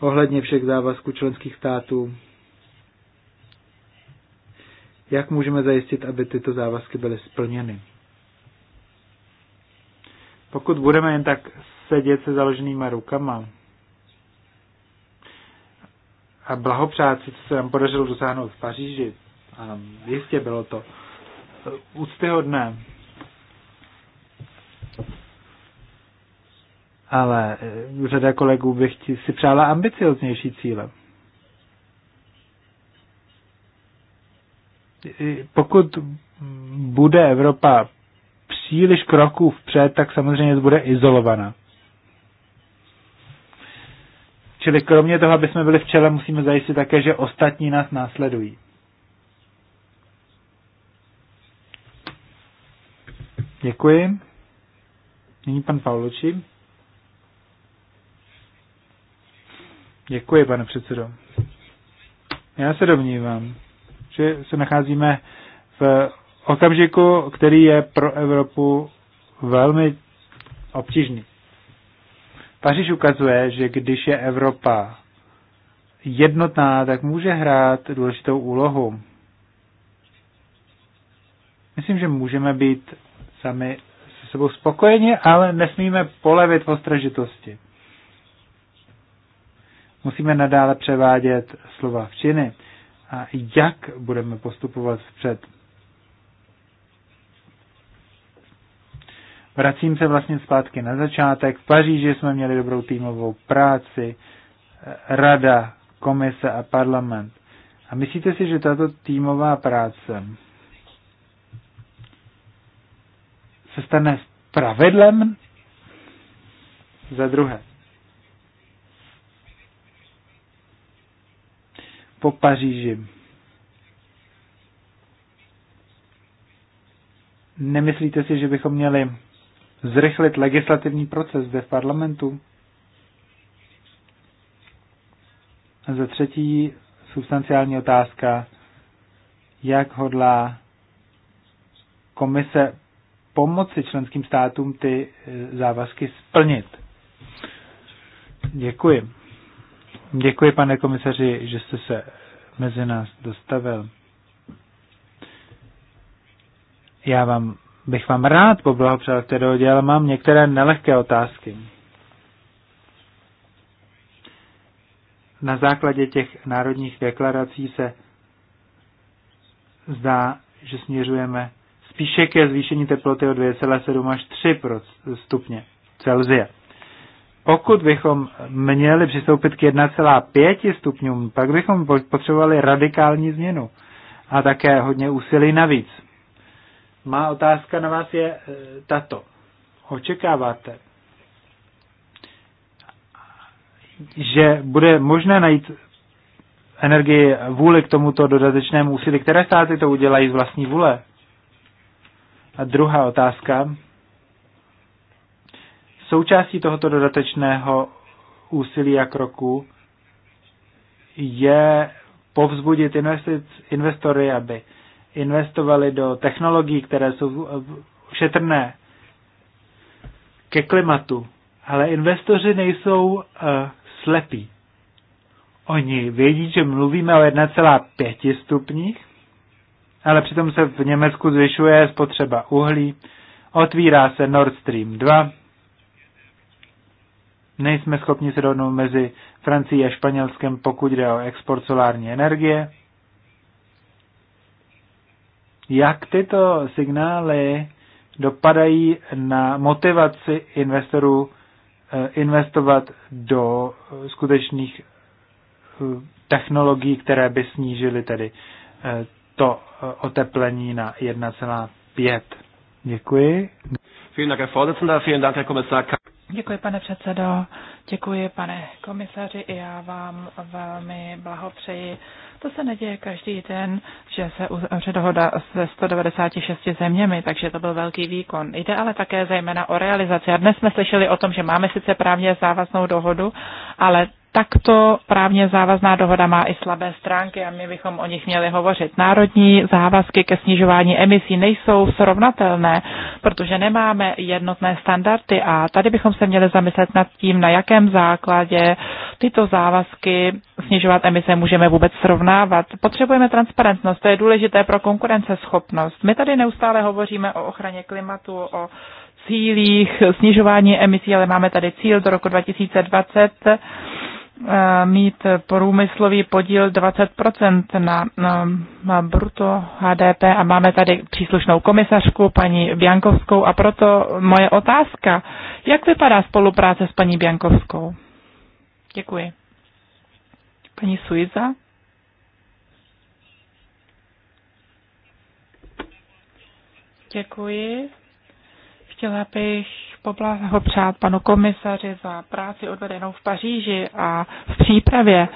ohledně všech závazků členských států jak můžeme zajistit, aby tyto závazky byly splněny. Pokud budeme jen tak sedět se založenýma rukama a blahopřát si, co se nám podařilo dosáhnout v Paříži, a jistě bylo to eh, úctyhodné, ale eh, řada kolegů bych si přála ambicioznější cíle. pokud bude Evropa příliš kroků vpřed, tak samozřejmě bude izolovaná. Čili kromě toho, aby jsme byli v čele, musíme zajistit také, že ostatní nás následují. Děkuji. Nyní pan Pavloči. Děkuji, pane předsedo. Já se domnívám, že se nacházíme v okamžiku, který je pro Evropu velmi obtížný. Paříž ukazuje, že když je Evropa jednotná, tak může hrát důležitou úlohu. Myslím, že můžeme být sami se sebou spokojeni, ale nesmíme polevit v ostražitosti. Musíme nadále převádět slova v činy a jak budeme postupovat vpřed. Vracím se vlastně zpátky na začátek. V Paříži jsme měli dobrou týmovou práci, rada, komise a parlament. A myslíte si, že tato týmová práce se stane pravidlem? Za druhé. po Paříži. Nemyslíte si, že bychom měli zrychlit legislativní proces zde v parlamentu? A za třetí substanciální otázka, jak hodlá komise pomoci členským státům ty eh, závazky splnit. Děkuji. Děkuji, pane komisaři, že jste se mezi nás dostavil. Já vám, bych vám rád poblahopřál k té dohodě, ale mám některé nelehké otázky. Na základě těch národních deklarací se zdá, že směřujeme spíše ke zvýšení teploty o 2,7 až 3 stupně Celsia pokud bychom měli přistoupit k 1,5 stupňům, pak bychom potřebovali radikální změnu a také hodně úsilí navíc. Má otázka na vás je eh, tato. Očekáváte, že bude možné najít energii vůli k tomuto dodatečnému úsilí, které státy to udělají z vlastní vůle? A druhá otázka, Součástí tohoto dodatečného úsilí a kroku je povzbudit investic, investory, aby investovali do technologií, které jsou šetrné ke klimatu. Ale investoři nejsou uh, slepí. Oni vědí, že mluvíme o 1,5 stupních, ale přitom se v Německu zvyšuje spotřeba uhlí, otvírá se Nord Stream 2, nejsme schopni se dohodnout mezi Francií a Španělskem, pokud jde o export solární energie. Jak tyto signály dopadají na motivaci investorů eh, investovat do eh, skutečných eh, technologií, které by snížily tedy to oteplení na 1,5. Děkuji. Vielen Dank, Herr Vorsitzender. Vielen Dank, Herr Kommissar. Děkuji, pane předsedo, děkuji, pane komisaři, i já vám velmi blahopřeji. To se neděje každý den, že se uzavře dohoda se 196 zeměmi, takže to byl velký výkon. Jde ale také zejména o realizaci. A dnes jsme slyšeli o tom, že máme sice právně závaznou dohodu, ale takto právně závazná dohoda má i slabé stránky a my bychom o nich měli hovořit. Národní závazky ke snižování emisí nejsou srovnatelné, protože nemáme jednotné standardy a tady bychom se měli zamyslet nad tím, na jakém základě tyto závazky snižovat emise můžeme vůbec srovnávat. Potřebujeme transparentnost, to je důležité pro konkurenceschopnost. My tady neustále hovoříme o ochraně klimatu, o cílích snižování emisí, ale máme tady cíl do roku 2020 Eh, mít průmyslový podíl 20% na, na, na bruto HDP a máme tady příslušnou komisařku, paní Biankovskou, a proto moje otázka, jak vypadá spolupráce s paní Biankovskou? Děkuji. Paní Suiza? Děkuji. Chtěla bych poblahopřát panu komisaři za práci odvedenou v Paříži a v přípravě.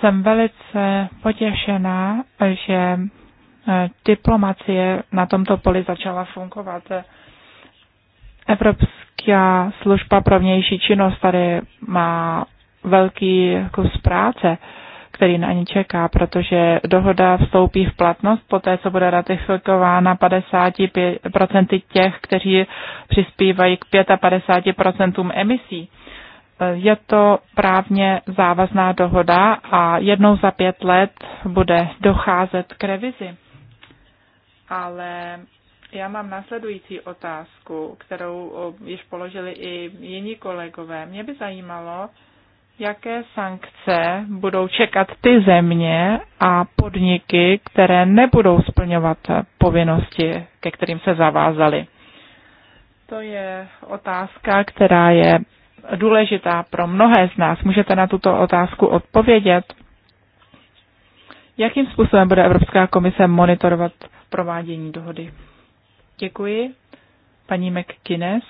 Jsem velice potěšená, že eh, diplomacie na tomto poli začala fungovat. Evropská služba pro vnější činnost tady má velký kus práce který na ně čeká, protože dohoda vstoupí v platnost poté, co bude ratifikována 50% těch, kteří přispívají k 55% emisí. Eh, je to právně závazná dohoda a jednou za pět let bude docházet k revizi. Ale já mám následující otázku, kterou eh, již položili i jiní kolegové. Mě by zajímalo, jaké sankce budou čekat ty země a podniky, které nebudou splňovat povinnosti, ke kterým se zavázaly. To je otázka, která je důležitá pro mnohé z nás. Můžete na tuto otázku odpovědět? Jakým způsobem bude Evropská komise monitorovat provádění dohody? Děkuji. Paní McKinnes.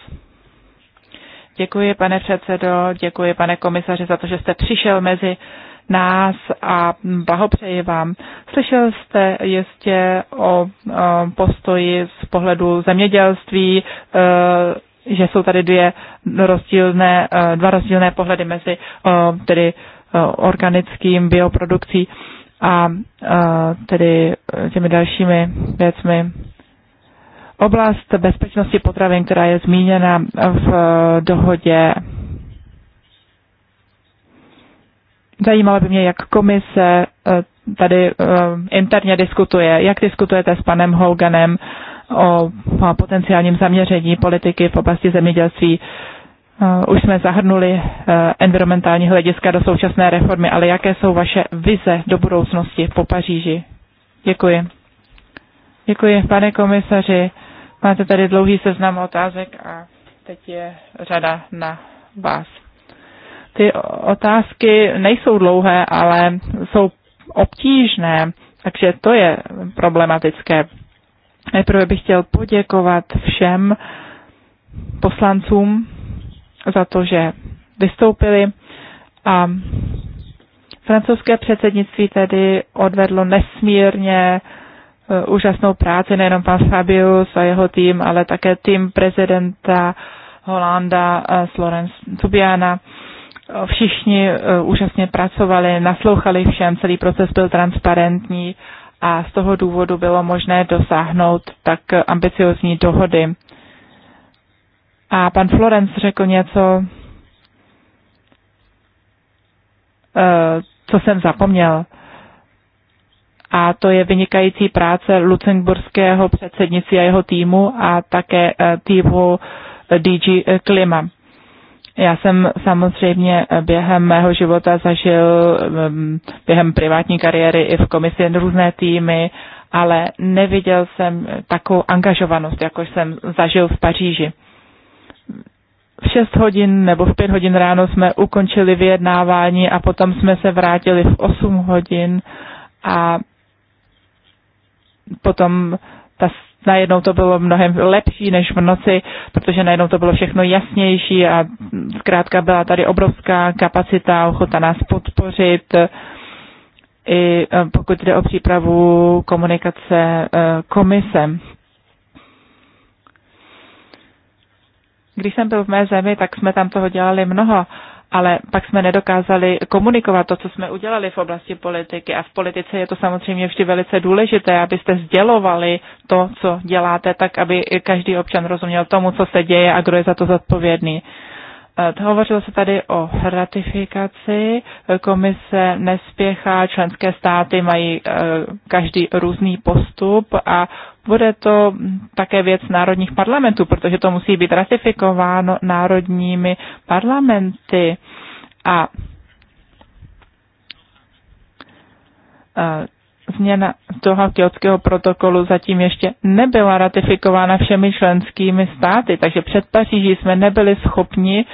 Děkuji, pane předsedo, děkuji, pane komisaři, za to, že jste přišel mezi nás a blahopřeji vám. Slyšel jste jistě o postoji z pohledu zemědělství, e, že jsou tady dvě rozdílné, e, dva rozdílné pohledy mezi tedy e, organickým bioprodukcí a tedy těmi dalšími věcmi. Oblast bezpečnosti potravin, která je zmíněna v eh, dohodě, zajímalo by mě, jak komise eh, tady eh, interně diskutuje, jak diskutujete s panem Hoganem o potenciálním zaměření politiky v oblasti zemědělství. Už jsme zahrnuli environmentální hlediska do současné reformy, ale jaké jsou vaše vize do budoucnosti po Paříži? Děkuji. Děkuji, pane komisaři. Máte tady dlouhý seznam otázek a teď je řada na vás. Ty otázky nejsou dlouhé, ale jsou obtížné, takže to je problematické. Nejprve bych chtěl poděkovat všem poslancům za to, že vystoupili a francouzské předsednictví tedy odvedlo nesmírně Eh, úžasnou práci nejenom pan Fabius a jeho tým, ale také tým prezidenta Holanda s eh, Lorenz Tubiana. Eh, všichni úžasně pracovali, naslouchali všem, celý proces byl transparentní a z toho důvodu bylo možné dosáhnout tak ambiciozní dohody. A pan Florence řekl něco, co jsem zapomněl a to je vynikající práce lucemburského předsednictví a jeho týmu a také eh, týmu eh, DG Klima. Já jsem samozřejmě eh, během mého života zažil během privátní kariéry i v komisi různé týmy, ale neviděl jsem takovou angažovanost, jako jsem zažil v Paříži. V 6 hodin nebo v 5 hodin ráno jsme ukončili vyjednávání a potom jsme se vrátili v 8 hodin a potom ta, najednou to bylo mnohem lepší než v noci, protože najednou to bylo všechno jasnější a zkrátka byla tady obrovská kapacita, ochota nás podpořit, i e, pokud jde o přípravu komunikace e, komisem. Když jsem byl v mé zemi, tak jsme tam toho dělali mnoho ale pak jsme nedokázali komunikovat to, co jsme udělali v oblasti politiky. A v politice je to samozřejmě vždy velice důležité, abyste sdělovali to, co děláte, tak aby každý občan rozuměl tomu, co se děje a kdo je za to zodpovědný. Eh, hovořilo se tady o ratifikaci. Eh, komise nespěchá, členské státy mají eh, každý různý postup a bude to také věc národních parlamentů, protože to musí být ratifikováno národními parlamenty. A změna toho kyotského protokolu zatím ještě nebyla ratifikována všemi členskými státy, takže před Paříží jsme nebyli schopni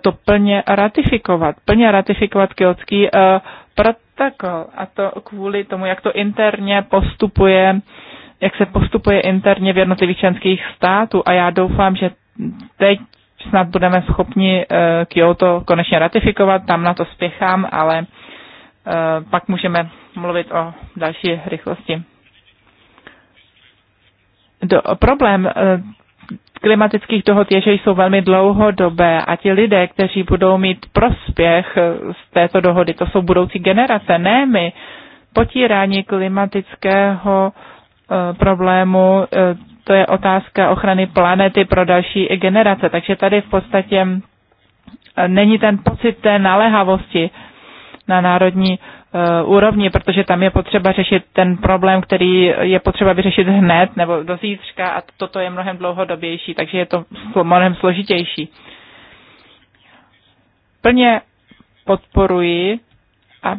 to plně ratifikovat, plně ratifikovat kyotský eh, protokol a to kvůli tomu, jak to interně postupuje jak se postupuje interně v jednotlivých členských států a já doufám, že teď snad budeme schopni eh, Kyoto konečně ratifikovat, tam na to spěchám, ale eh, pak můžeme mluvit o další rychlosti. Do, problém eh, klimatických dohod je, že jsou velmi dlouhodobé a ti lidé, kteří budou mít prospěch z této dohody, to jsou budoucí generace, ne my. Potírání klimatického Eh, problému, eh, to je otázka ochrany planety pro další generace. Takže tady v podstatě eh, není ten pocit té naléhavosti na národní úrovni, protože tam je potřeba řešit ten problém, který je potřeba vyřešit hned nebo do zítřka a toto je mnohem dlouhodobější, takže je to mnohem složitější. Plně podporuji a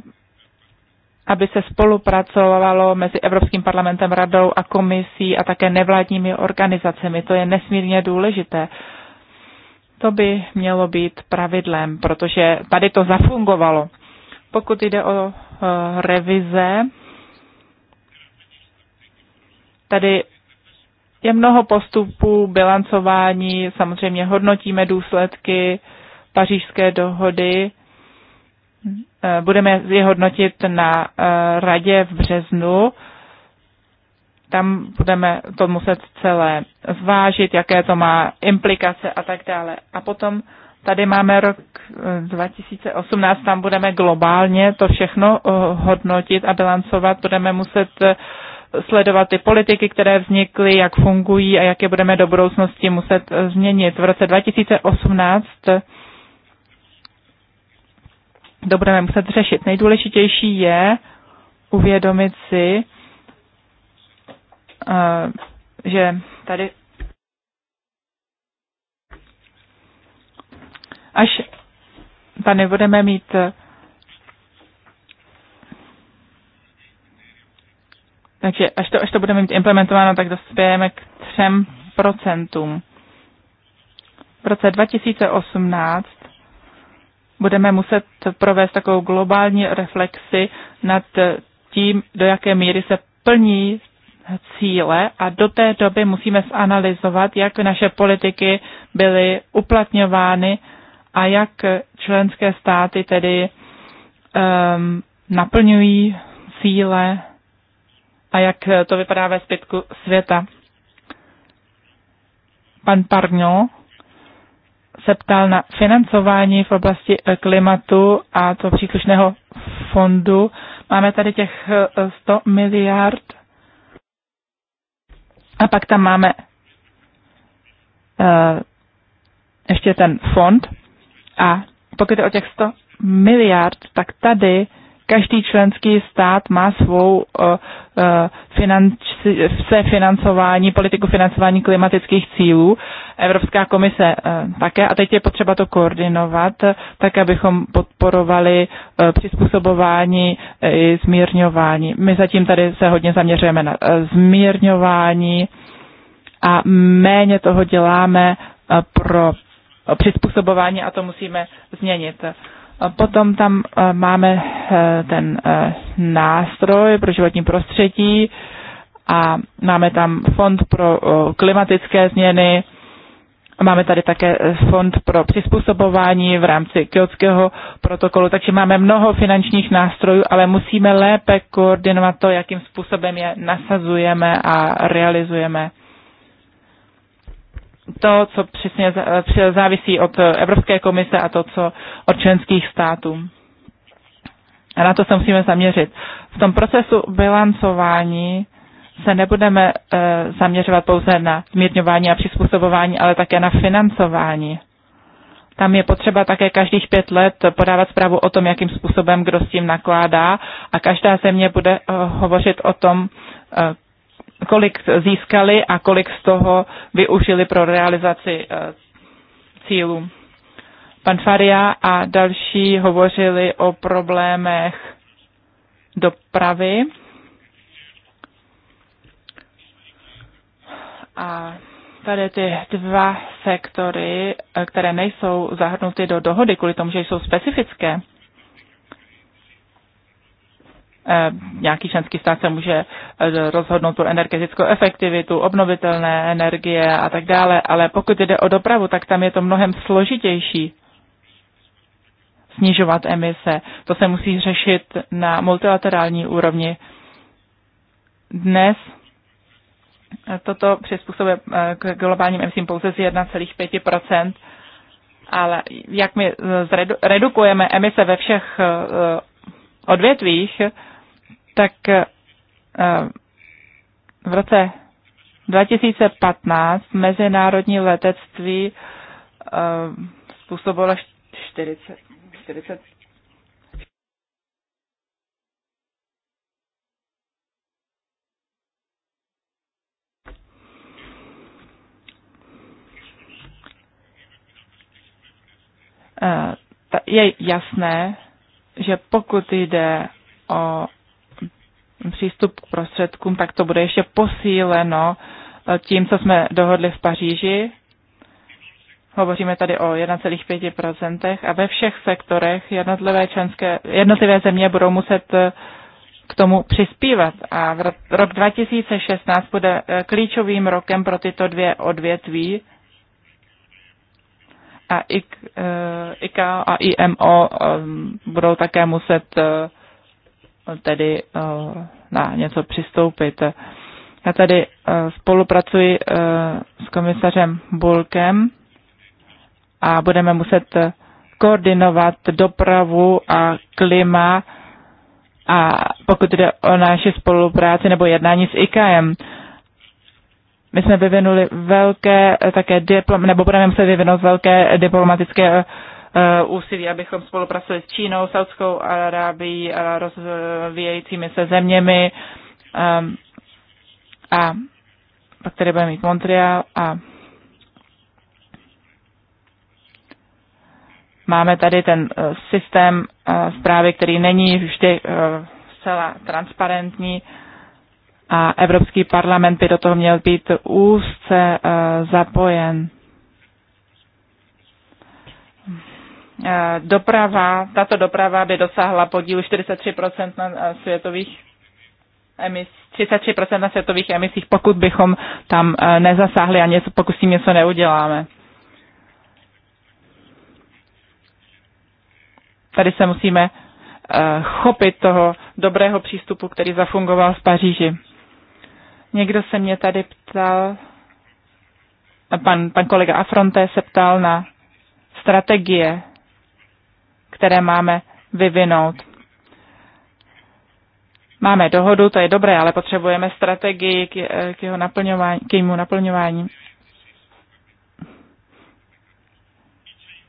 aby se spolupracovalo mezi Evropským parlamentem, radou a komisí a také nevládními organizacemi. To je nesmírně důležité. To by mělo být pravidlem, protože tady to zafungovalo. Pokud jde o eh, revize, tady je mnoho postupů, bilancování, samozřejmě hodnotíme důsledky pařížské dohody, Eh, budeme je hodnotit na eh, radě v březnu. Tam budeme to muset celé zvážit, jaké to má implikace a tak dále. A potom tady máme rok 2018, eh, tam budeme globálně to všechno hodnotit a bilancovat. Budeme muset sledovat ty politiky, které vznikly, jak fungují a jak je budeme do budoucnosti muset změnit. V roce 2018 to budeme muset řešit. Nejdůležitější je uvědomit si, eh, že tady až tady budeme mít Takže až to, až to budeme mít implementováno, tak dospějeme k 3%. V roce 2018 budeme muset provést takovou globální reflexi nad tím, do jaké míry se plní cíle a do té doby musíme zanalizovat, jak naše politiky byly uplatňovány a jak členské státy tedy um, naplňují cíle a jak to vypadá ve zbytku světa. Pan Parňo se ptal na financování v oblasti eh, klimatu a to příslušného fondu. Máme tady těch 100 eh, miliard a pak tam máme eh, ještě ten fond a pokud je o těch 100 miliard, tak tady Každý členský stát má svou eh, eh, finanč, se financování, politiku financování klimatických cílů. Evropská komise eh, také a teď je potřeba to koordinovat, tak abychom podporovali přizpůsobování i zmírňování. My zatím tady se hodně zaměřujeme na zmírňování a méně toho děláme pro přizpůsobování a to musíme změnit. Potom tam eh, máme eh, ten eh, nástroj pro životní prostředí a máme tam fond pro klimatické změny. Máme tady také fond pro přizpůsobování v rámci Kyotského protokolu, takže máme mnoho finančních nástrojů, ale musíme lépe koordinovat to, jakým způsobem je nasazujeme a realizujeme to, co přesně závisí od eh, Evropské komise a to, co od členských států. A na to se musíme zaměřit. V tom procesu bilancování se nebudeme eh, zaměřovat pouze na zmírňování a přizpůsobování, ale také na financování. Tam je potřeba také každých pět let podávat zprávu o tom, jakým způsobem kdo s tím nakládá a každá země bude eh, hovořit o tom, kolik získali a kolik z toho využili pro realizaci eh, cílů. Pan Faria a další hovořili o problémech dopravy a tady ty dva sektory, eh, které nejsou zahrnuty do dohody kvůli tomu, že jsou specifické, Eh, nějaký členský stát se může eh, rozhodnout tu energetickou efektivitu, obnovitelné energie a tak dále, ale pokud jde o dopravu, tak tam je to mnohem složitější snižovat emise. To se musí řešit na multilaterální úrovni. Dnes toto přizpůsobuje eh, k globálním emisím pouze z 1,5 ale jak my zredukujeme emise ve všech odvětvích, tak eh, v roce 2015 mezinárodní letectví eh, způsobilo 40, 40 eh, je jasné, že pokud jde o přístup k prostředkům, tak to bude ještě posíleno eh, tím, co jsme dohodli v Paříži. Hovoříme tady o 1,5% a ve všech sektorech jednotlivé, členské, jednotlivé země budou muset eh, k tomu přispívat. A v rok 2016 bude eh, klíčovým rokem pro tyto dvě odvětví a IKO a IMO budou také muset tedy eh, na něco přistoupit. Já tady eh, spolupracuji eh, s komisařem Bulkem a budeme muset koordinovat dopravu a klima a pokud jde o naši spolupráci nebo jednání s IKM, my jsme vyvinuli velké také diplom, nebo budeme muset vyvinout velké diplomatické Eh, úsilí, abychom spolupracovali s Čínou, Saudskou Arábií a rozvíjejícími se zeměmi. A pak tady budeme mít Montreal a máme tady ten eh, systém eh, zprávy, který není vždy zcela transparentní a Evropský parlament by do toho měl být úzce zapojen. Eh, doprava, tato doprava by dosáhla podílu 43% na eh, světových emis, 33% na světových emisích, pokud bychom tam eh, nezasáhli a něco, pokud s tím něco neuděláme. Tady se musíme chopit toho dobrého přístupu, který zafungoval v Paříži. Někdo se mě tady ptal, pan, pan kolega Afronte se ptal na strategie které máme vyvinout. Máme dohodu, to je dobré, ale potřebujeme strategii k, k jeho naplňování, k jejímu naplňování.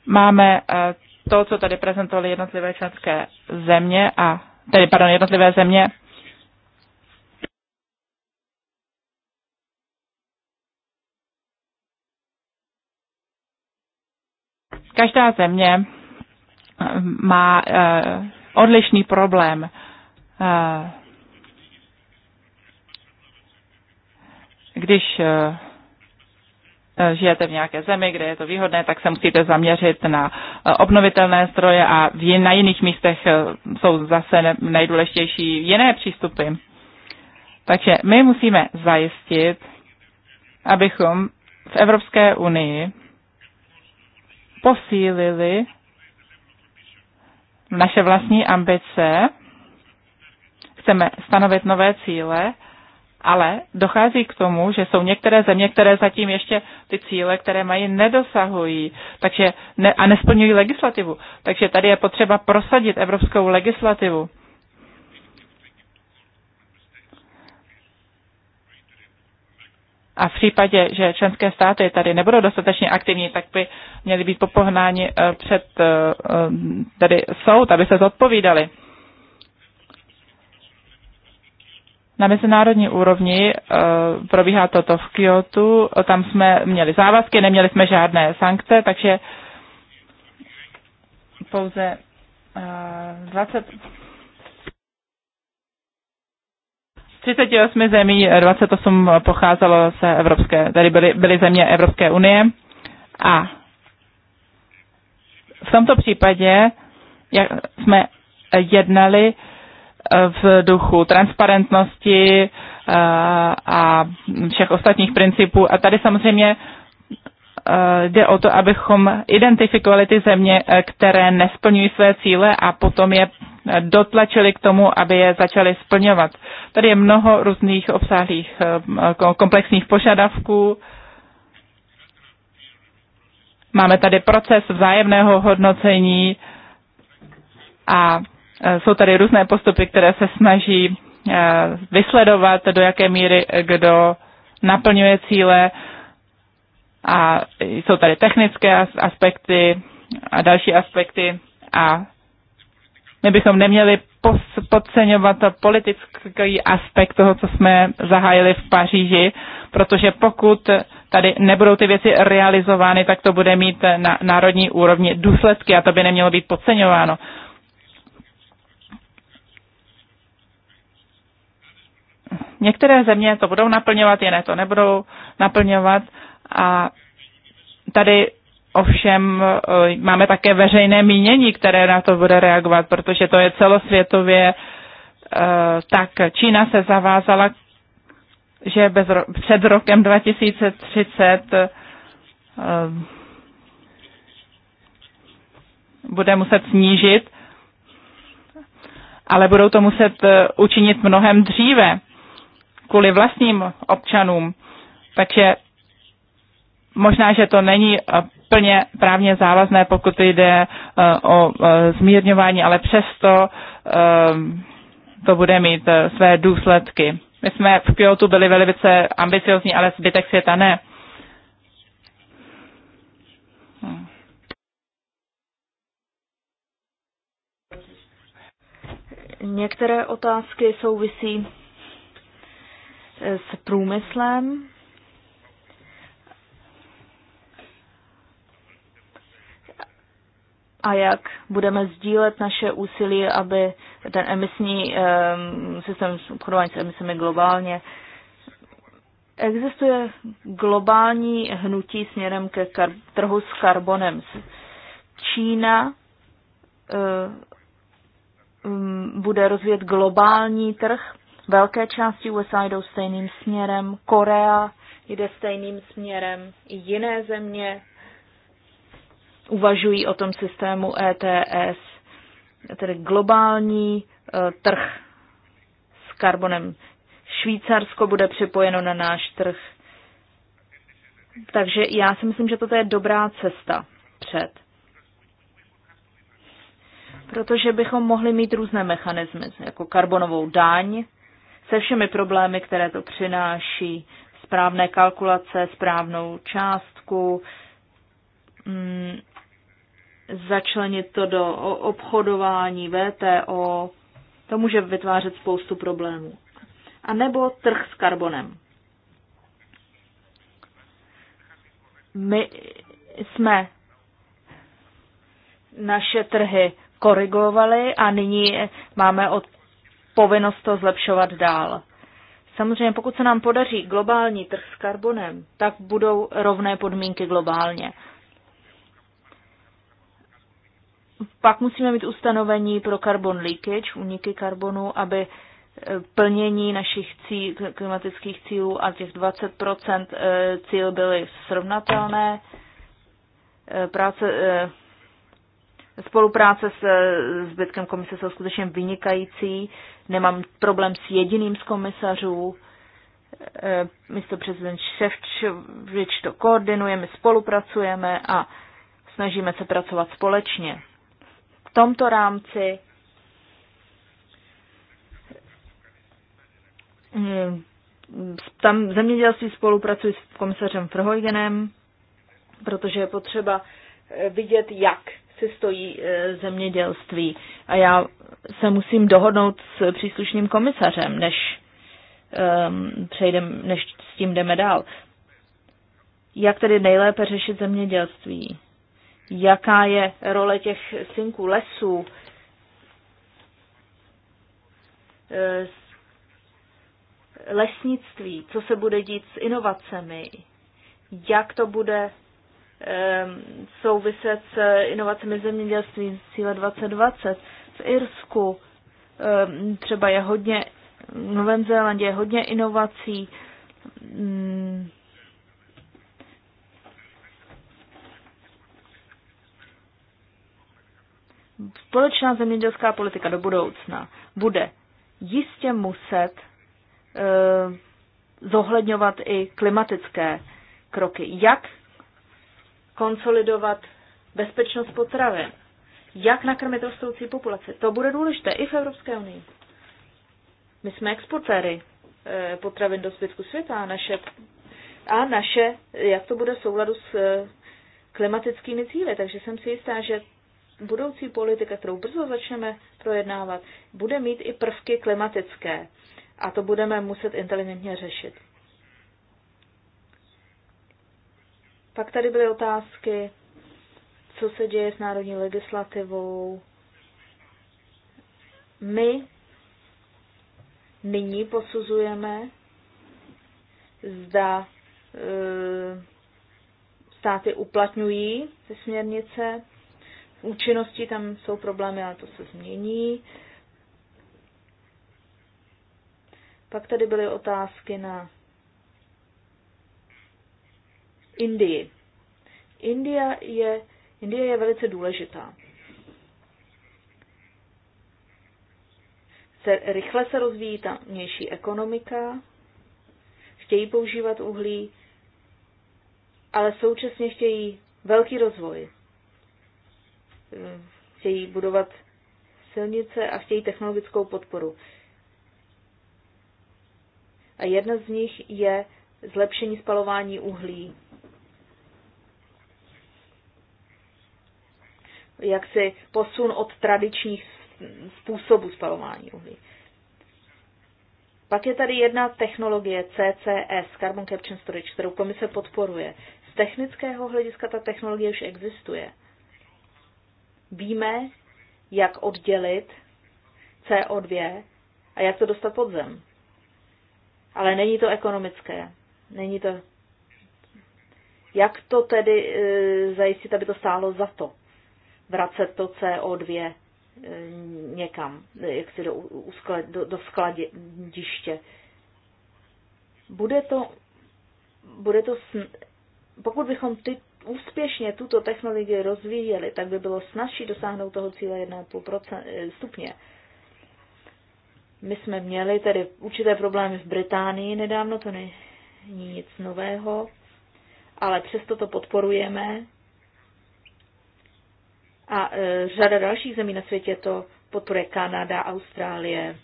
Máme eh, to, co tady prezentovaly jednotlivé členské země a tedy, pardon, jednotlivé země Každá země má eh, odlišný problém. Eh, když eh, žijete v nějaké zemi, kde je to výhodné, tak se musíte zaměřit na obnovitelné stroje a na jiných místech jsou zase nejdůležitější jiné přístupy. Takže my musíme zajistit, abychom v Evropské unii posílili naše vlastní ambice, chceme stanovit nové cíle, ale dochází k tomu, že jsou některé země, které zatím ještě ty cíle, které mají, nedosahují takže ne, a nesplňují legislativu. Takže tady je potřeba prosadit evropskou legislativu. a v případě, že členské státy tady nebudou dostatečně aktivní, tak by měly být popohnáni eh, před eh, eh, tady soud, aby se zodpovídali. Na mezinárodní úrovni probíhá toto v Kyotu, tam jsme měli závazky, neměli jsme žádné sankce, takže pouze 20 38 zemí, 28 pocházelo se Evropské, tady byly, byly země Evropské unie a v tomto případě jak jsme jednali eh, v duchu transparentnosti eh, a všech ostatních principů. A tady samozřejmě eh, jde o to, abychom identifikovali ty země, které nesplňují své cíle a potom je dotlačili k tomu, aby je začali splňovat. Tady je mnoho různých obsáhlých eh, komplexních požadavků. Máme tady proces vzájemného hodnocení a eh, jsou tady různé postupy, které se snaží eh, vysledovat, do jaké míry kdo naplňuje cíle a jsou tady technické aspekty a další aspekty a my bychom neměli podceňovat politický aspekt toho, co jsme zahájili v Paříži, protože pokud tady nebudou ty věci realizovány, tak to bude mít na národní úrovni důsledky a to by nemělo být podceňováno. Některé země to budou naplňovat, jiné to nebudou naplňovat a tady Ovšem eh, máme také veřejné mínění, které na to bude reagovat, protože to je celosvětově eh, tak. Čína se zavázala, že bez, před rokem 2030 eh, bude muset snížit, ale budou to muset učinit mnohem dříve kvůli vlastním občanům. Takže možná, že to není plně právně závazné, pokud jde eh, o eh, zmírňování, ale přesto eh, to bude mít své důsledky. My jsme v Kyoto byli velice ambiciozní, ale zbytek světa ne. Některé otázky souvisí s průmyslem. a jak budeme sdílet naše úsilí, aby ten emisní um, systém obchodování s emisemi globálně Existuje globální hnutí směrem ke kar- trhu s karbonem. Čína um, bude rozvíjet globální trh, velké části USA jdou stejným směrem, Korea jde stejným směrem, jiné země uvažují o tom systému ETS, tedy globální e, trh s karbonem. Švýcarsko bude připojeno na náš trh. Takže já si myslím, že toto je dobrá cesta před. Protože bychom mohli mít různé mechanismy, jako karbonovou daň, se všemi problémy, které to přináší, správné kalkulace, správnou částku, mm, začlenit to do obchodování, VTO, to může vytvářet spoustu problémů. A nebo trh s karbonem. My jsme naše trhy korigovali a nyní máme od povinnost to zlepšovat dál. Samozřejmě, pokud se nám podaří globální trh s karbonem, tak budou rovné podmínky globálně. Pak musíme mít ustanovení pro carbon leakage, uniky karbonu, aby e, plnění našich cíl, klimatických cílů a těch 20 e, cíl byly srovnatelné. E, práce, spolupráce s zbytkem komise jsou skutečně vynikající. Nemám problém s jediným z komisařů. Místo prezident Ševčovič to koordinujeme, spolupracujeme a snažíme se pracovat společně tomto rámci mm, tam zemědělství spolupracují s komisařem Frhojgenem, protože je potřeba eh, vidět, jak se stojí eh, zemědělství. A já se musím dohodnout s příslušným komisařem, než, um, přejdem, než s tím jdeme dál. Jak tedy nejlépe řešit zemědělství? jaká je role těch synků lesů. Eh, lesnictví, co se bude dít s inovacemi, jak to bude eh, souviset s inovacemi zemědělství z cíle 2020. V Irsku eh, třeba je hodně, v Novém Zélandě je hodně inovací, mm, společná zemědělská politika do budoucna bude jistě muset eh, zohledňovat i klimatické kroky. Jak konsolidovat bezpečnost potravin? Jak nakrmit rostoucí populaci? To bude důležité i v Evropské unii. My jsme exportéry eh, potravin do zbytku světa a naše, a naše, jak to bude v souladu s eh, klimatickými cíly. Takže jsem si jistá, že budoucí politika, kterou brzo začneme projednávat, bude mít i prvky klimatické. A to budeme muset inteligentně řešit. Pak tady byly otázky, co se děje s národní legislativou. My nyní posuzujeme, zda e, státy uplatňují ty směrnice účinnosti tam jsou problémy, ale to se změní. Pak tady byly otázky na Indii. India je, Indie je velice důležitá. Se, rychle se rozvíjí ta mější ekonomika, chtějí používat uhlí, ale současně chtějí velký rozvoj chtějí budovat silnice a chtějí technologickou podporu. A jedna z nich je zlepšení spalování uhlí. Jak si posun od tradičních způsobů spalování uhlí. Pak je tady jedna technologie CCS, Carbon Capture and Storage, kterou komise podporuje. Z technického hlediska ta technologie už existuje. Víme, jak oddělit CO2 a jak to dostat pod zem. Ale není to ekonomické. Není to. Jak to tedy e, zajistit, aby to stálo za to? Vracet to CO2 e, někam, e, jak si do, usklad, do, do skladiště. Bude to, bude to, pokud bychom ty úspěšně tuto technologii rozvíjeli, tak by bylo snažší dosáhnout toho cíle 1,5 eh, stupně. My jsme měli tedy určité problémy v Británii nedávno, to není nic nového, ale přesto to podporujeme. A e, řada dalších zemí na světě to podporuje Kanada, Austrálie,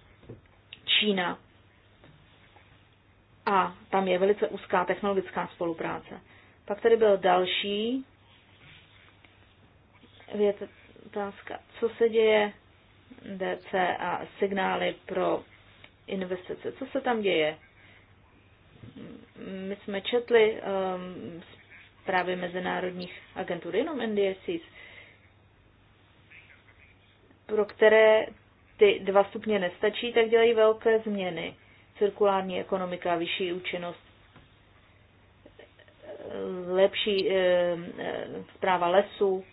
Čína. A tam je velice úzká technologická spolupráce. Pak tady byl další věc, otázka, co se děje DC a signály pro investice. Co se tam děje? My jsme četli um, zprávy mezinárodních agentur, jenom NDSCs, pro které ty dva stupně nestačí, tak dělají velké změny. Cirkulární ekonomika, vyšší účinnost lepší eh, eh, zpráva lesů.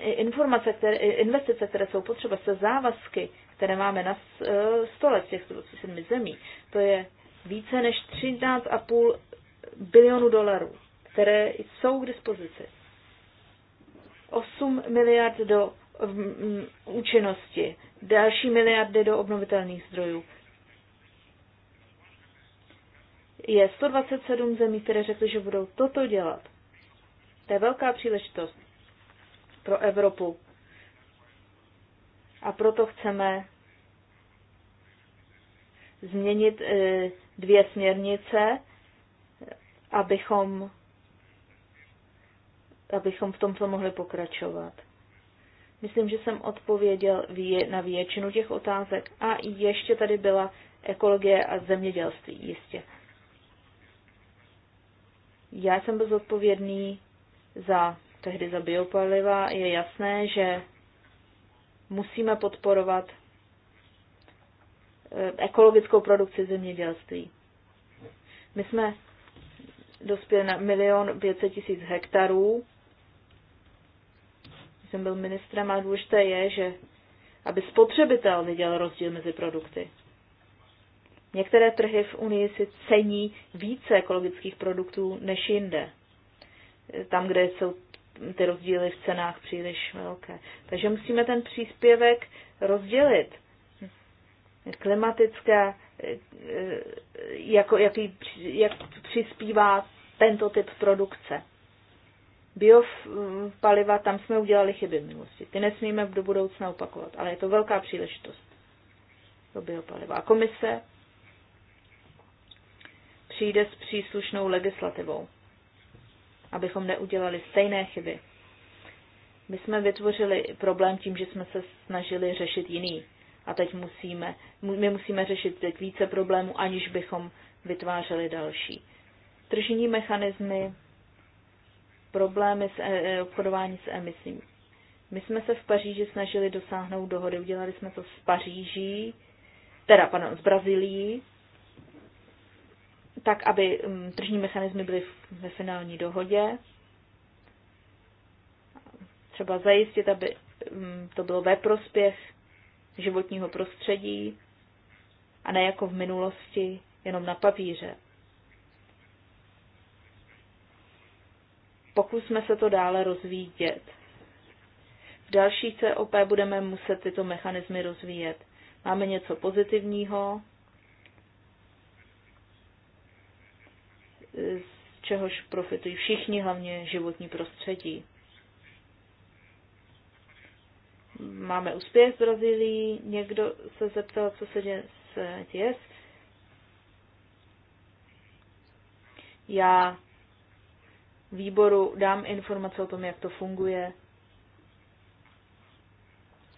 Informace, které, investice, které jsou potřeba, se závazky, které máme na eh, stole z těch 27 zemí, to je více než 13,5 bilionu dolarů, které jsou k dispozici. 8 miliard do účinnosti, další miliardy do obnovitelných zdrojů je 127 zemí, které řekly, že budou toto dělat. To je velká příležitost pro Evropu. A proto chceme změnit e, dvě směrnice, abychom, abychom v tomto mohli pokračovat. Myslím, že jsem odpověděl na většinu těch otázek. A ještě tady byla ekologie a zemědělství, jistě. Já jsem byl zodpovědný za tehdy za biopaliva. Je jasné, že musíme podporovat eh, ekologickou produkci zemědělství. My jsme dospěli na milion 500 tisíc hektarů. Jsem byl ministrem a důležité je, že aby spotřebitel viděl rozdíl mezi produkty. Některé trhy v Unii si cení více ekologických produktů než jinde. Tam, kde jsou ty rozdíly v cenách příliš velké. Takže musíme ten příspěvek rozdělit. Klimatické, eh, jako, jaký, jak přispívá tento typ produkce. Biopaliva, tam jsme udělali chyby v minulosti. Ty nesmíme do budoucna opakovat, ale je to velká příležitost. To biopaliva. A komise přijde s příslušnou legislativou, abychom neudělali stejné chyby. My jsme vytvořili problém tím, že jsme se snažili řešit jiný. A teď musíme, my musíme řešit teď více problémů, aniž bychom vytvářeli další. Tržní mechanismy, problémy s e, e, obchodování s emisí. My jsme se v Paříži snažili dosáhnout dohody, udělali jsme to s Paříží, teda pardon, z Brazílií, tak, aby mm, tržní mechanismy byly ve finální dohodě. Třeba zajistit, aby mm, to bylo ve prospěch životního prostředí a ne jako v minulosti jenom na papíře. Pokusme se to dále rozvíjet. V další COP budeme muset tyto mechanismy rozvíjet. Máme něco pozitivního, z čehož profitují všichni, hlavně životní prostředí. Máme úspěch v Brazílii, někdo se zeptal, co se děje s Já výboru dám informace o tom, jak to funguje,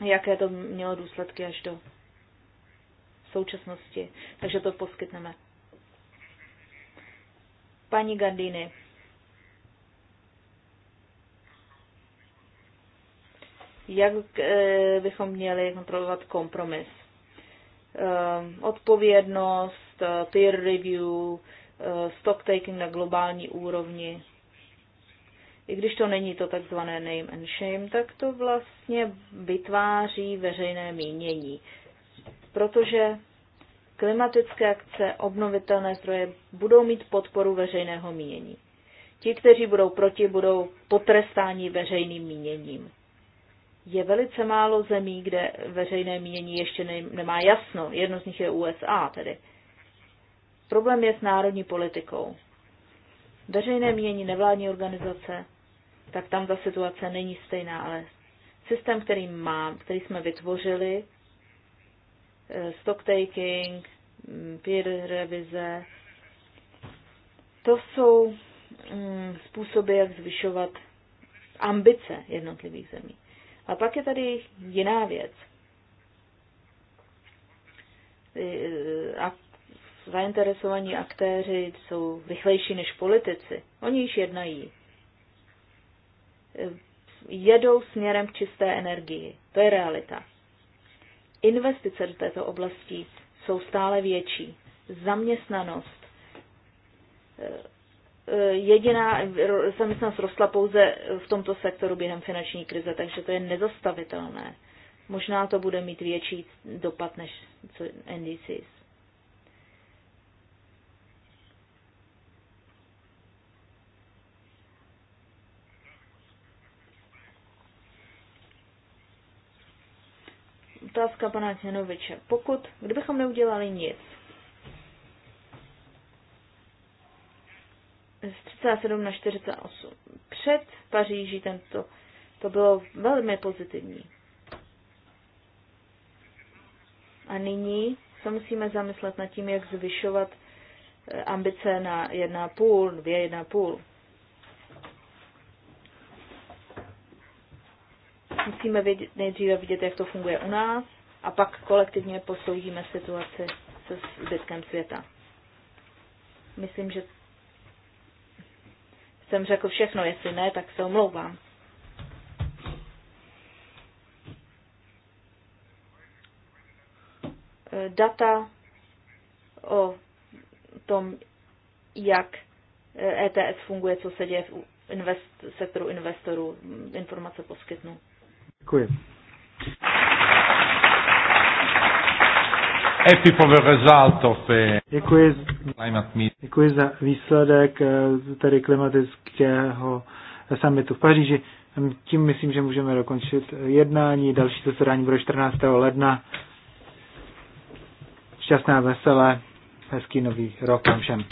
jaké to mělo důsledky až do současnosti. Takže to poskytneme. Paní Gardiny. Jak eh, bychom měli kontrolovat kompromis? Eh, odpovědnost, eh, peer review, stock taking na globální úrovni. I když to není to takzvané name and shame, tak to vlastně vytváří veřejné mínění. Protože Klimatické akce, obnovitelné zdroje budou mít podporu veřejného mínění. Ti, kteří budou proti, budou potrestáni veřejným míněním. Je velice málo zemí, kde veřejné mínění ještě ne, nemá jasno. Jedno z nich je USA tedy. Problém je s národní politikou. Veřejné mínění nevládní organizace, tak tam ta situace není stejná, ale systém, který mám, který jsme vytvořili, Eh, stocktaking, mm, peer revize. To jsou mm, způsoby, jak zvyšovat ambice jednotlivých zemí. A pak je tady jiná věc. Eh, eh, A zainteresovaní aktéři jsou rychlejší než politici. Oni již jednají. Jedou směrem k čisté energii. To je realita. Investice do této oblasti jsou stále větší. Zaměstnanost. Eh, eh, jediná zaměstnanost rostla pouze v tomto sektoru během finanční krize, takže to je nezastavitelné. Možná to bude mít větší dopad než NDCs. Otázka pana Janoviče. Pokud, kdybychom neudělali nic, z 37 na 48. Před Paříží tento, to bylo velmi pozitivní. A nyní se musíme zamyslet nad tím, jak zvyšovat eh, ambice na 1,5, 2, 1,5. Musíme vidět, nejdříve vidět, jak to funguje u nás a pak kolektivně posoudíme situaci se zbytkem světa. Myslím, že jsem řekl všechno, jestli ne, tak se omlouvám. Data o tom, jak ETS funguje, co se děje v invest, sektoru investorů, informace poskytnu. Děkuji. děkuji, děkuji za výsledek eh, tedy klimatického summitu v Paříži. Tím myslím, že můžeme dokončit jednání. Další zasedání bude 14. ledna. Šťastné, veselé, hezký nový rok všem.